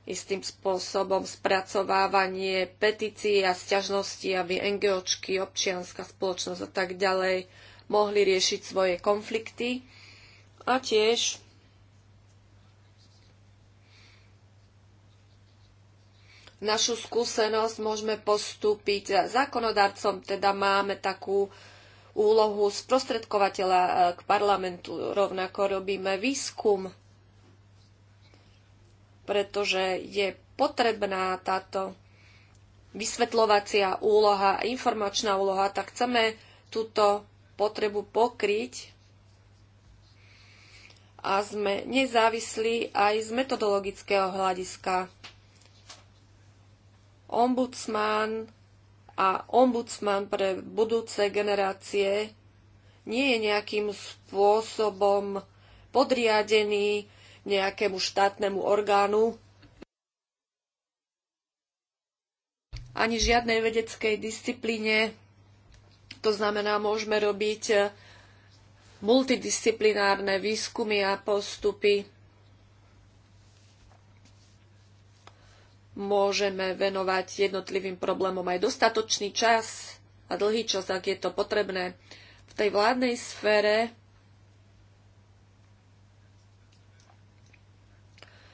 istým spôsobom spracovávanie petícií a sťažností, aby NGOčky, občianská spoločnosť a tak ďalej mohli riešiť svoje konflikty. A tiež našu skúsenosť môžeme postúpiť zákonodarcom, teda máme takú úlohu sprostredkovateľa eh, k parlamentu. Rovnako robíme výskum pretože je potrebná táto vysvetľovacia úloha, informačná úloha, tak chceme túto potrebu pokryť a sme nezávislí aj z metodologického hľadiska. Ombudsman a ombudsman pre budúce generácie nie je nejakým spôsobom podriadený nejakému štátnemu orgánu, ani žiadnej vedeckej disciplíne. To znamená, môžeme robiť eh, multidisciplinárne výskumy a postupy. Môžeme venovať jednotlivým problémom aj dostatočný čas a dlhý čas, ak je to potrebné. V tej vládnej sfére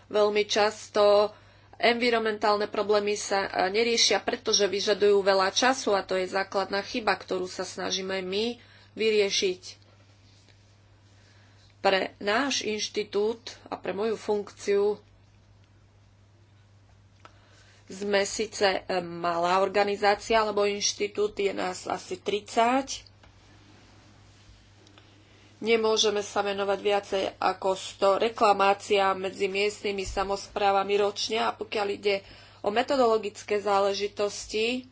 Veľmi často environmentálne problémy sa e, neriešia, pretože vyžadujú veľa času a to je základná chyba, ktorú sa snažíme my vyriešiť. Pre náš inštitút a pre moju funkciu sme síce e, malá organizácia, alebo inštitút je nás asi 30, Nemôžeme sa venovať viacej ako 100 reklamáciám medzi miestnymi samozprávami ročne a pokiaľ ide o metodologické záležitosti,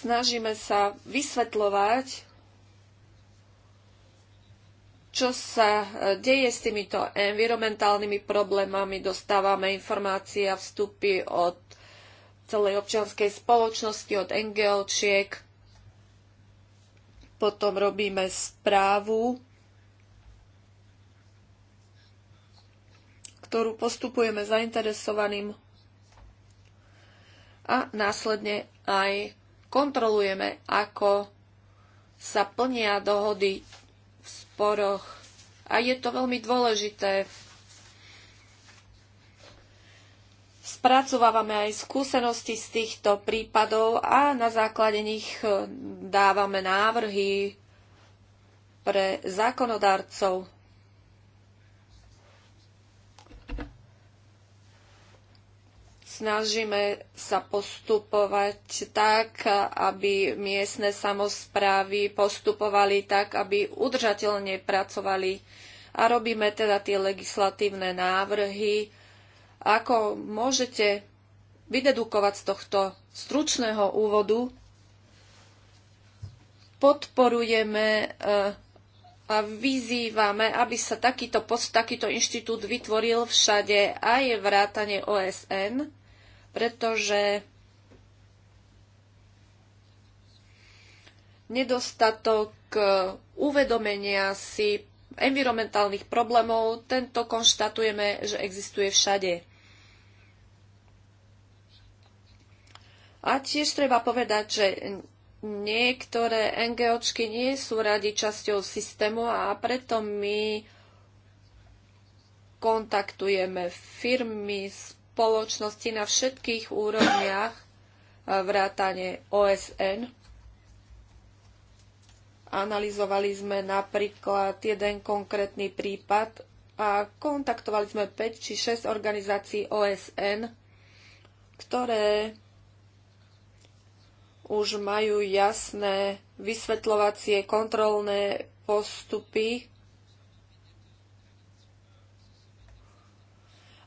snažíme sa vysvetľovať, čo sa e, deje s týmito environmentálnymi problémami. Dostávame informácie a vstupy od celej občianskej spoločnosti, od NGOčiek. Potom robíme správu, ktorú postupujeme zainteresovaným a následne aj kontrolujeme, ako sa plnia dohody v sporoch. A je to veľmi dôležité spracovávame aj skúsenosti z týchto prípadov a na základe nich e, dávame návrhy pre zákonodarcov. Snažíme sa postupovať tak, aby miestne samozprávy postupovali tak, aby udržateľne pracovali a robíme teda tie legislatívne návrhy, ako môžete vydedukovať z tohto stručného úvodu, podporujeme eh, a vyzývame, aby sa takýto post, takýto inštitút vytvoril všade, aj vrátane OSN, pretože nedostatok eh, uvedomenia si environmentálnych problémov, tento konštatujeme, že existuje všade. A tiež treba povedať, že niektoré NGOčky nie sú radi časťou systému a preto my kontaktujeme firmy, spoločnosti na všetkých úrovniach eh, vrátane OSN. Analizovali sme napríklad jeden konkrétny prípad a kontaktovali sme 5 či 6 organizácií OSN, ktoré už majú jasné vysvetľovacie kontrolné postupy.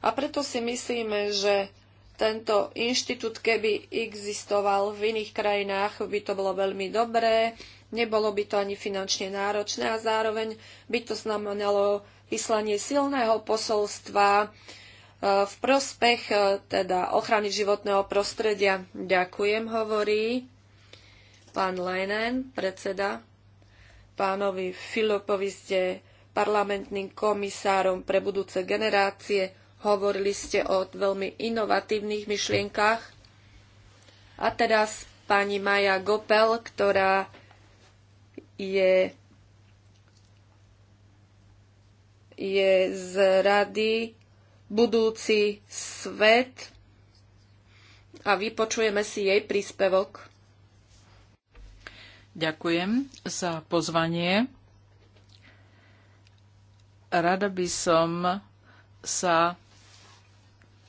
A preto si myslíme, že tento inštitút, keby existoval v iných krajinách, by to bolo veľmi dobré, nebolo by to ani finančne náročné a zároveň by to znamenalo vyslanie silného posolstva v prospech e, teda ochrany životného prostredia. Ďakujem, hovorí pán Lenen, predseda, pánovi Filopovi ste parlamentným komisárom pre budúce generácie. Hovorili ste o veľmi inovatívnych myšlienkách. A teraz pani Maja Gopel, ktorá je, je z rady budúci svet a vypočujeme si jej príspevok. Ďakujem za pozvanie. Rada by som sa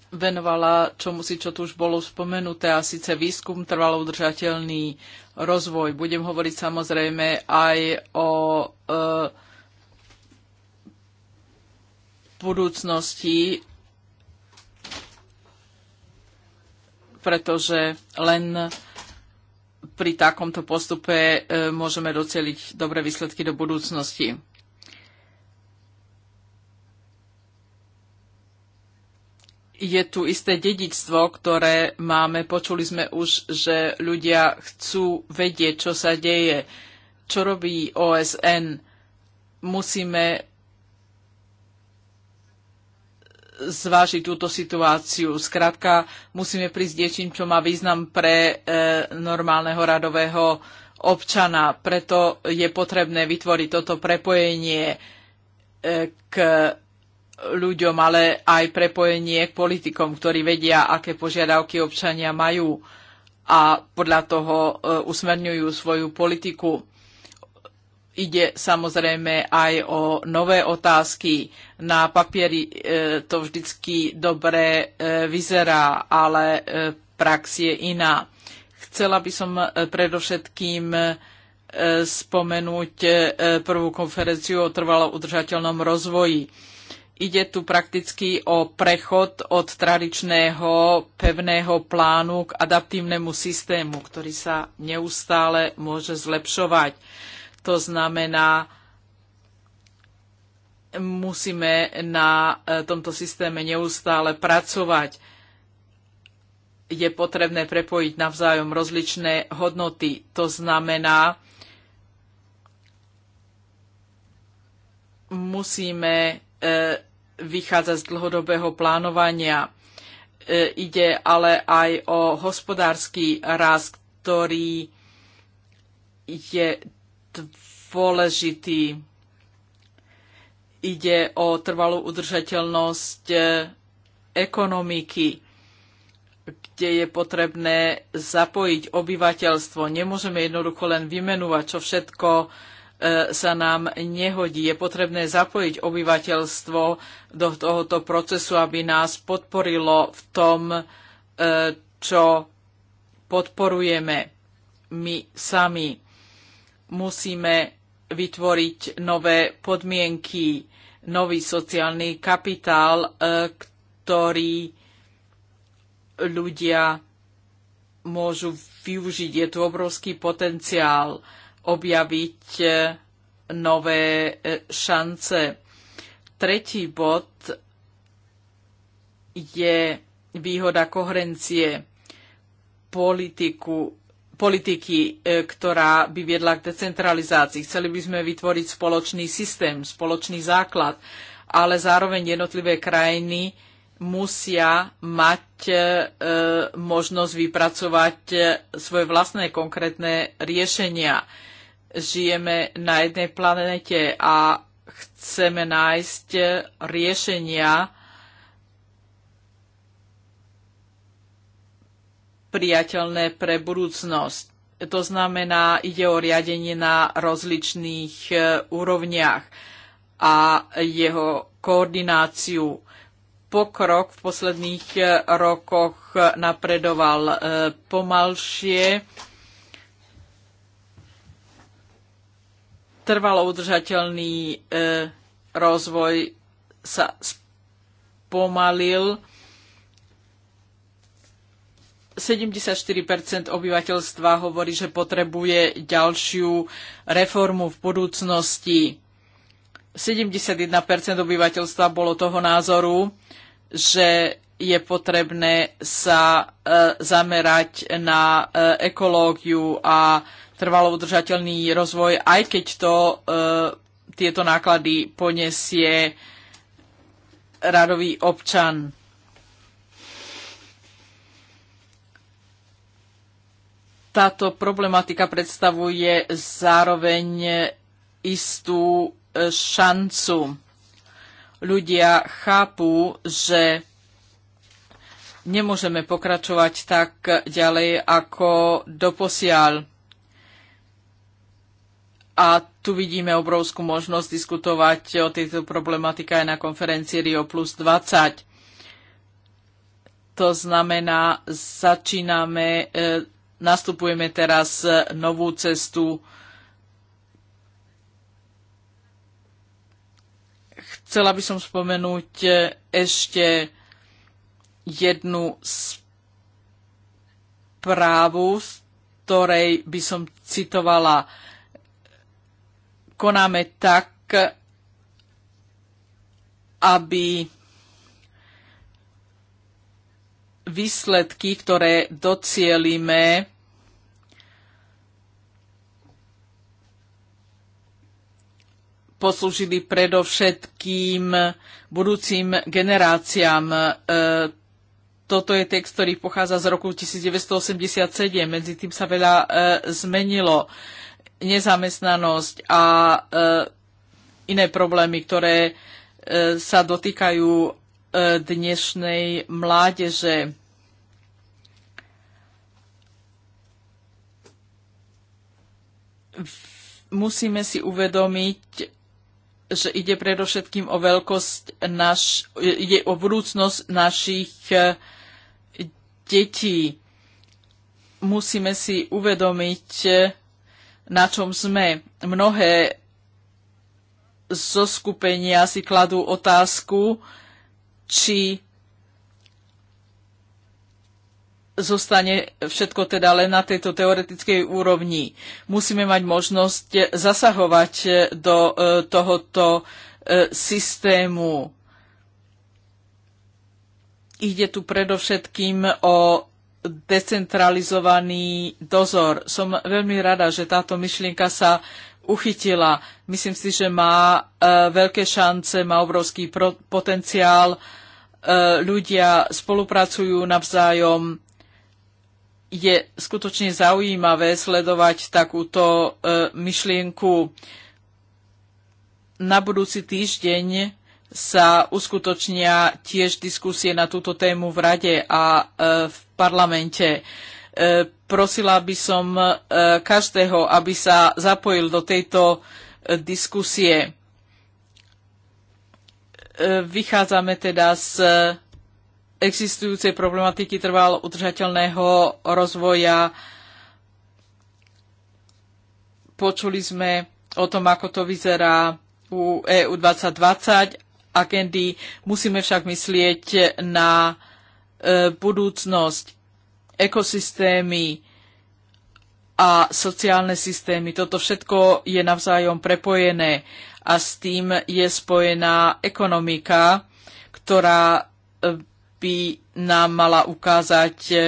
venovala čomu si, čo tu už bolo spomenuté, a síce výskum trvalo udržateľný rozvoj. Budem hovoriť samozrejme aj o e, budúcnosti, pretože len pri takomto postupe e, môžeme doceliť dobré výsledky do budúcnosti. je tu isté dedičstvo, ktoré máme. Počuli sme už, že ľudia chcú vedieť, čo sa deje, čo robí OSN. Musíme zvážiť túto situáciu. Skrátka, musíme prísť niečím, čo má význam pre e, normálneho radového občana. Preto je potrebné vytvoriť toto prepojenie e, k ľuďom, ale aj prepojenie k politikom, ktorí vedia, aké požiadavky občania majú a podľa toho e, usmerňujú svoju politiku ide samozrejme aj o nové otázky. Na papieri e, to vždycky dobre e, vyzerá, ale e, prax je iná. Chcela by som predovšetkým spomenúť prvú konferenciu o trvalo udržateľnom rozvoji. Ide tu prakticky o prechod od tradičného pevného plánu k adaptívnemu systému, ktorý sa neustále môže zlepšovať to znamená, musíme na e, tomto systéme neustále pracovať. Je potrebné prepojiť navzájom rozličné hodnoty. To znamená, musíme e, vychádzať z dlhodobého plánovania. E, ide ale aj o hospodársky rast, ktorý je dôležitý. Ide o trvalú udržateľnosť eh, ekonomiky, kde je potrebné zapojiť obyvateľstvo. Nemôžeme jednoducho len vymenovať, čo všetko eh, sa nám nehodí. Je potrebné zapojiť obyvateľstvo do tohoto procesu, aby nás podporilo v tom, eh, čo podporujeme my sami musíme vytvoriť nové podmienky, nový sociálny kapitál, e, ktorý ľudia môžu využiť. Je tu obrovský potenciál objaviť e, nové e, šance. Tretí bod je výhoda koherencie politiku politiky, e, ktorá by viedla k decentralizácii. Chceli by sme vytvoriť spoločný systém, spoločný základ, ale zároveň jednotlivé krajiny musia mať e, e, možnosť vypracovať svoje vlastné konkrétne riešenia. Žijeme na jednej planete a chceme nájsť riešenia, priateľné pre budúcnosť. To znamená, ide o riadenie na rozličných e, úrovniach a jeho koordináciu. Pokrok v posledných e, rokoch e, napredoval pomalšie. Trvalo udržateľný rozvoj sa spomalil 74 obyvateľstva hovorí, že potrebuje ďalšiu reformu v budúcnosti. 71 obyvateľstva bolo toho názoru, že je potrebné sa e, zamerať na e, ekológiu a trvalo udržateľný rozvoj, aj keď to e, tieto náklady poniesie radový občan. táto problematika predstavuje zároveň istú e, šancu. Ľudia chápu, že nemôžeme pokračovať tak ďalej ako doposiaľ. A tu vidíme obrovskú možnosť diskutovať o tejto problematike aj na konferencii Rio plus 20. To znamená, začíname e, nastupujeme teraz e, novú cestu. Chcela by som spomenúť e, ešte jednu správu, z ktorej by som citovala. Konáme tak, aby výsledky, ktoré docielíme poslúžili predovšetkým budúcim generáciám. E, toto je text, ktorý pochádza z roku 1987. Medzi tým sa veľa e, zmenilo. Nezamestnanosť a e, iné problémy, ktoré sa dotýkajú dnešnej mládeže. musíme si uvedomiť, že ide predovšetkým o veľkosť naš, ide o budúcnosť našich e, detí. Musíme si uvedomiť, e, na čom sme. Mnohé zo skupenia si kladú otázku, či zostane všetko teda len na tejto teoretickej úrovni. Musíme mať možnosť zasahovať do e, tohoto e, systému. Ide tu predovšetkým o decentralizovaný dozor. Som veľmi rada, že táto myšlienka sa uchytila. Myslím si, že má e, veľké šance, má obrovský potenciál. ľudia spolupracujú navzájom je skutočne zaujímavé sledovať takúto e, myšlienku. Na budúci týždeň sa uskutočnia tiež diskusie na túto tému v Rade a e, v parlamente. E, prosila by som e, každého, aby sa zapojil do tejto e, diskusie. E, vychádzame teda z existujúcej problematiky trvalo udržateľného rozvoja. Počuli sme o tom, ako to vyzerá u EU 2020 agendy. Musíme však myslieť na e, budúcnosť, ekosystémy a sociálne systémy. Toto všetko je navzájom prepojené a s tým je spojená ekonomika, ktorá e, by nám mala ukázať, e,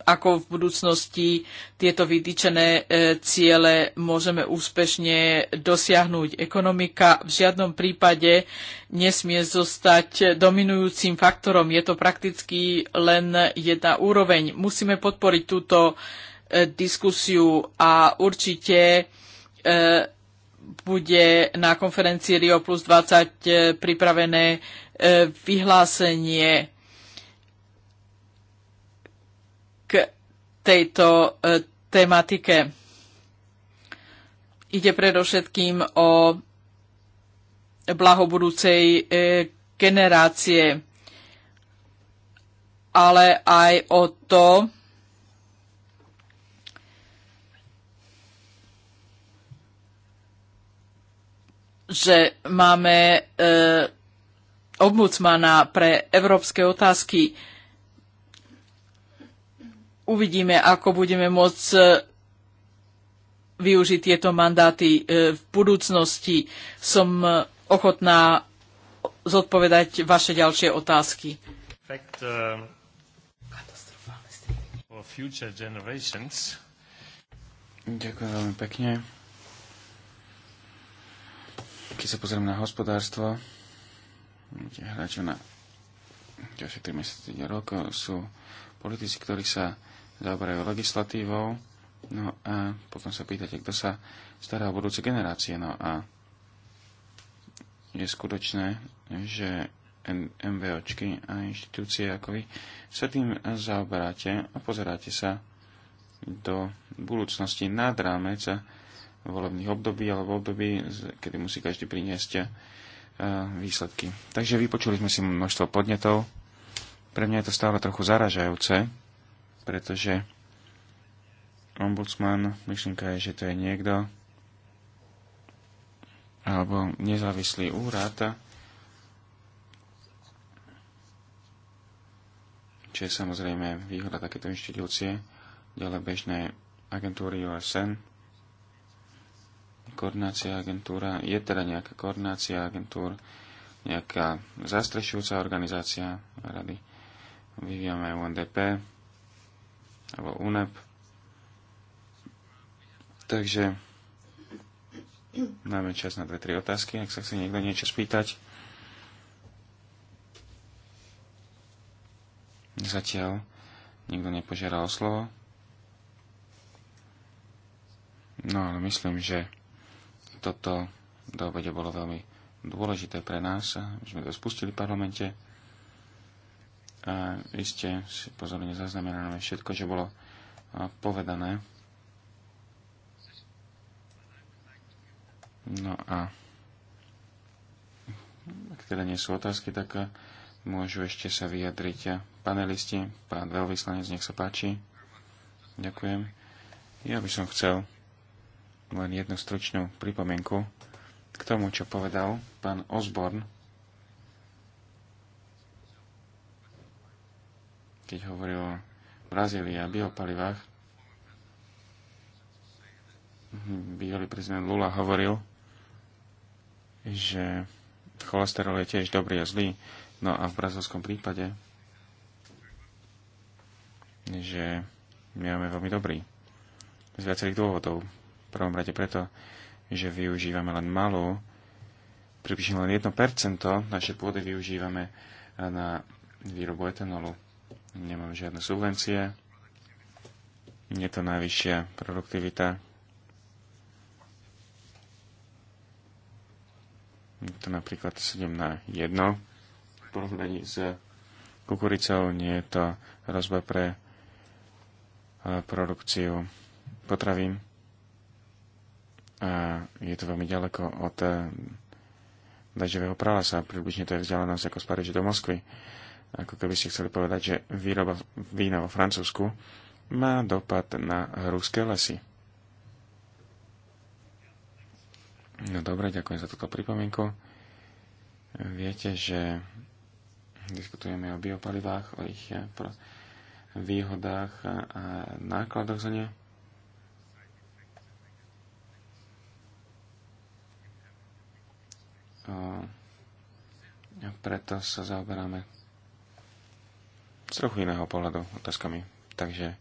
ako v budúcnosti tieto vytýčené e, ciele môžeme úspešne dosiahnuť. Ekonomika v žiadnom prípade nesmie zostať dominujúcim faktorom. Je to prakticky len jedna úroveň. Musíme podporiť túto e, diskusiu a určite bude na konferencii Rio plus 20 pripravené E, vyhlásenie k tejto e, tematike. Ide predovšetkým o blaho budúcej e, generácie, ale aj o to, že máme e, ombudsmana pre európske otázky. Uvidíme, ako budeme môcť e, využiť tieto mandáty e, v budúcnosti. Som e, ochotná zodpovedať vaše ďalšie otázky. Fact, uh, Ďakujem veľmi pekne. Keď sa pozriem na hospodárstvo, hráčov na ďalšie 3 mesiace rok sú politici, ktorí sa zaoberajú legislatívou. No a potom sa pýtate, kto sa stará o budúce generácie. No a je skutočné, že MVOčky a inštitúcie ako vy sa tým zaoberáte a pozeráte sa do budúcnosti nad rámec volebných období alebo období, kedy musí každý priniesť E, výsledky. Takže vypočuli sme si množstvo podnetov. Pre mňa je to stále trochu zaražajúce, pretože ombudsman, myšlienka je, že to je niekto, alebo nezávislý úrad, čo je samozrejme výhoda takéto inštitúcie, ďalej bežné agentúry OSN, koordinácia agentúra, je teda nejaká koordinácia agentúr, nejaká zastrešujúca organizácia rady. Vyvíjame UNDP alebo UNEP. Takže máme čas na dve, tri otázky, ak sa chce niekto niečo spýtať. Zatiaľ nikto nepožiadal slovo. No ale myslím, že toto do obede bolo veľmi dôležité pre nás. My sme to spustili v parlamente a iste si pozorne zaznamenáme všetko, čo bolo povedané. No a ak teda nie sú otázky, tak môžu ešte sa vyjadriť panelisti. Pán veľvyslanec, nech sa páči. Ďakujem. Ja by som chcel len jednu stručnú pripomienku k tomu, čo povedal pán Osborn, keď hovoril o Brazílii a biopalivách. Bývalý prezident Lula hovoril, že cholesterol je tiež dobrý a zlý. No a v brazilskom prípade, že my máme veľmi dobrý. Z viacerých dôvodov prvom rade preto, že využívame len malú, približne len 1% našej pôdy využívame na výrobu etanolu. Nemáme žiadne subvencie, je to najvyššia produktivita. Je to napríklad 7 na 1 v porovnaní s kukuricou, nie je to rozba pre eh, produkciu potravín a je to veľmi ďaleko od eh, dažďového pralesa, približne to je vzdialenosť ako z Paríža do Moskvy. Ako keby ste chceli povedať, že výroba vína vo Francúzsku má dopad na ruské lesy. No dobre, ďakujem za túto pripomienku. Viete, že diskutujeme o biopalivách, o ich eh, výhodách a nákladoch za ne. A preto sa zaoberáme z trochu iného pohľadu otázkami. Takže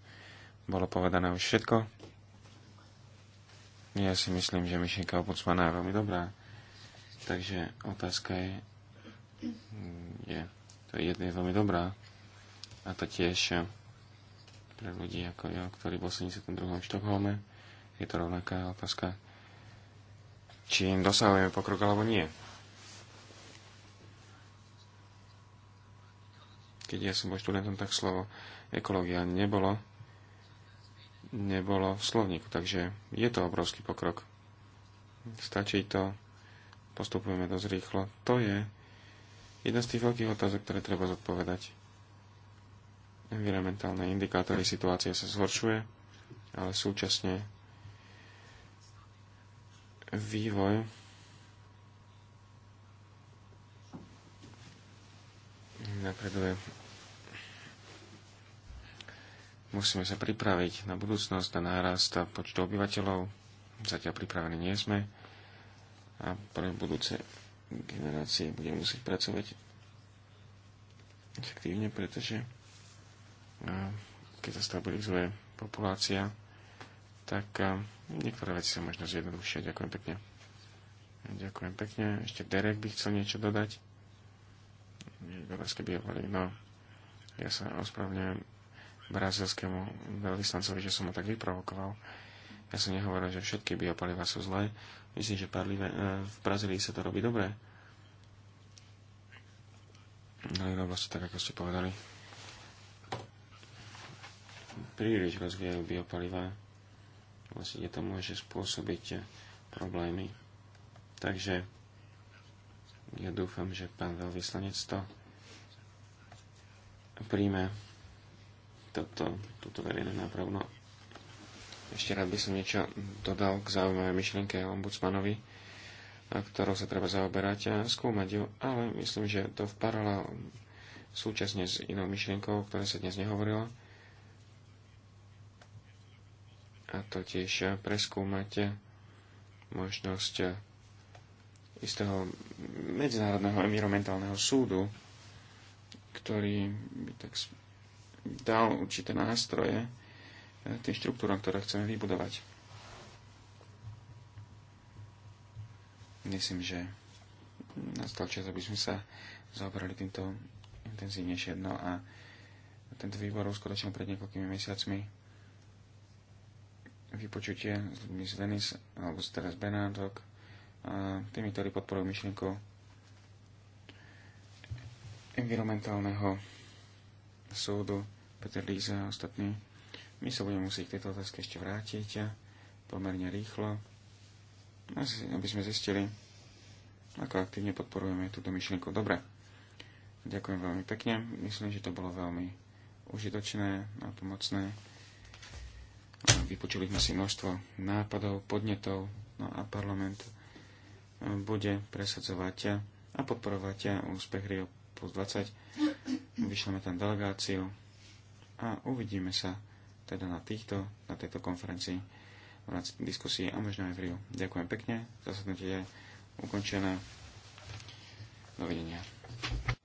bolo povedané už všetko. Ja si myslím, že myšlienka obudsmana je veľmi dobrá. Takže otázka je, je, to je, je veľmi dobrá. A to tiež pre ľudí ako ja, ktorí bol v 72. Štokholme, je to rovnaká otázka, či im dosahujeme pokrok alebo nie. keď ja som bol študentom, tak slovo ekológia nebolo, nebolo v slovníku. Takže je to obrovský pokrok. Stačí to, postupujeme dosť rýchlo. To je jedna z tých veľkých otázok, ktoré treba zodpovedať. Environmentálne indikátory situácia sa zhoršuje, ale súčasne vývoj napreduje Musíme sa pripraviť na budúcnosť, na nárast počtu obyvateľov. Zatiaľ pripravení nie sme. A pre budúce generácie budeme musieť pracovať efektívne, pretože keď sa stabilizuje populácia, tak niektoré veci sa možno zjednodušia. Ďakujem pekne. Ďakujem pekne. Ešte Derek by chcel niečo dodať. Dodať, keby hovorili, no ja sa ospravňujem brazilskému veľvyslancovi, že som ho tak vyprovokoval. Ja som nehovoril, že všetky biopaliva sú zlé. Myslím, že parlive, e, v Brazílii sa to robí dobre. No i vlastne tak, ako ste povedali. Príliš rozvíjajú biopaliva. Vlastne to môže spôsobiť problémy. Takže ja dúfam, že pán veľvyslanec to príjme toto, toto verejné nápravno. ešte rád by som niečo dodal k zaujímavej myšlienke ombudsmanovi, ktorou sa treba zaoberať a skúmať ju, ale myslím, že to v paralel súčasne s inou myšlienkou, o ktorej sa dnes nehovorilo, a totiž preskúmať možnosť istého medzinárodného environmentálneho súdu, ktorý by tak dal určité nástroje e, tým štruktúram, ktoré chceme vybudovať. Myslím, že nastal čas, aby sme sa zaoberali týmto intenzívnejšie. jedno a tento výbor uskutočnil pred niekoľkými mesiacmi vypočutie s ľuďmi z Venice, alebo teraz Benátok a tými, ktorí podporujú myšlienku environmentálneho súdu Peter Líza a ostatní. My sa budeme musieť k tejto otázke ešte vrátiť a pomerne rýchlo, aby sme zistili, ako aktívne podporujeme túto myšlienku. Dobre, ďakujem veľmi pekne. Myslím, že to bolo veľmi užitočné a pomocné. Vypočuli sme si množstvo nápadov, podnetov, no a parlament bude presadzovať a podporovať úspech Rio plus 20 vyšleme tam delegáciu a uvidíme sa teda na, týchto, na tejto konferencii v rámci diskusie a možno aj v Riu. Ďakujem pekne, zasadnutie je ukončené. Dovidenia.